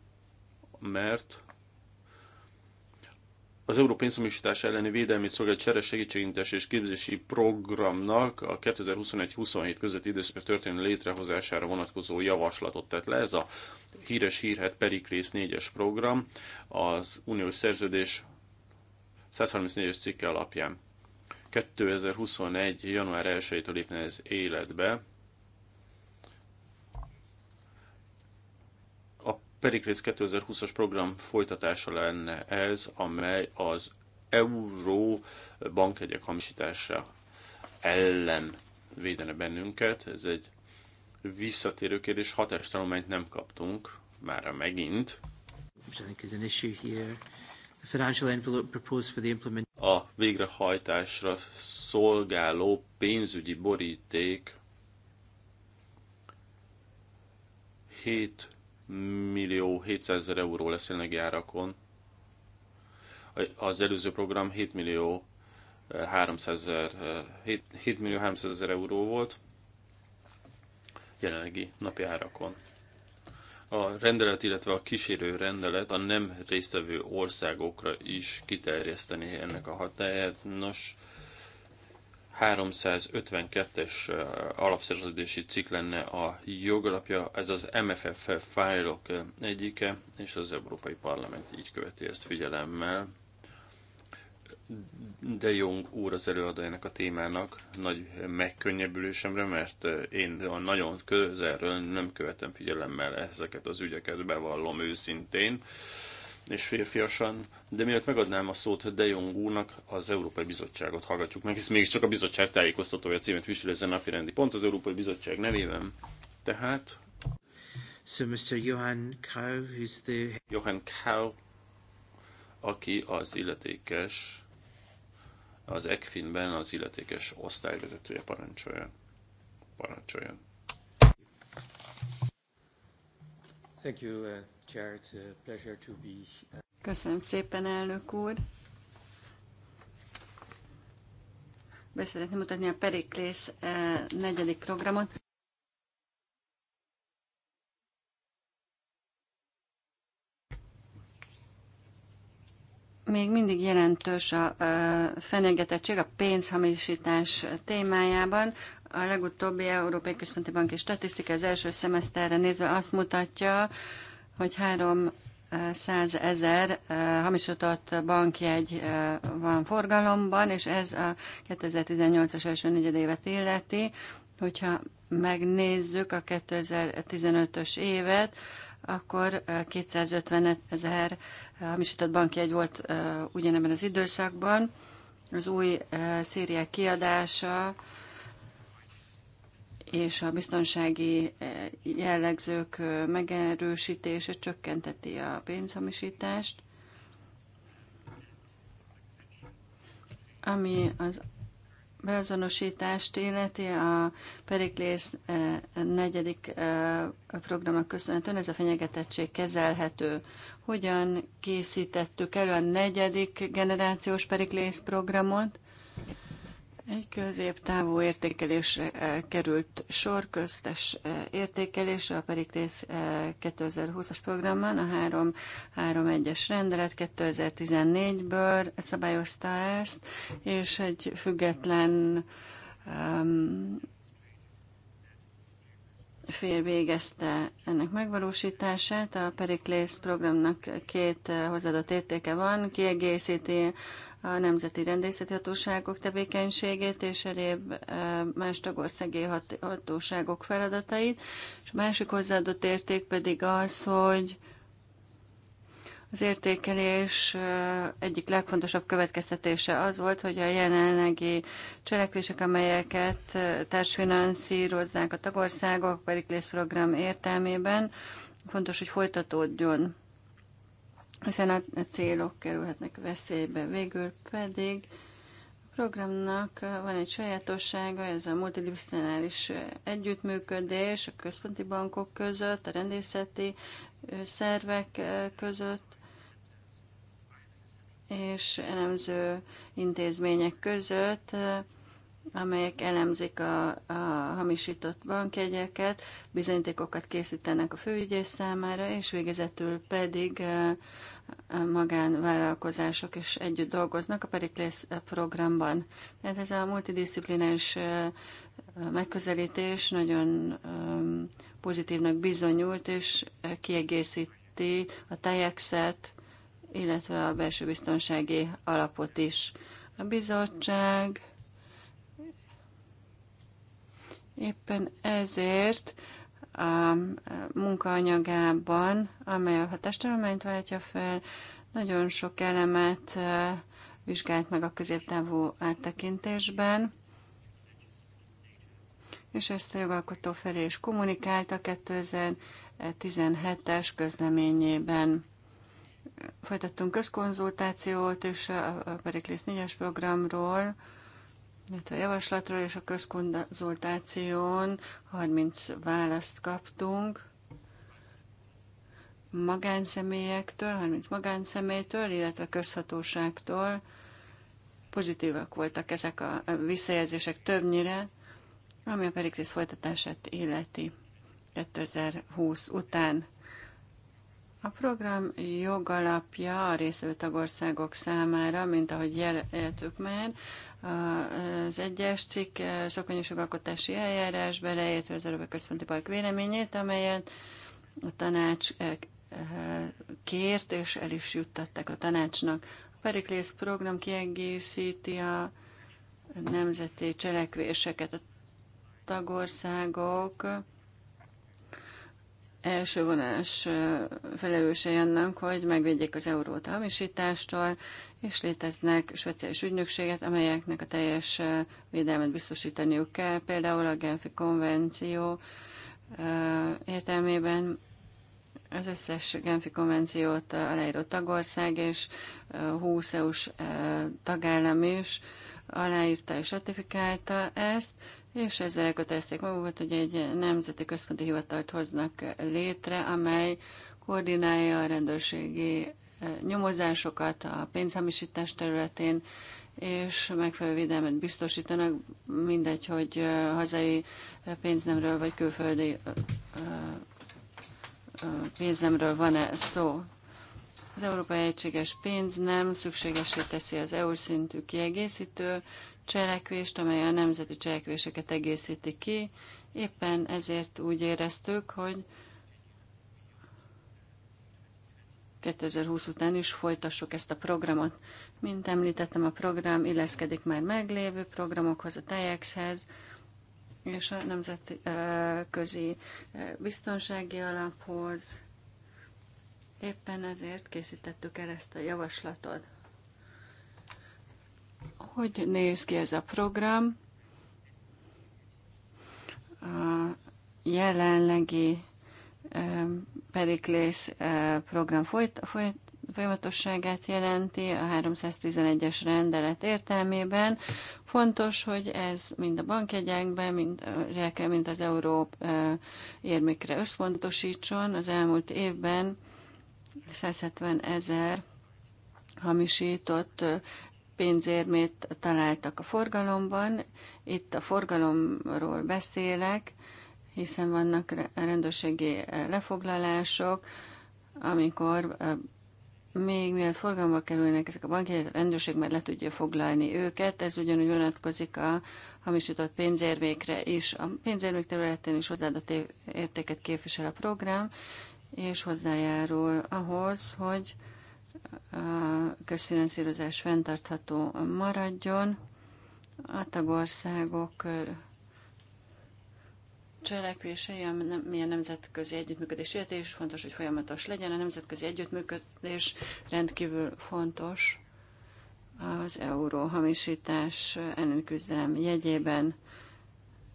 mert az Euró pénzhomisítás elleni védelmi szolgált cseres segítségintes és képzési programnak a 2021-27 közötti időszak történő létrehozására vonatkozó javaslatot tett le. Ez a híres hírhet Periklész 4-es program az uniós szerződés 134-es cikke alapján. 2021. január 1-től lépne ez életbe, Perikrész 2020-as program folytatása lenne ez, amely az euró bankjegyek hamisítása ellen védene bennünket. Ez egy visszatérő kérdés, hatástanulmányt nem kaptunk, már megint. A végrehajtásra szolgáló pénzügyi boríték 7 millió 700 ezer euró lesz jelenlegi árakon. Az előző program 7 millió 300 ezer, 7, 7 millió 300 ezer euró volt jelenlegi napi árakon. A rendelet, illetve a kísérő rendelet a nem résztvevő országokra is kiterjeszteni ennek a hatáját. Nos, 352-es alapszerződési cikk lenne a jogalapja, ez az MFF fájlok egyike, és az Európai Parlament így követi ezt figyelemmel. De Jong úr az előadójának a témának nagy megkönnyebbülésemre, mert én nagyon közelről nem követem figyelemmel ezeket az ügyeket, bevallom őszintén és férfiasan, de mielőtt megadnám a szót De Jong úrnak, az Európai Bizottságot hallgatjuk meg, hisz mégiscsak a bizottság tájékoztatója címet viseli ezen napi rendi pont az Európai Bizottság nevében. Tehát... So Mr. Johan Kau, who's the... Johan Kau, aki az illetékes, az ECFIN-ben az illetékes osztályvezetője parancsoljon. Parancsoljon. Uh, Köszönöm szépen, elnök úr. szeretném mutatni a Periklész eh, negyedik programot. Még mindig jelentős a eh, fenyegetettség a pénzhamisítás témájában. A legutóbbi Európai Központi Banki Statisztika az első szemeszterre nézve azt mutatja, hogy 300 ezer hamisított bankjegy van forgalomban, és ez a 2018-as első negyedévet illeti. Hogyha megnézzük a 2015-ös évet, akkor 250 ezer hamisított bankjegy volt ugyanebben az időszakban. Az új szériák kiadása és a biztonsági eh, jellegzők eh, megerősítése csökkenteti a pénzhamisítást, ami az beazonosítást illeti a Periklész eh, negyedik programnak köszönhetően ez a fenyegetettség kezelhető. Hogyan készítettük elő a negyedik generációs Periklész programot? Egy középtávú értékelésre eh, került sor, köztes eh, értékelésre, a Periklész 2020-as eh, programban a 1 es rendelet 2014-ből szabályozta ezt, és egy független um, fél végezte ennek megvalósítását. A Periklész programnak két eh, hozzáadott értéke van, kiegészíti a Nemzeti Rendészeti Hatóságok tevékenységét és elébb eh, más tagországi hatóságok feladatait. És a másik hozzáadott érték pedig az, hogy az értékelés egyik legfontosabb következtetése az volt, hogy a jelenlegi cselekvések, amelyeket társfinanszírozzák a tagországok pedig program értelmében, fontos, hogy folytatódjon, hiszen a célok kerülhetnek veszélybe. Végül pedig a programnak van egy sajátossága, ez a multidisciplináris együttműködés a központi bankok között, a rendészeti szervek között, és elemző intézmények között, amelyek elemzik a, a hamisított bankjegyeket, bizonyítékokat készítenek a főügyész számára, és végezetül pedig magánvállalkozások is együtt dolgoznak a periklés programban. Tehát ez a multidisziplináris megközelítés nagyon pozitívnak bizonyult, és kiegészíti a tejekszet, illetve a belső biztonsági alapot is. A bizottság éppen ezért a munkaanyagában, amely a hatástudományt váltja fel, nagyon sok elemet vizsgált meg a középtávú áttekintésben, és ezt a jogalkotó felé is kommunikálta 2017-es közleményében. Folytattunk közkonzultációt, és a Periklis 4-es programról, illetve a javaslatról és a közkonzultáción 30 választ kaptunk magánszemélyektől, 30 magánszemélytől, illetve közhatóságtól. Pozitívak voltak ezek a visszajelzések többnyire, ami a Periklis folytatását illeti 2020 után. A program jogalapja a részvevő tagországok számára, mint ahogy jeltük már, az egyes cikk szokványos jogalkotási eljárás beleértve az Európai Központi Park véleményét, amelyet a tanács eh, eh, kért, és el is juttatták a tanácsnak. A Periklész program kiegészíti a nemzeti cselekvéseket. A tagországok első vonás felelősei annak, hogy megvédjék az eurót a hamisítástól, és léteznek speciális ügynökséget, amelyeknek a teljes védelmet biztosítaniuk kell, például a Genfi konvenció értelmében az összes Genfi konvenciót aláíró tagország és 20 EU-s tagállam is aláírta és ratifikálta ezt, és ezzel elkötelezték magukat, hogy egy nemzeti központi hivatalt hoznak létre, amely koordinálja a rendőrségi eh, nyomozásokat a pénzhamisítás területén, és megfelelő védelmet biztosítanak, mindegy, hogy eh, hazai eh, pénznemről vagy külföldi pénznemről van-e szó. Az Európai Egységes Pénz nem szükségesé teszi az EU szintű kiegészítő cselekvést, amely a nemzeti cselekvéseket egészíti ki. Éppen ezért úgy éreztük, hogy 2020 után is folytassuk ezt a programot. Mint említettem, a program illeszkedik már meglévő programokhoz, a tejex hez és a Nemzeti Közi Biztonsági Alaphoz. Éppen ezért készítettük el ezt a javaslatot. Hogy néz ki ez a program? A jelenlegi Periklész program folyt, folyt, folyamatosságát jelenti a 311-es rendelet értelmében. Fontos, hogy ez mind a bankjegyekben, mind, mind az euró érmékre összpontosítson. Az elmúlt évben 170 ezer hamisított pénzérmét találtak a forgalomban. Itt a forgalomról beszélek, hiszen vannak rendőrségi eh, lefoglalások, amikor eh, még mielőtt forgalomba kerülnek ezek a banki a rendőrség már le tudja foglalni őket, ez ugyanúgy vonatkozik a hamisított pénzérmékre is. A pénzérmék területén is hozzáadott értéket képvisel a program, és hozzájárul ahhoz, hogy közfinanszírozás fenntartható maradjon, a tagországok cselekvései, milyen nemzetközi együttműködés illeti, és fontos, hogy folyamatos legyen. A nemzetközi együttműködés rendkívül fontos az euró hamisítás ellen küzdelem jegyében.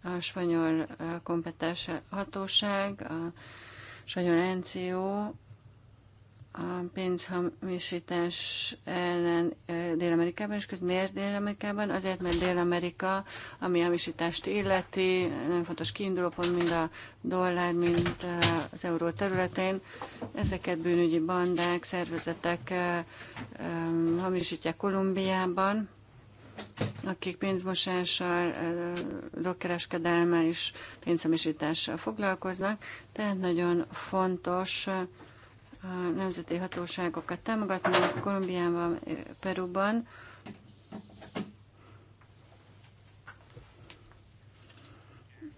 A spanyol kompetens hatóság, a spanyol NCO a pénzhamisítás ellen Dél-Amerikában, és közben miért Dél-Amerikában? Azért, mert Dél-Amerika, ami hamisítást illeti, nem fontos kiindulópont mind a dollár, mind az euró területén. Ezeket bűnügyi bandák, szervezetek hamisítják Kolumbiában, akik pénzmosással, rokkereskedelmel és pénzhamisítással foglalkoznak. Tehát nagyon fontos a nemzeti hatóságokat támogatnak Kolumbiában, eh, Peruban.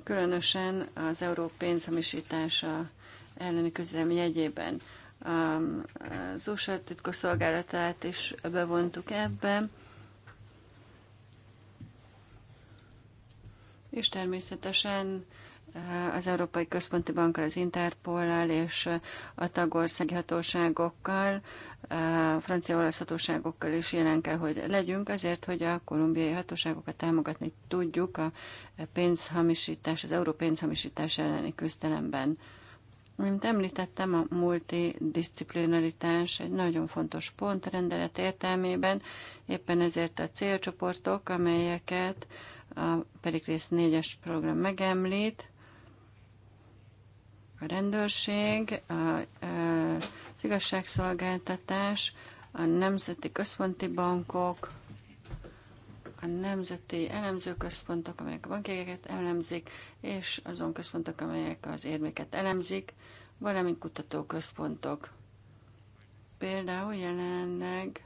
Különösen az euró pénzhamisítása elleni küzdelem jegyében az USA titkosszolgálatát is bevontuk ebbe. És természetesen az Európai Központi Bankkal, az Interpollal és a tagországi hatóságokkal, a francia-olasz hatóságokkal is jelen kell, hogy legyünk, azért, hogy a kolumbiai hatóságokat támogatni tudjuk a pénzhamisítás, az euró pénzhamisítás elleni küzdelemben. Mint említettem, a multidisciplinaritás egy nagyon fontos pont a rendelet értelmében, éppen ezért a célcsoportok, amelyeket a rész 4-es program megemlít, a rendőrség, a, az igazságszolgáltatás, a nemzeti központi bankok, a nemzeti elemzőközpontok, amelyek a bankjegyeket elemzik, és azon központok, amelyek az érméket elemzik, valamint kutatóközpontok. Például jelenleg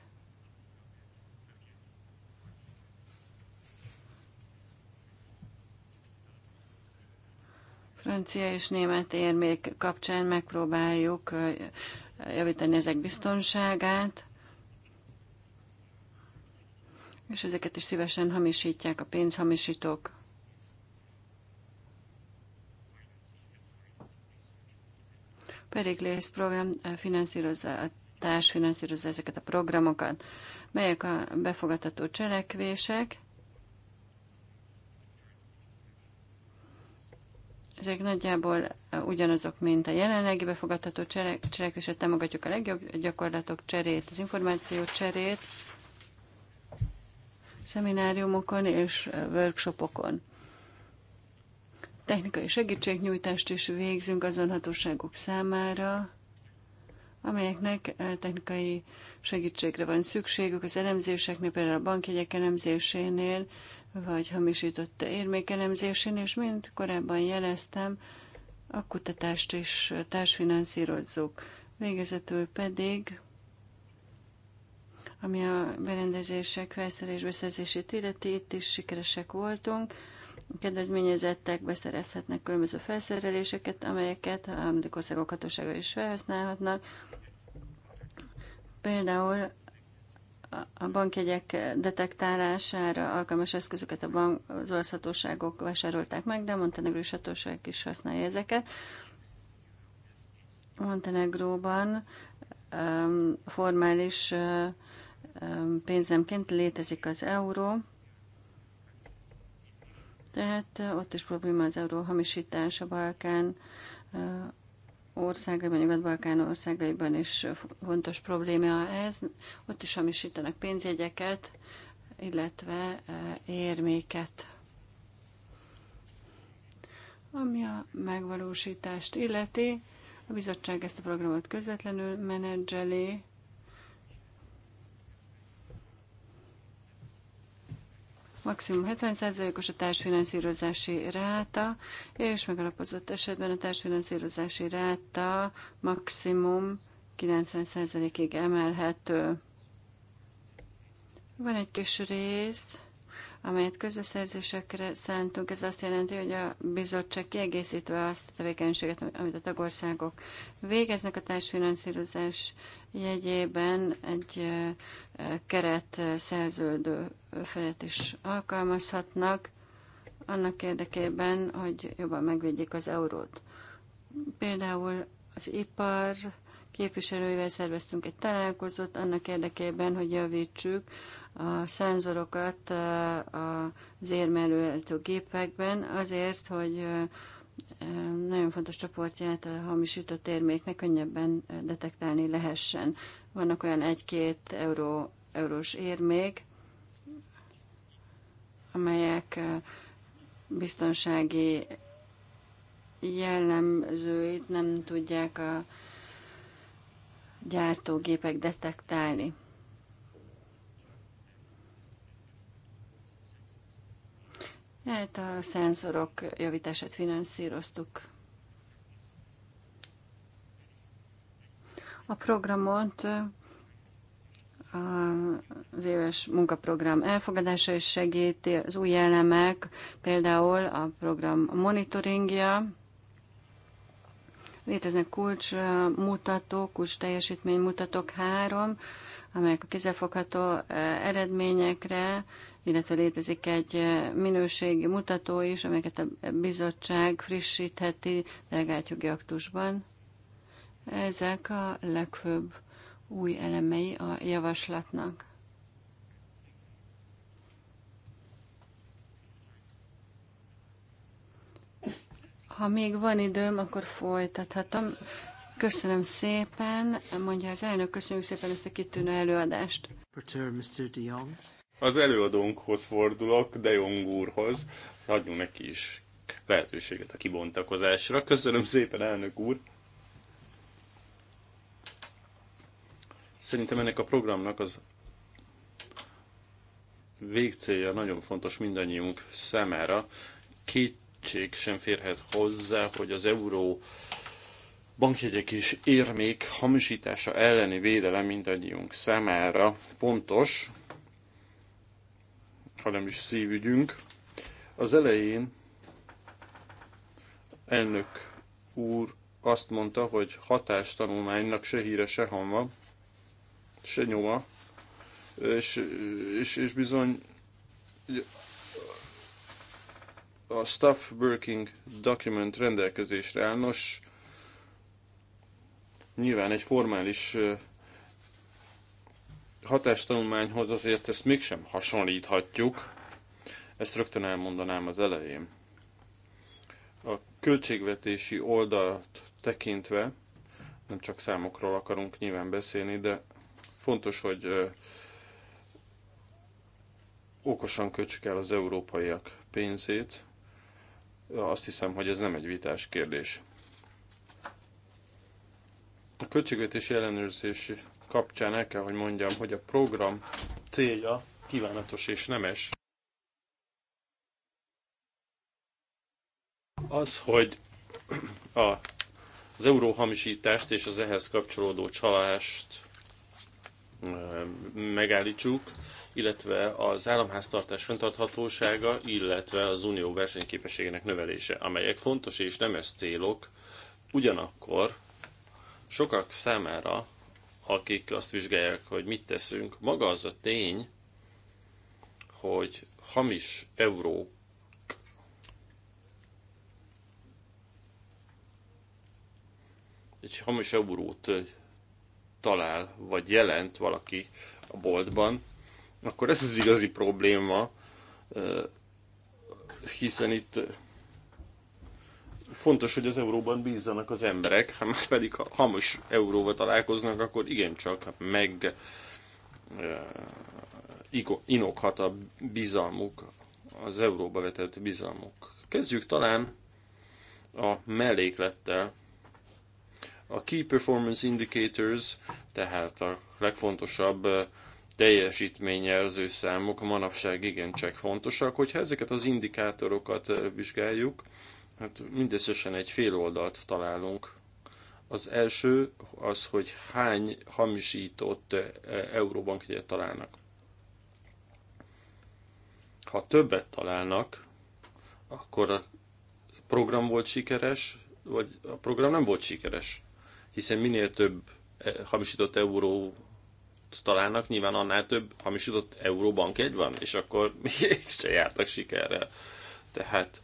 francia és német érmék kapcsán megpróbáljuk javítani ezek biztonságát, és ezeket is szívesen hamisítják a pénzhamisítók. Periklész program finanszírozza, a társ finanszírozza ezeket a programokat, melyek a befogadható cselekvések, ezek nagyjából ugyanazok, mint a jelenlegi befogadható cselek, cselekvésre támogatjuk a legjobb gyakorlatok cserét, az információ cserét, szemináriumokon és workshopokon. Technikai segítségnyújtást is végzünk azon hatóságok számára, amelyeknek technikai segítségre van szükségük az elemzéseknél, például a bankjegyek elemzésénél, vagy hamisította érmékelemzésén, és mint korábban jeleztem, a kutatást is társfinanszírozzuk. Végezetül pedig, ami a berendezések felszerelés beszerzését illeti, itt is sikeresek voltunk. A kedvezményezettek beszerezhetnek különböző felszereléseket, amelyeket a harmadik országok hatósága is felhasználhatnak. Például a bankjegyek detektálására alkalmas eszközöket a bank, az olasz hatóságok vásárolták meg, de a montenegrói hatóság is használja ezeket. Montenegróban um, formális uh, um, pénzemként létezik az euró, tehát uh, ott is probléma az euró hamisítás a Balkán uh, országaiban, Nyugat-Balkán országaiban is fontos probléma ez. Ott is hamisítanak pénzjegyeket, illetve e, érméket. Ami a megvalósítást illeti, a bizottság ezt a programot közvetlenül menedzseli, maximum 70%-os a társfinanszírozási ráta, és megalapozott esetben a társfinanszírozási ráta maximum 90%-ig emelhető. Van egy kis rész, amelyet közbeszerzésekre szántunk. Ez azt jelenti, hogy a bizottság kiegészítve azt a tevékenységet, amit a tagországok végeznek a társfinanszírozás jegyében egy keret szerződő felet is alkalmazhatnak, annak érdekében, hogy jobban megvédjék az eurót. Például az ipar képviselőivel szerveztünk egy találkozót annak érdekében, hogy javítsuk a szenzorokat az érmelőeltő gépekben azért, hogy nagyon fontos csoportját a hamisított érméknek könnyebben detektálni lehessen. Vannak olyan 1-2 euró, eurós érmék, amelyek biztonsági jellemzőit nem tudják a gyártógépek detektálni. Hát a szenzorok javítását finanszíroztuk. A programot az éves munkaprogram elfogadása is segíti, az új elemek, például a program monitoringja, léteznek kulcsmutatók, kulcs teljesítménymutatók három, amelyek a kézzelfogható eredményekre illetve létezik egy minőségi mutató is, amelyeket a bizottság frissítheti delegált aktusban. Ezek a legfőbb új elemei a javaslatnak. Ha még van időm, akkor folytathatom. Köszönöm szépen, mondja az elnök, köszönjük szépen ezt a kitűnő előadást. Az előadónkhoz fordulok, De Jong úrhoz, adjunk neki is lehetőséget a kibontakozásra. Köszönöm szépen, elnök úr! Szerintem ennek a programnak az végcélja nagyon fontos mindannyiunk számára. Kétség sem férhet hozzá, hogy az euró bankjegyek és érmék hamisítása elleni védelem mindannyiunk számára fontos, hanem is szívügyünk. Az elején elnök úr azt mondta, hogy hatástanulmánynak se híre, se hamva, se nyoma, és, és, és bizony a Staff Working Document rendelkezésre állnos, nyilván egy formális hatástanulmányhoz azért ezt mégsem hasonlíthatjuk, ezt rögtön elmondanám az elején. A költségvetési oldalt tekintve, nem csak számokról akarunk nyilván beszélni, de fontos, hogy okosan költsük el az európaiak pénzét. Azt hiszem, hogy ez nem egy vitás kérdés. A költségvetési ellenőrzési kapcsán el kell, hogy mondjam, hogy a program célja kívánatos és nemes. Az, hogy a, az euróhamisítást és az ehhez kapcsolódó csalást megállítsuk, illetve az államháztartás fenntarthatósága, illetve az unió versenyképességének növelése, amelyek fontos és nemes célok, ugyanakkor sokak számára akik azt vizsgálják, hogy mit teszünk. Maga az a tény, hogy hamis euró egy hamis eurót talál, vagy jelent valaki a boltban, akkor ez az igazi probléma, hiszen itt Fontos, hogy az euróban bízzanak az emberek, ha már pedig ha hamos euróval találkoznak, akkor igencsak meg uh, inokhat a bizalmuk, az euróba vetett bizalmuk. Kezdjük talán a melléklettel. A Key Performance Indicators, tehát a legfontosabb teljesítményjelző számok manapság igencsak fontosak. Hogyha ezeket az indikátorokat vizsgáljuk, Hát mindösszesen egy fél oldalt találunk. Az első az, hogy hány hamisított e, euróbankjegyet találnak. Ha többet találnak, akkor a program volt sikeres, vagy a program nem volt sikeres. Hiszen minél több e, hamisított euró találnak, nyilván annál több hamisított euróbank egy van, és akkor (laughs) még se jártak sikerrel. Tehát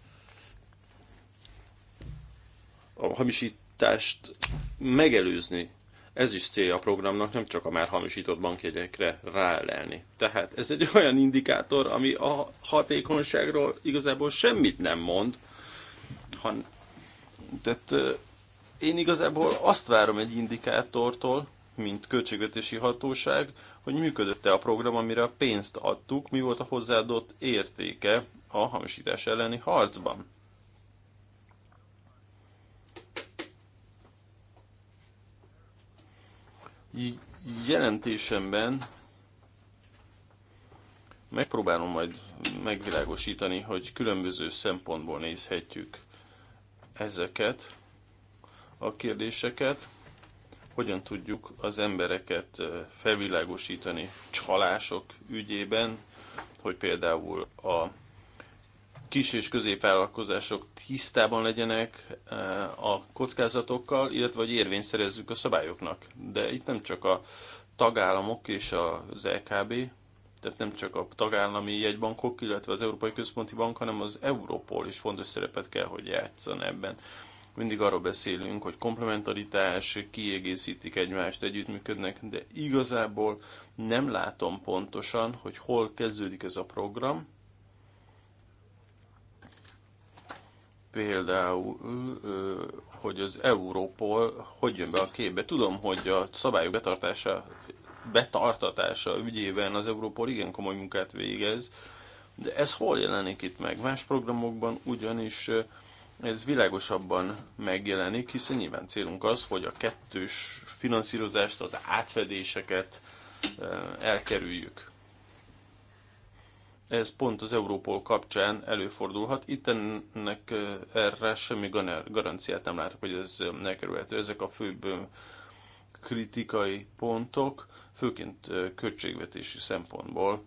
a hamisítást megelőzni. Ez is célja a programnak, nem csak a már hamisított bankjegyekre ráelelni. Tehát ez egy (laughs) olyan indikátor, ami a hatékonyságról igazából semmit nem mond. Han... Tehát én igazából azt várom egy indikátortól, mint költségvetési hatóság, hogy működött-e a program, amire a pénzt adtuk, mi volt a hozzáadott értéke a hamisítás elleni harcban. jelentésemben megpróbálom majd megvilágosítani, hogy különböző szempontból nézhetjük ezeket a kérdéseket, hogyan tudjuk az embereket felvilágosítani csalások ügyében, hogy például a kis és középvállalkozások tisztában legyenek eh, a kockázatokkal, illetve hogy érvényt szerezzük a szabályoknak. De itt nem csak a tagállamok és az LKB, e tehát nem csak a tagállami jegybankok, illetve az Európai Központi Bank, hanem az Európol is fontos szerepet kell, hogy játszan ebben. Mindig arról beszélünk, hogy komplementaritás, kiegészítik egymást, együttműködnek, de igazából nem látom pontosan, hogy hol kezdődik ez a program, például, hogy az Európol hogy jön be a képbe. Tudom, hogy a szabályok betartása, betartatása ügyében az Európol igen komoly munkát végez, de ez hol jelenik itt meg? Más programokban ugyanis ez világosabban megjelenik, hiszen nyilván célunk az, hogy a kettős finanszírozást, az átfedéseket elkerüljük ez pont az Európol kapcsán előfordulhat. Itt ennek erre semmi garanciát nem látok, hogy ez ne kerülhető. Ezek a főbb kritikai pontok, főként költségvetési szempontból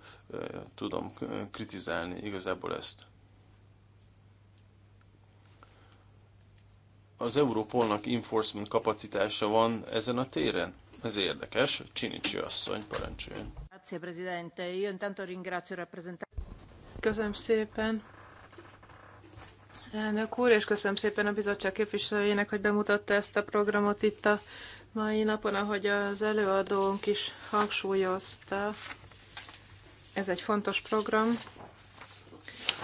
tudom kritizálni igazából ezt. Az Európolnak enforcement kapacitása van ezen a téren? Ez érdekes. Csinicsi asszony, parancsoljon. Köszönöm szépen. Elnök úr, és köszönöm szépen a bizottság képviselőjének, hogy bemutatta ezt a programot itt a mai napon, ahogy az előadónk is hangsúlyozta. Ez egy fontos program,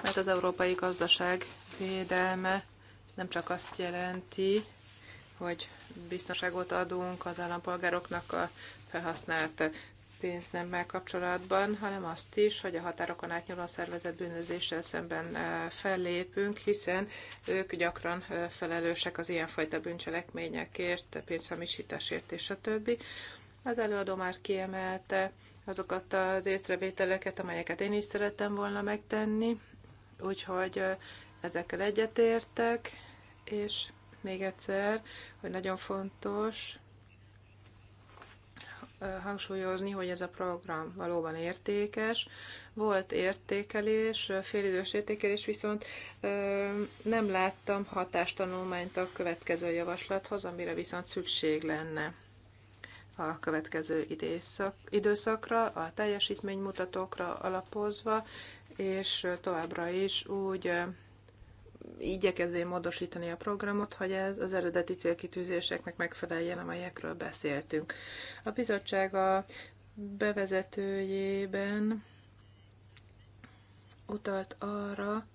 mert az európai gazdaság védelme nem csak azt jelenti, hogy biztonságot adunk az állampolgároknak a felhasznált pénznemmel kapcsolatban, hanem azt is, hogy a határokon átnyúló szervezet bűnözéssel szemben fellépünk, hiszen ők gyakran felelősek az ilyenfajta bűncselekményekért, pénzhamisításért és a többi. Az előadó már kiemelte azokat az észrevételeket, amelyeket én is szerettem volna megtenni, úgyhogy ezekkel egyetértek, és még egyszer, hogy nagyon fontos, hangsúlyozni, hogy ez a program valóban értékes. Volt értékelés, félidős értékelés, viszont nem láttam hatástanulmányt a következő javaslathoz, amire viszont szükség lenne a következő időszak, időszakra, a teljesítménymutatókra alapozva, és továbbra is úgy igyekezvén módosítani a programot, hogy ez az eredeti célkitűzéseknek megfeleljen, amelyekről beszéltünk. A bizottság a bevezetőjében utalt arra,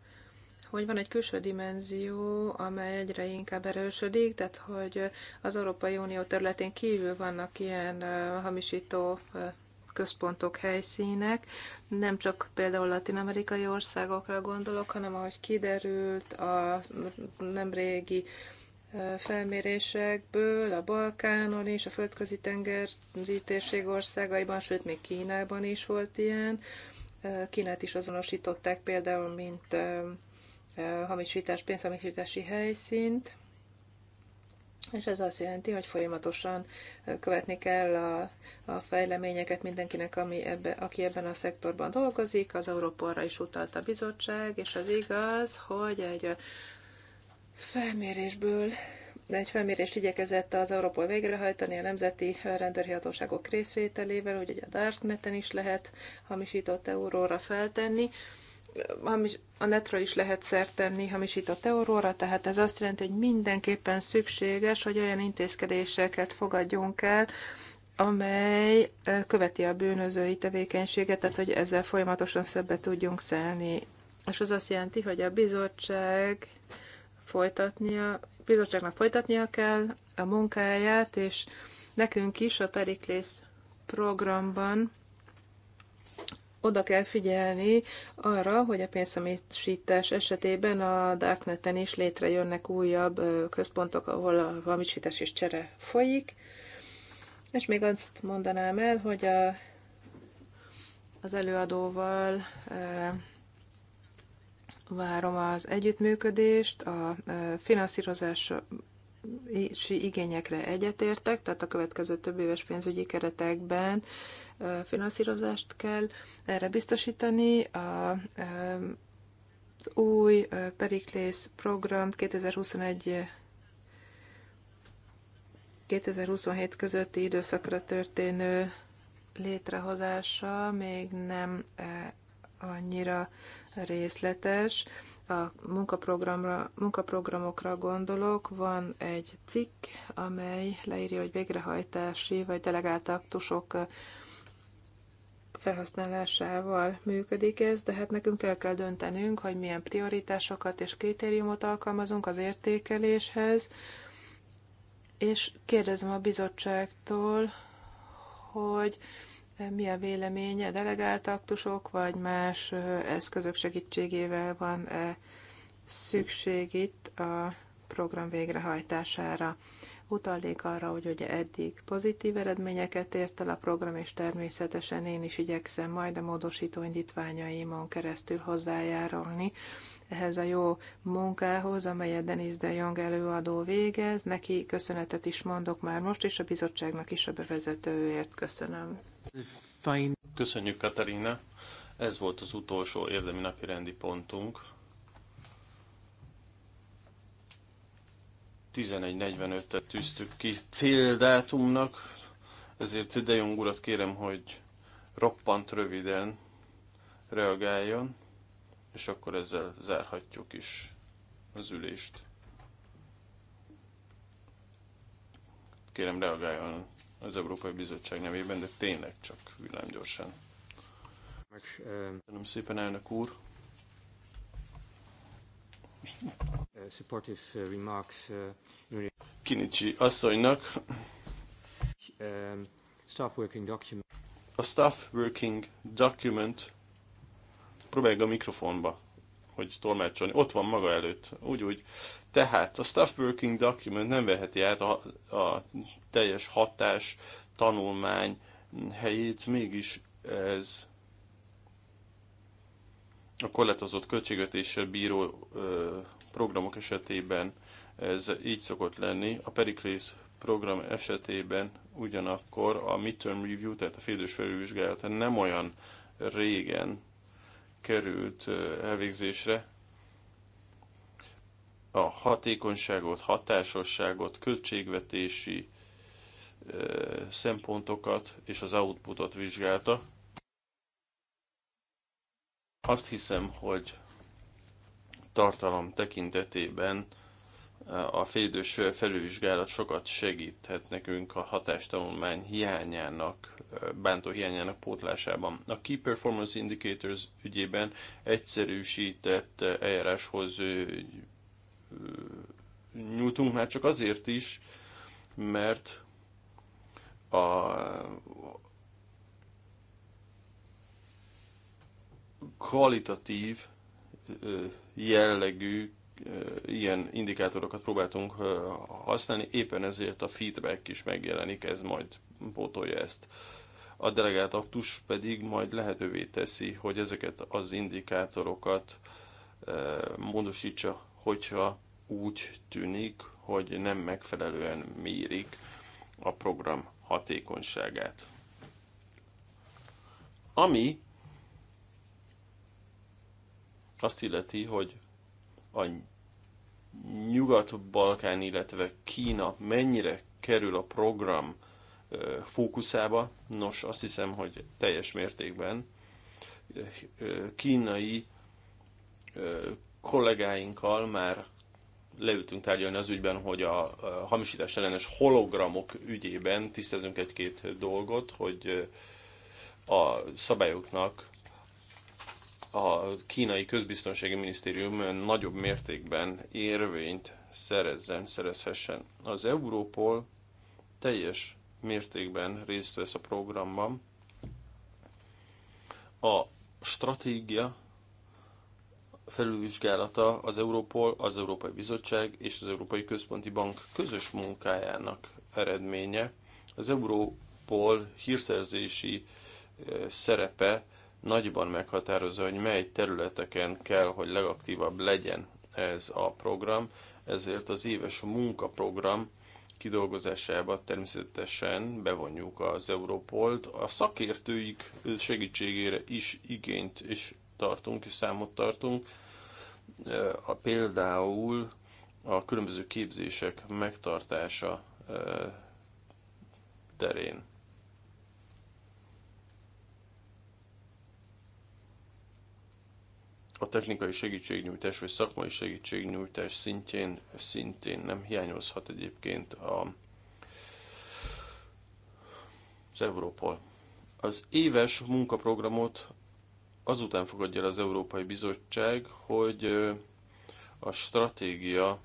hogy van egy külső dimenzió, amely egyre inkább erősödik, tehát hogy az Európai Unió területén kívül vannak ilyen hamisító központok, helyszínek. Nem csak például latin-amerikai országokra gondolok, hanem ahogy kiderült a nemrégi felmérésekből, a Balkánon is, a földközi tengeri térség országaiban, sőt még Kínában is volt ilyen. Kínát is azonosították például, mint hamisítás, pénzhamisítási helyszínt. És ez azt jelenti, hogy folyamatosan követni kell a, a fejleményeket mindenkinek, ami ebbe, aki ebben a szektorban dolgozik. Az Európorra is utalt a bizottság, és az igaz, hogy egy felmérésből de egy felmérést igyekezett az Európol végrehajtani a nemzeti rendőrhatóságok részvételével, úgyhogy a Darkneten is lehet hamisított euróra feltenni hamis, a netről is lehet szert tenni hamisított euróra, tehát ez azt jelenti, hogy mindenképpen szükséges, hogy olyan intézkedéseket fogadjunk el, amely követi a bűnözői tevékenységet, tehát hogy ezzel folyamatosan szebbet tudjunk szelni. És az azt jelenti, hogy a bizottság folytatnia, bizottságnak folytatnia kell a munkáját, és nekünk is a Periklész programban oda kell figyelni arra, hogy a pénzhamisítás esetében a Darkneten is létrejönnek újabb központok, ahol a hamisítás és csere folyik. És még azt mondanám el, hogy a, az előadóval e, várom az együttműködést, a e, finanszírozási igényekre egyetértek, tehát a következő több éves pénzügyi keretekben finanszírozást kell erre biztosítani. A az új Periklész program 2021 2027 közötti időszakra történő létrehozása még nem annyira részletes. A munkaprogramra, munkaprogramokra gondolok, van egy cikk, amely leírja, hogy végrehajtási vagy delegált aktusok felhasználásával működik ez, de hát nekünk el kell döntenünk, hogy milyen prioritásokat és kritériumot alkalmazunk az értékeléshez, és kérdezem a bizottságtól, hogy mi a véleménye, delegált aktusok, vagy más eszközök segítségével van -e szükség itt a program végrehajtására utalnék arra, hogy ugye eddig pozitív eredményeket ért el a program, és természetesen én is igyekszem majd a módosító indítványaimon keresztül hozzájárulni ehhez a jó munkához, amelyet Denis de Jong előadó végez. Neki köszönetet is mondok már most, és a bizottságnak is a bevezetőért köszönöm. Fine. Köszönjük, Katarina! Ez volt az utolsó érdemi napi rendi pontunk. 11.45-et tűztük ki céldátumnak, ezért De Jong urat kérem, hogy roppant röviden reagáljon, és akkor ezzel zárhatjuk is az ülést. Kérem reagáljon az Európai Bizottság nevében, de tényleg csak villámgyorsan. Köszönöm szépen, elnök úr! Uh, uh, uh, Kinicsi asszonynak. Um, staff working document. A staff working document próbálj a mikrofonba, hogy tolmácsolni. Ott van maga előtt. Úgy, úgy. Tehát a staff working document nem veheti át a, a teljes hatás, tanulmány helyét, mégis ez a korlátozott költségvetéssel bíró programok esetében ez így szokott lenni. A Pericles program esetében ugyanakkor a midterm review, tehát a félős felülvizsgálat nem olyan régen került elvégzésre. A hatékonyságot, hatásosságot, költségvetési szempontokat és az outputot vizsgálta. Azt hiszem, hogy tartalom tekintetében e, a félidős felülvizsgálat sokat segíthet nekünk a hatástanulmány hiányának, e, bántó hiányának pótlásában. A Key Performance Indicators ügyében egyszerűsített eljáráshoz nyújtunk már csak azért is, mert a, kvalitatív jellegű ilyen indikátorokat próbáltunk használni, éppen ezért a feedback is megjelenik, ez majd pótolja ezt. A delegált aktus pedig majd lehetővé teszi, hogy ezeket az indikátorokat módosítsa, hogyha úgy tűnik, hogy nem megfelelően mérik a program hatékonyságát. Ami azt illeti, hogy a Nyugat-Balkán, illetve Kína mennyire kerül a program fókuszába. Nos, azt hiszem, hogy teljes mértékben kínai kollégáinkkal már leültünk tárgyalni az ügyben, hogy a hamisítás ellenes hologramok ügyében tisztezünk egy-két dolgot, hogy a szabályoknak a kínai közbiztonsági minisztérium nagyobb mértékben érvényt szerezzen, szerezhessen. Az Európol teljes mértékben részt vesz a programban. A stratégia felülvizsgálata az Európol, az Európai Bizottság és az Európai Központi Bank közös munkájának eredménye. Az Európol hírszerzési eh, szerepe nagyban meghatározza, hogy mely területeken kell, hogy legaktívabb legyen ez a program, ezért az éves munkaprogram kidolgozásába természetesen bevonjuk az Európolt. A szakértőik segítségére is igényt és tartunk, és számot tartunk. E, a, például a különböző képzések megtartása e, terén. a technikai segítségnyújtás vagy szakmai segítségnyújtás szintjén szintén nem hiányozhat egyébként a, az Európol. Az éves munkaprogramot azután fogadja el az Európai Bizottság, hogy a stratégia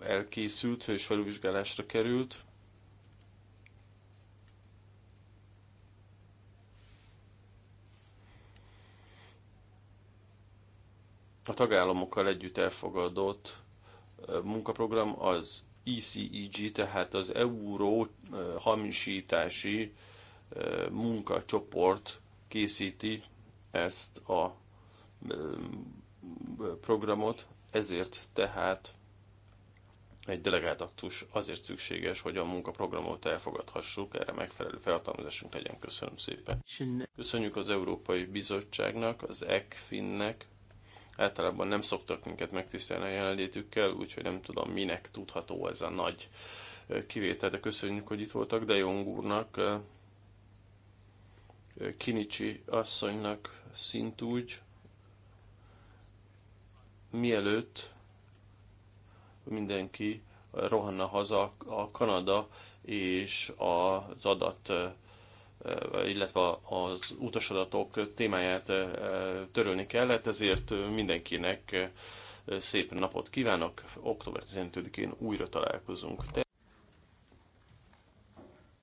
elkészült és felülvizsgálásra került, a tagállamokkal együtt elfogadott munkaprogram az ECEG, tehát az Euró hamisítási munkacsoport készíti ezt a programot, ezért tehát egy delegált aktus azért szükséges, hogy a munkaprogramot elfogadhassuk, erre megfelelő feltalmazásunk legyen. Köszönöm szépen. Köszönjük az Európai Bizottságnak, az ECFIN-nek, általában nem szoktak minket megtisztelni a jelenlétükkel, úgyhogy nem tudom minek tudható ez a nagy kivétel, de köszönjük, hogy itt voltak De Jong úrnak, Kinicsi asszonynak szintúgy, mielőtt mindenki rohanna haza a Kanada és az adat illetve az utasadatok témáját törölni kellett, ezért mindenkinek szép napot kívánok. Október 15-én újra találkozunk.